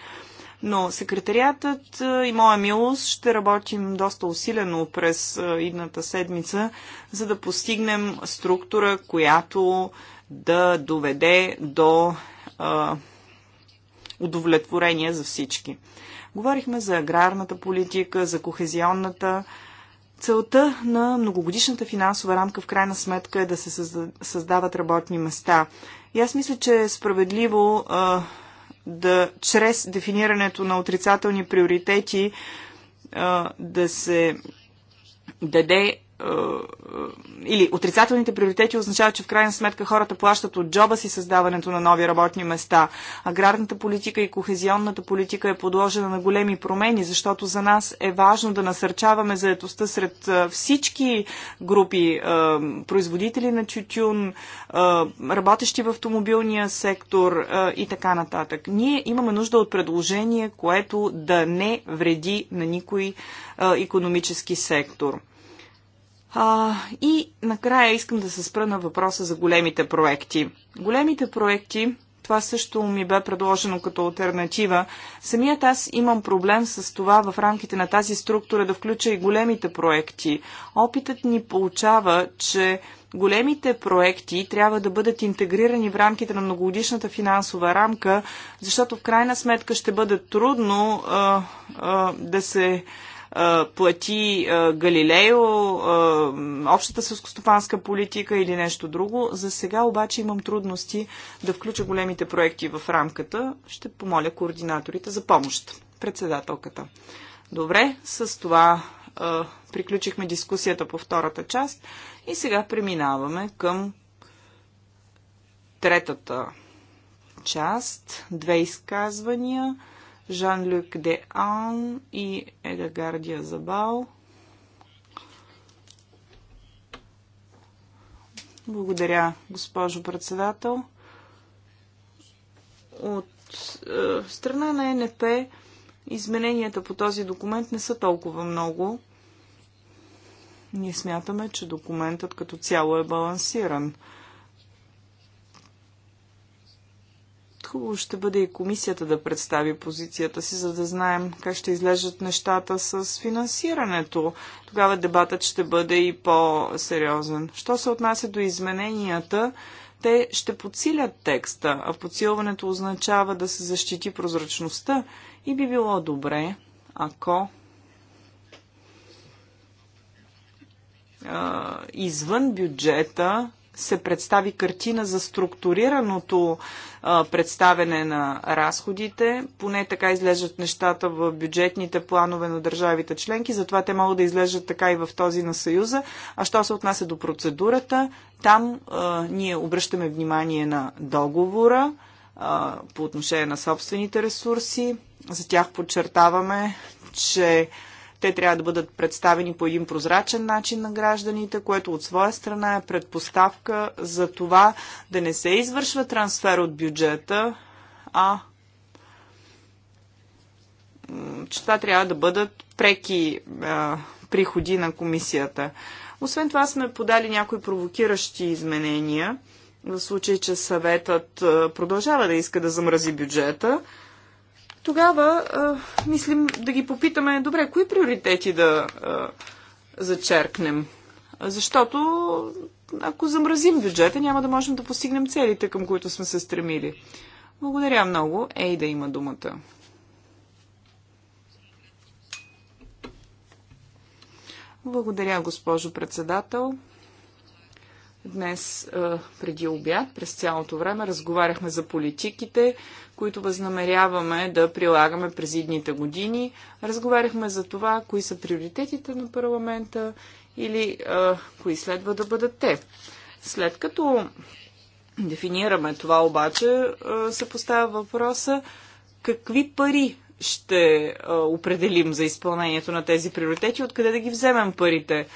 Но секретариатът и моя милост ще работим доста усилено през идната седмица, за да постигнем структура, която да доведе до а, удовлетворение за всички. Говорихме за аграрната политика, за кохезионната. Целта на многогодишната финансова рамка в крайна сметка е да се създават работни места. И аз мисля, че е справедливо а, да чрез дефинирането на отрицателни приоритети да се даде е, е, или отрицателните приоритети означават, че в крайна сметка хората плащат от джоба си създаването на нови работни места. Аграрната политика и кохезионната политика е подложена на големи промени, защото за нас е важно да насърчаваме заетостта сред е, всички групи производители на чутюн, работещи в автомобилния сектор и така нататък. Ние имаме нужда от предложение, което да не вреди на никой економически сектор. А, и накрая искам да се спра на въпроса за големите проекти. Големите проекти, това също ми бе предложено като альтернатива. Самият аз имам проблем с това в рамките на тази структура да включа и големите проекти. Опитът ни получава, че големите проекти трябва да бъдат интегрирани в рамките на многогодишната финансова рамка, защото в крайна сметка ще бъде трудно а, а, да се плати Галилео, общата сълскостопанска политика или нещо друго. За сега обаче имам трудности да включа големите проекти в рамката. Ще помоля координаторите за помощ. Председателката. Добре, с това приключихме дискусията по втората част и сега преминаваме към третата част. Две изказвания. Жан-Люк Де Ан и Едагар Диазабал. Благодаря, госпожо председател. От е, страна на НП измененията по този документ не са толкова много. Ние смятаме, че документът като цяло е балансиран. Хубаво ще бъде и комисията да представи позицията си, за да знаем как ще излежат нещата с финансирането. Тогава дебатът ще бъде и по-сериозен. Що се отнася до измененията, те ще подсилят текста, а подсилването означава да се защити прозрачността и би било добре, ако извън бюджета се представи картина за структурираното а, представене на разходите. Поне така излежат нещата в бюджетните планове на държавите членки, затова те могат да излежат така и в този на Съюза. А що се отнася до процедурата, там а, ние обръщаме внимание на договора а, по отношение на собствените ресурси. За тях подчертаваме, че те трябва да бъдат представени по един прозрачен начин на гражданите, което от своя страна е предпоставка за това да не се извършва трансфер от бюджета, а че това трябва да бъдат преки а, приходи на комисията. Освен това сме подали някои провокиращи изменения, в случай, че съветът продължава да иска да замрази бюджета тогава а, мислим да ги попитаме, добре, кои приоритети да а, зачеркнем? Защото ако замразим бюджета, няма да можем да постигнем целите, към които сме се стремили. Благодаря много. Ей да има думата. Благодаря, госпожо председател. Днес преди обяд, през цялото време, разговаряхме за политиките, които възнамеряваме да прилагаме през идните години. Разговаряхме за това, кои са приоритетите на парламента или а, кои следва да бъдат те. След като дефинираме това обаче, се поставя въпроса какви пари ще определим за изпълнението на тези приоритети, откъде да ги вземем парите.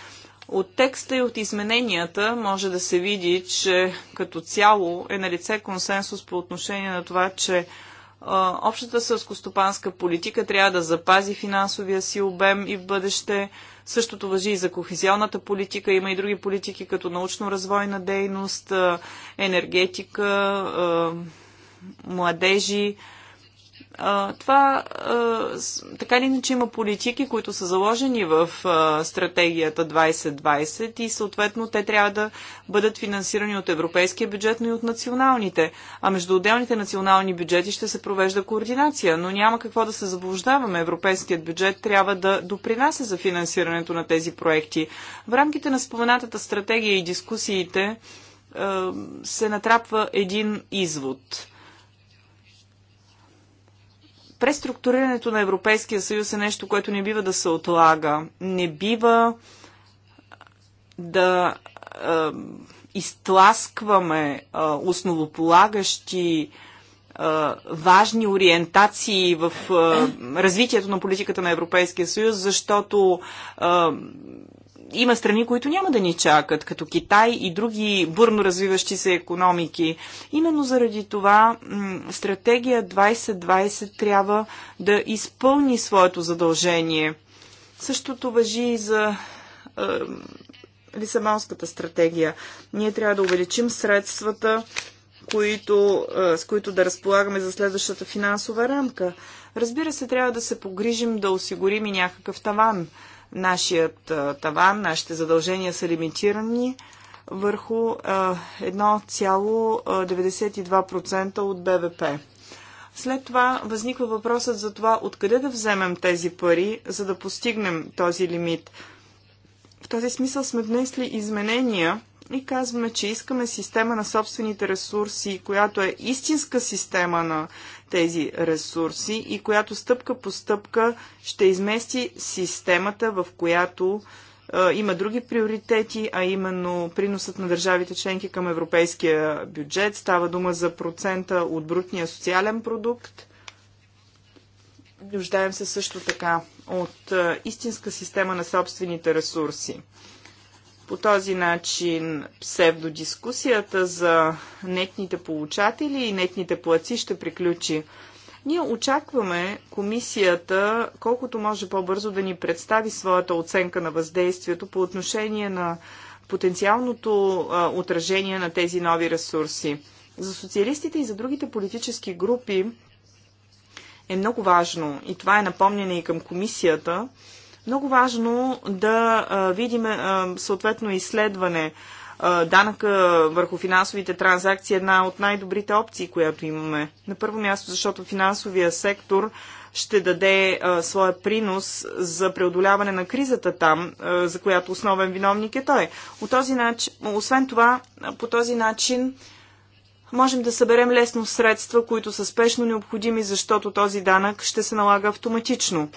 От текста и от измененията може да се види, че като цяло е налице консенсус по отношение на това, че общата сълскостопанска политика трябва да запази финансовия си обем и в бъдеще. Същото въжи и за кохезионната политика. Има и други политики, като научно-развойна дейност, енергетика, младежи. А, това а, така или иначе има политики, които са заложени в а, стратегията 2020 и съответно те трябва да бъдат финансирани от европейския бюджет, но и от националните. А между отделните национални бюджети ще се провежда координация, но няма какво да се заблуждаваме. Европейският бюджет трябва да допринася за финансирането на тези проекти. В рамките на споменатата стратегия и дискусиите се натрапва един извод – преструктурирането на Европейския съюз е нещо, което не бива да се отлага. Не бива да е, изтласкваме е, основополагащи важни ориентации в развитието на политиката на Европейския съюз, защото има страни, които няма да ни чакат, като Китай и други бурно развиващи се економики. Именно заради това стратегия 2020 трябва да изпълни своето задължение. Същото въжи и за е, Лисабонската стратегия. Ние трябва да увеличим средствата, които, е, с които да разполагаме за следващата финансова рамка. Разбира се, трябва да се погрижим да осигурим и някакъв таван. Нашият таван, нашите задължения са лимитирани върху 1,92% от БВП. След това възниква въпросът за това откъде да вземем тези пари, за да постигнем този лимит. В този смисъл сме внесли изменения и казваме, че искаме система на собствените ресурси, която е истинска система на тези ресурси и която стъпка по стъпка ще измести системата, в която е, има други приоритети, а именно приносът на държавите членки към европейския бюджет. Става дума за процента от брутния социален продукт. Нуждаем се също така от е, истинска система на собствените ресурси. По този начин псевдодискусията за нетните получатели и нетните плаци ще приключи. Ние очакваме комисията колкото може по-бързо да ни представи своята оценка на въздействието по отношение на потенциалното а, отражение на тези нови ресурси. За социалистите и за другите политически групи е много важно, и това е напомняне и към комисията, много важно да видим съответно изследване. Данъка върху финансовите транзакции е една от най-добрите опции, която имаме. На първо място, защото финансовия сектор ще даде а, своя принос за преодоляване на кризата там, а, за която основен виновник е той. От този начин, освен това, по този начин можем да съберем лесно средства, които са спешно необходими, защото този данък ще се налага автоматично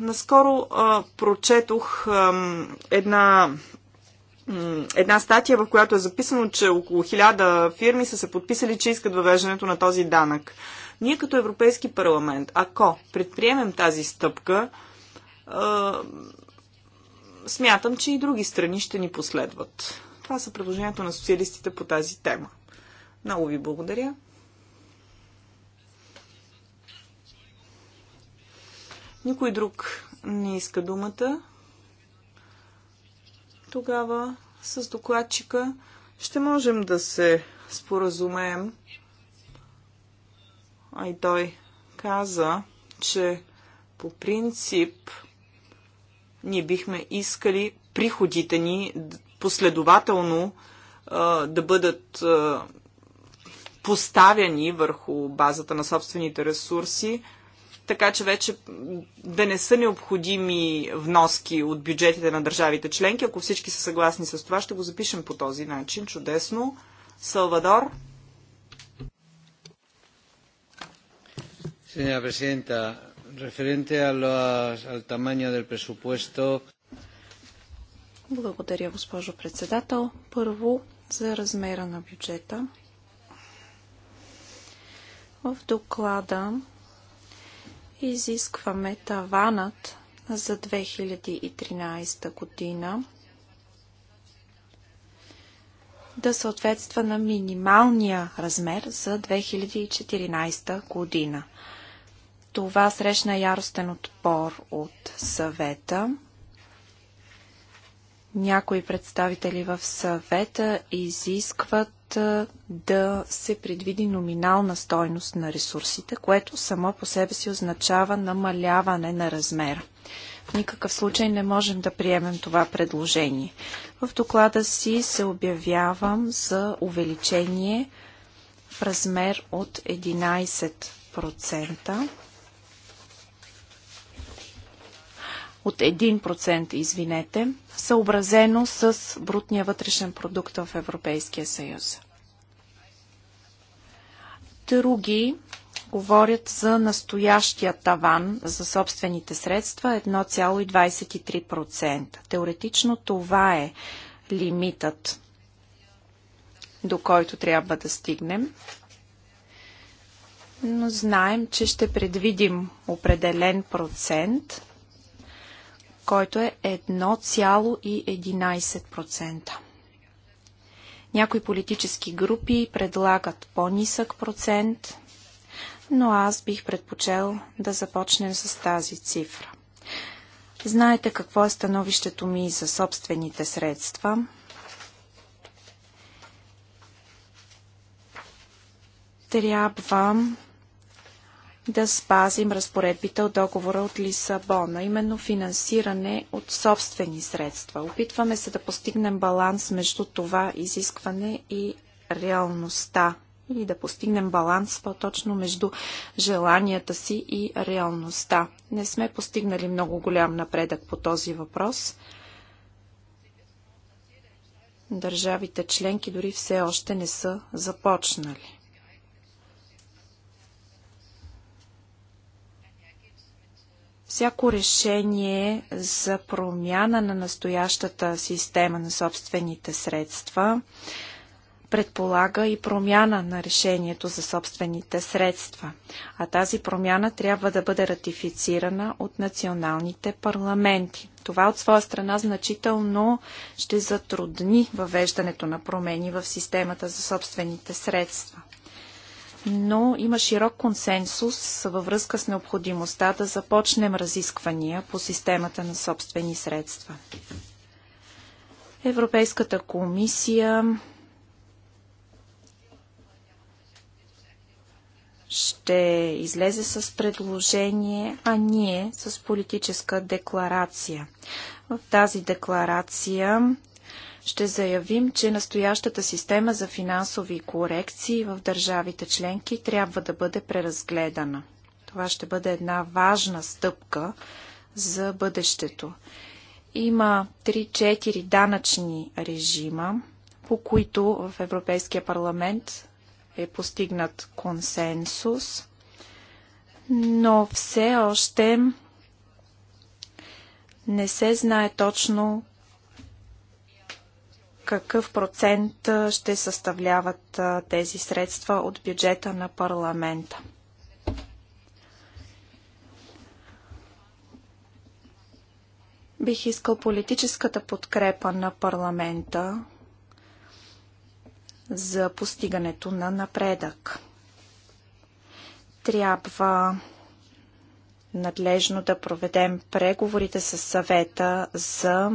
наскоро а, прочетох а, една една статия, в която е записано, че около хиляда фирми са се подписали, че искат въвеждането на този данък. Ние като Европейски парламент, ако предприемем тази стъпка, смятам, че и други страни ще ни последват. Това са предложението на социалистите по тази тема. Много ви благодаря. Никой друг не иска думата. Тогава с докладчика ще можем да се споразумеем. А и той каза, че по принцип ние бихме искали приходите ни последователно да бъдат поставяни върху базата на собствените ресурси, така че вече да не са необходими вноски от бюджетите на държавите членки. Ако всички са съгласни с това, ще го запишем по този начин. Чудесно. Салвадор. Señora Presidenta, referente a los, al tamaño del presupuesto. Благодаря, госпожо председател. Първо, за размера на бюджета. В доклада изискваме таванът за 2013 година да съответства на минималния размер за 2014 година. Това срещна яростен отпор от съвета. Някои представители в съвета изискват да се предвиди номинална стойност на ресурсите, което само по себе си означава намаляване на размера. В никакъв случай не можем да приемем това предложение. В доклада си се обявявам за увеличение в размер от 11%. от 1%, извинете, съобразено с брутния вътрешен продукт в Европейския съюз. Други говорят за настоящия таван за собствените средства 1,23%. Теоретично това е лимитът, до който трябва да стигнем. Но знаем, че ще предвидим определен процент, който е 1,11%. Някои политически групи предлагат по-нисък процент, но аз бих предпочел да започнем с тази цифра. Знаете какво е становището ми за собствените средства. Трябва да спазим разпоредбите от договора от Лисабона, именно финансиране от собствени средства. Опитваме се да постигнем баланс между това изискване и реалността или да постигнем баланс по-точно между желанията си и реалността. Не сме постигнали много голям напредък по този въпрос. Държавите членки дори все още не са започнали. Всяко решение за промяна на настоящата система на собствените средства предполага и промяна на решението за собствените средства, а тази промяна трябва да бъде ратифицирана от националните парламенти. Това от своя страна значително ще затрудни въвеждането на промени в системата за собствените средства но има широк консенсус във връзка с необходимостта да започнем разисквания по системата на собствени средства. Европейската комисия ще излезе с предложение, а ние с политическа декларация. В тази декларация ще заявим, че настоящата система за финансови корекции в държавите членки трябва да бъде преразгледана. Това ще бъде една важна стъпка за бъдещето. Има 3-4 данъчни режима, по които в Европейския парламент е постигнат консенсус, но все още не се знае точно какъв процент ще съставляват тези средства от бюджета на парламента. Бих искал политическата подкрепа на парламента за постигането на напредък. Трябва надлежно да проведем преговорите с съвета за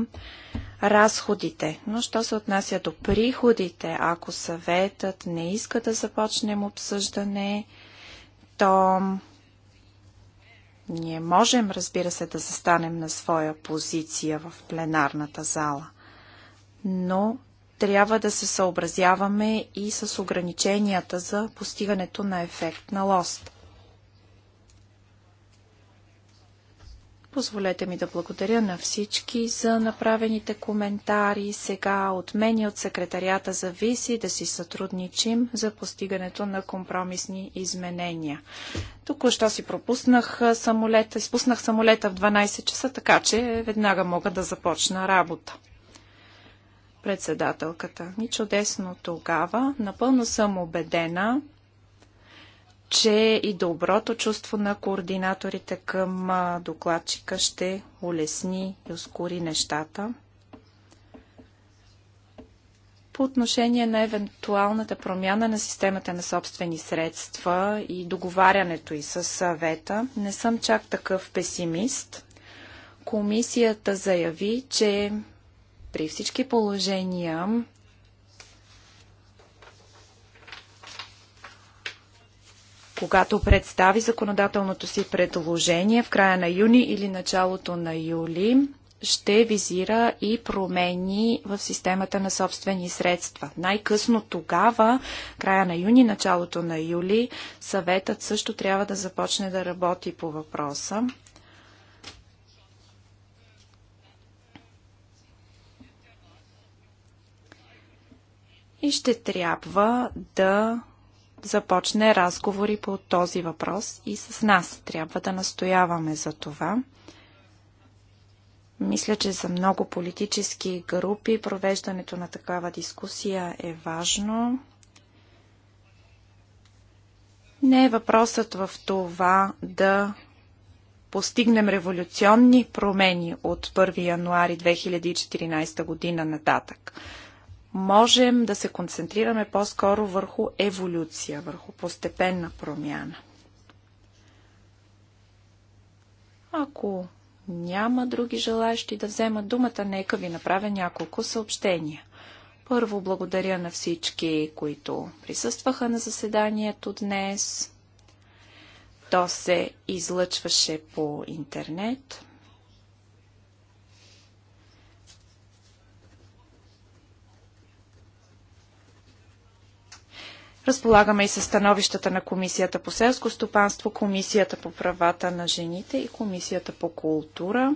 разходите. Но що се отнася до приходите, ако съветът не иска да започнем обсъждане, то ние можем, разбира се, да застанем на своя позиция в пленарната зала. Но трябва да се съобразяваме и с ограниченията за постигането на ефект на лост. Позволете ми да благодаря на всички за направените коментари. Сега от мен и от секретарията зависи да си сътрудничим за постигането на компромисни изменения. Току-що си пропуснах самолета, изпуснах самолета в 12 часа, така че веднага мога да започна работа. Председателката. Ни чудесно тогава. Напълно съм убедена, че и доброто чувство на координаторите към докладчика ще улесни и ускори нещата. По отношение на евентуалната промяна на системата на собствени средства и договарянето и с съвета, не съм чак такъв песимист. Комисията заяви, че при всички положения когато представи законодателното си предложение в края на юни или началото на юли, ще визира и промени в системата на собствени средства. Най-късно тогава, края на юни, началото на юли, съветът също трябва да започне да работи по въпроса. И ще трябва да започне разговори по този въпрос и с нас. Трябва да настояваме за това. Мисля, че за много политически групи провеждането на такава дискусия е важно. Не е въпросът в това да постигнем революционни промени от 1 януари 2014 година нататък можем да се концентрираме по-скоро върху еволюция, върху постепенна промяна. Ако няма други желаящи да вземат думата, нека ви направя няколко съобщения. Първо благодаря на всички, които присъстваха на заседанието днес. То се излъчваше по интернет. Разполагаме и с становищата на Комисията по селско стопанство, Комисията по правата на жените и Комисията по култура.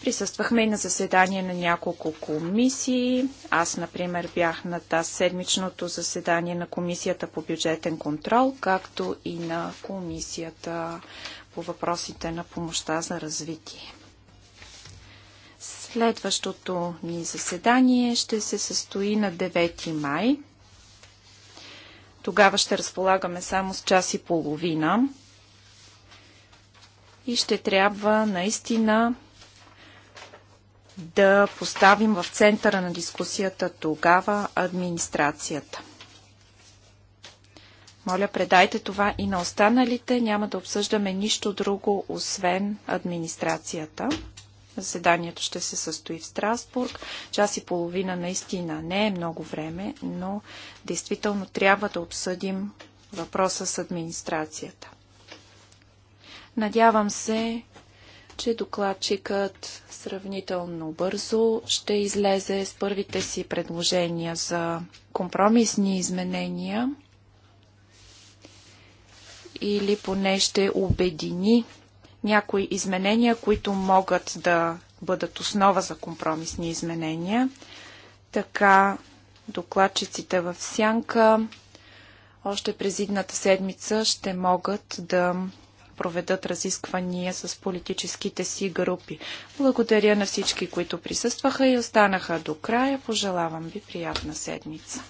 Присъствахме и на заседание на няколко комисии. Аз, например, бях на тази седмичното заседание на Комисията по бюджетен контрол, както и на Комисията по въпросите на помощта за развитие. Следващото ни заседание ще се състои на 9 май. Тогава ще разполагаме само с час и половина и ще трябва наистина да поставим в центъра на дискусията тогава администрацията. Моля, предайте това и на останалите. Няма да обсъждаме нищо друго, освен администрацията. Заседанието ще се състои в Страсбург. Час и половина наистина не е много време, но действително трябва да обсъдим въпроса с администрацията. Надявам се, че докладчикът сравнително бързо ще излезе с първите си предложения за компромисни изменения или поне ще обедини някои изменения, които могат да бъдат основа за компромисни изменения. Така докладчиците в сянка още през идната седмица ще могат да проведат разисквания с политическите си групи. Благодаря на всички, които присъстваха и останаха до края. Пожелавам ви приятна седмица.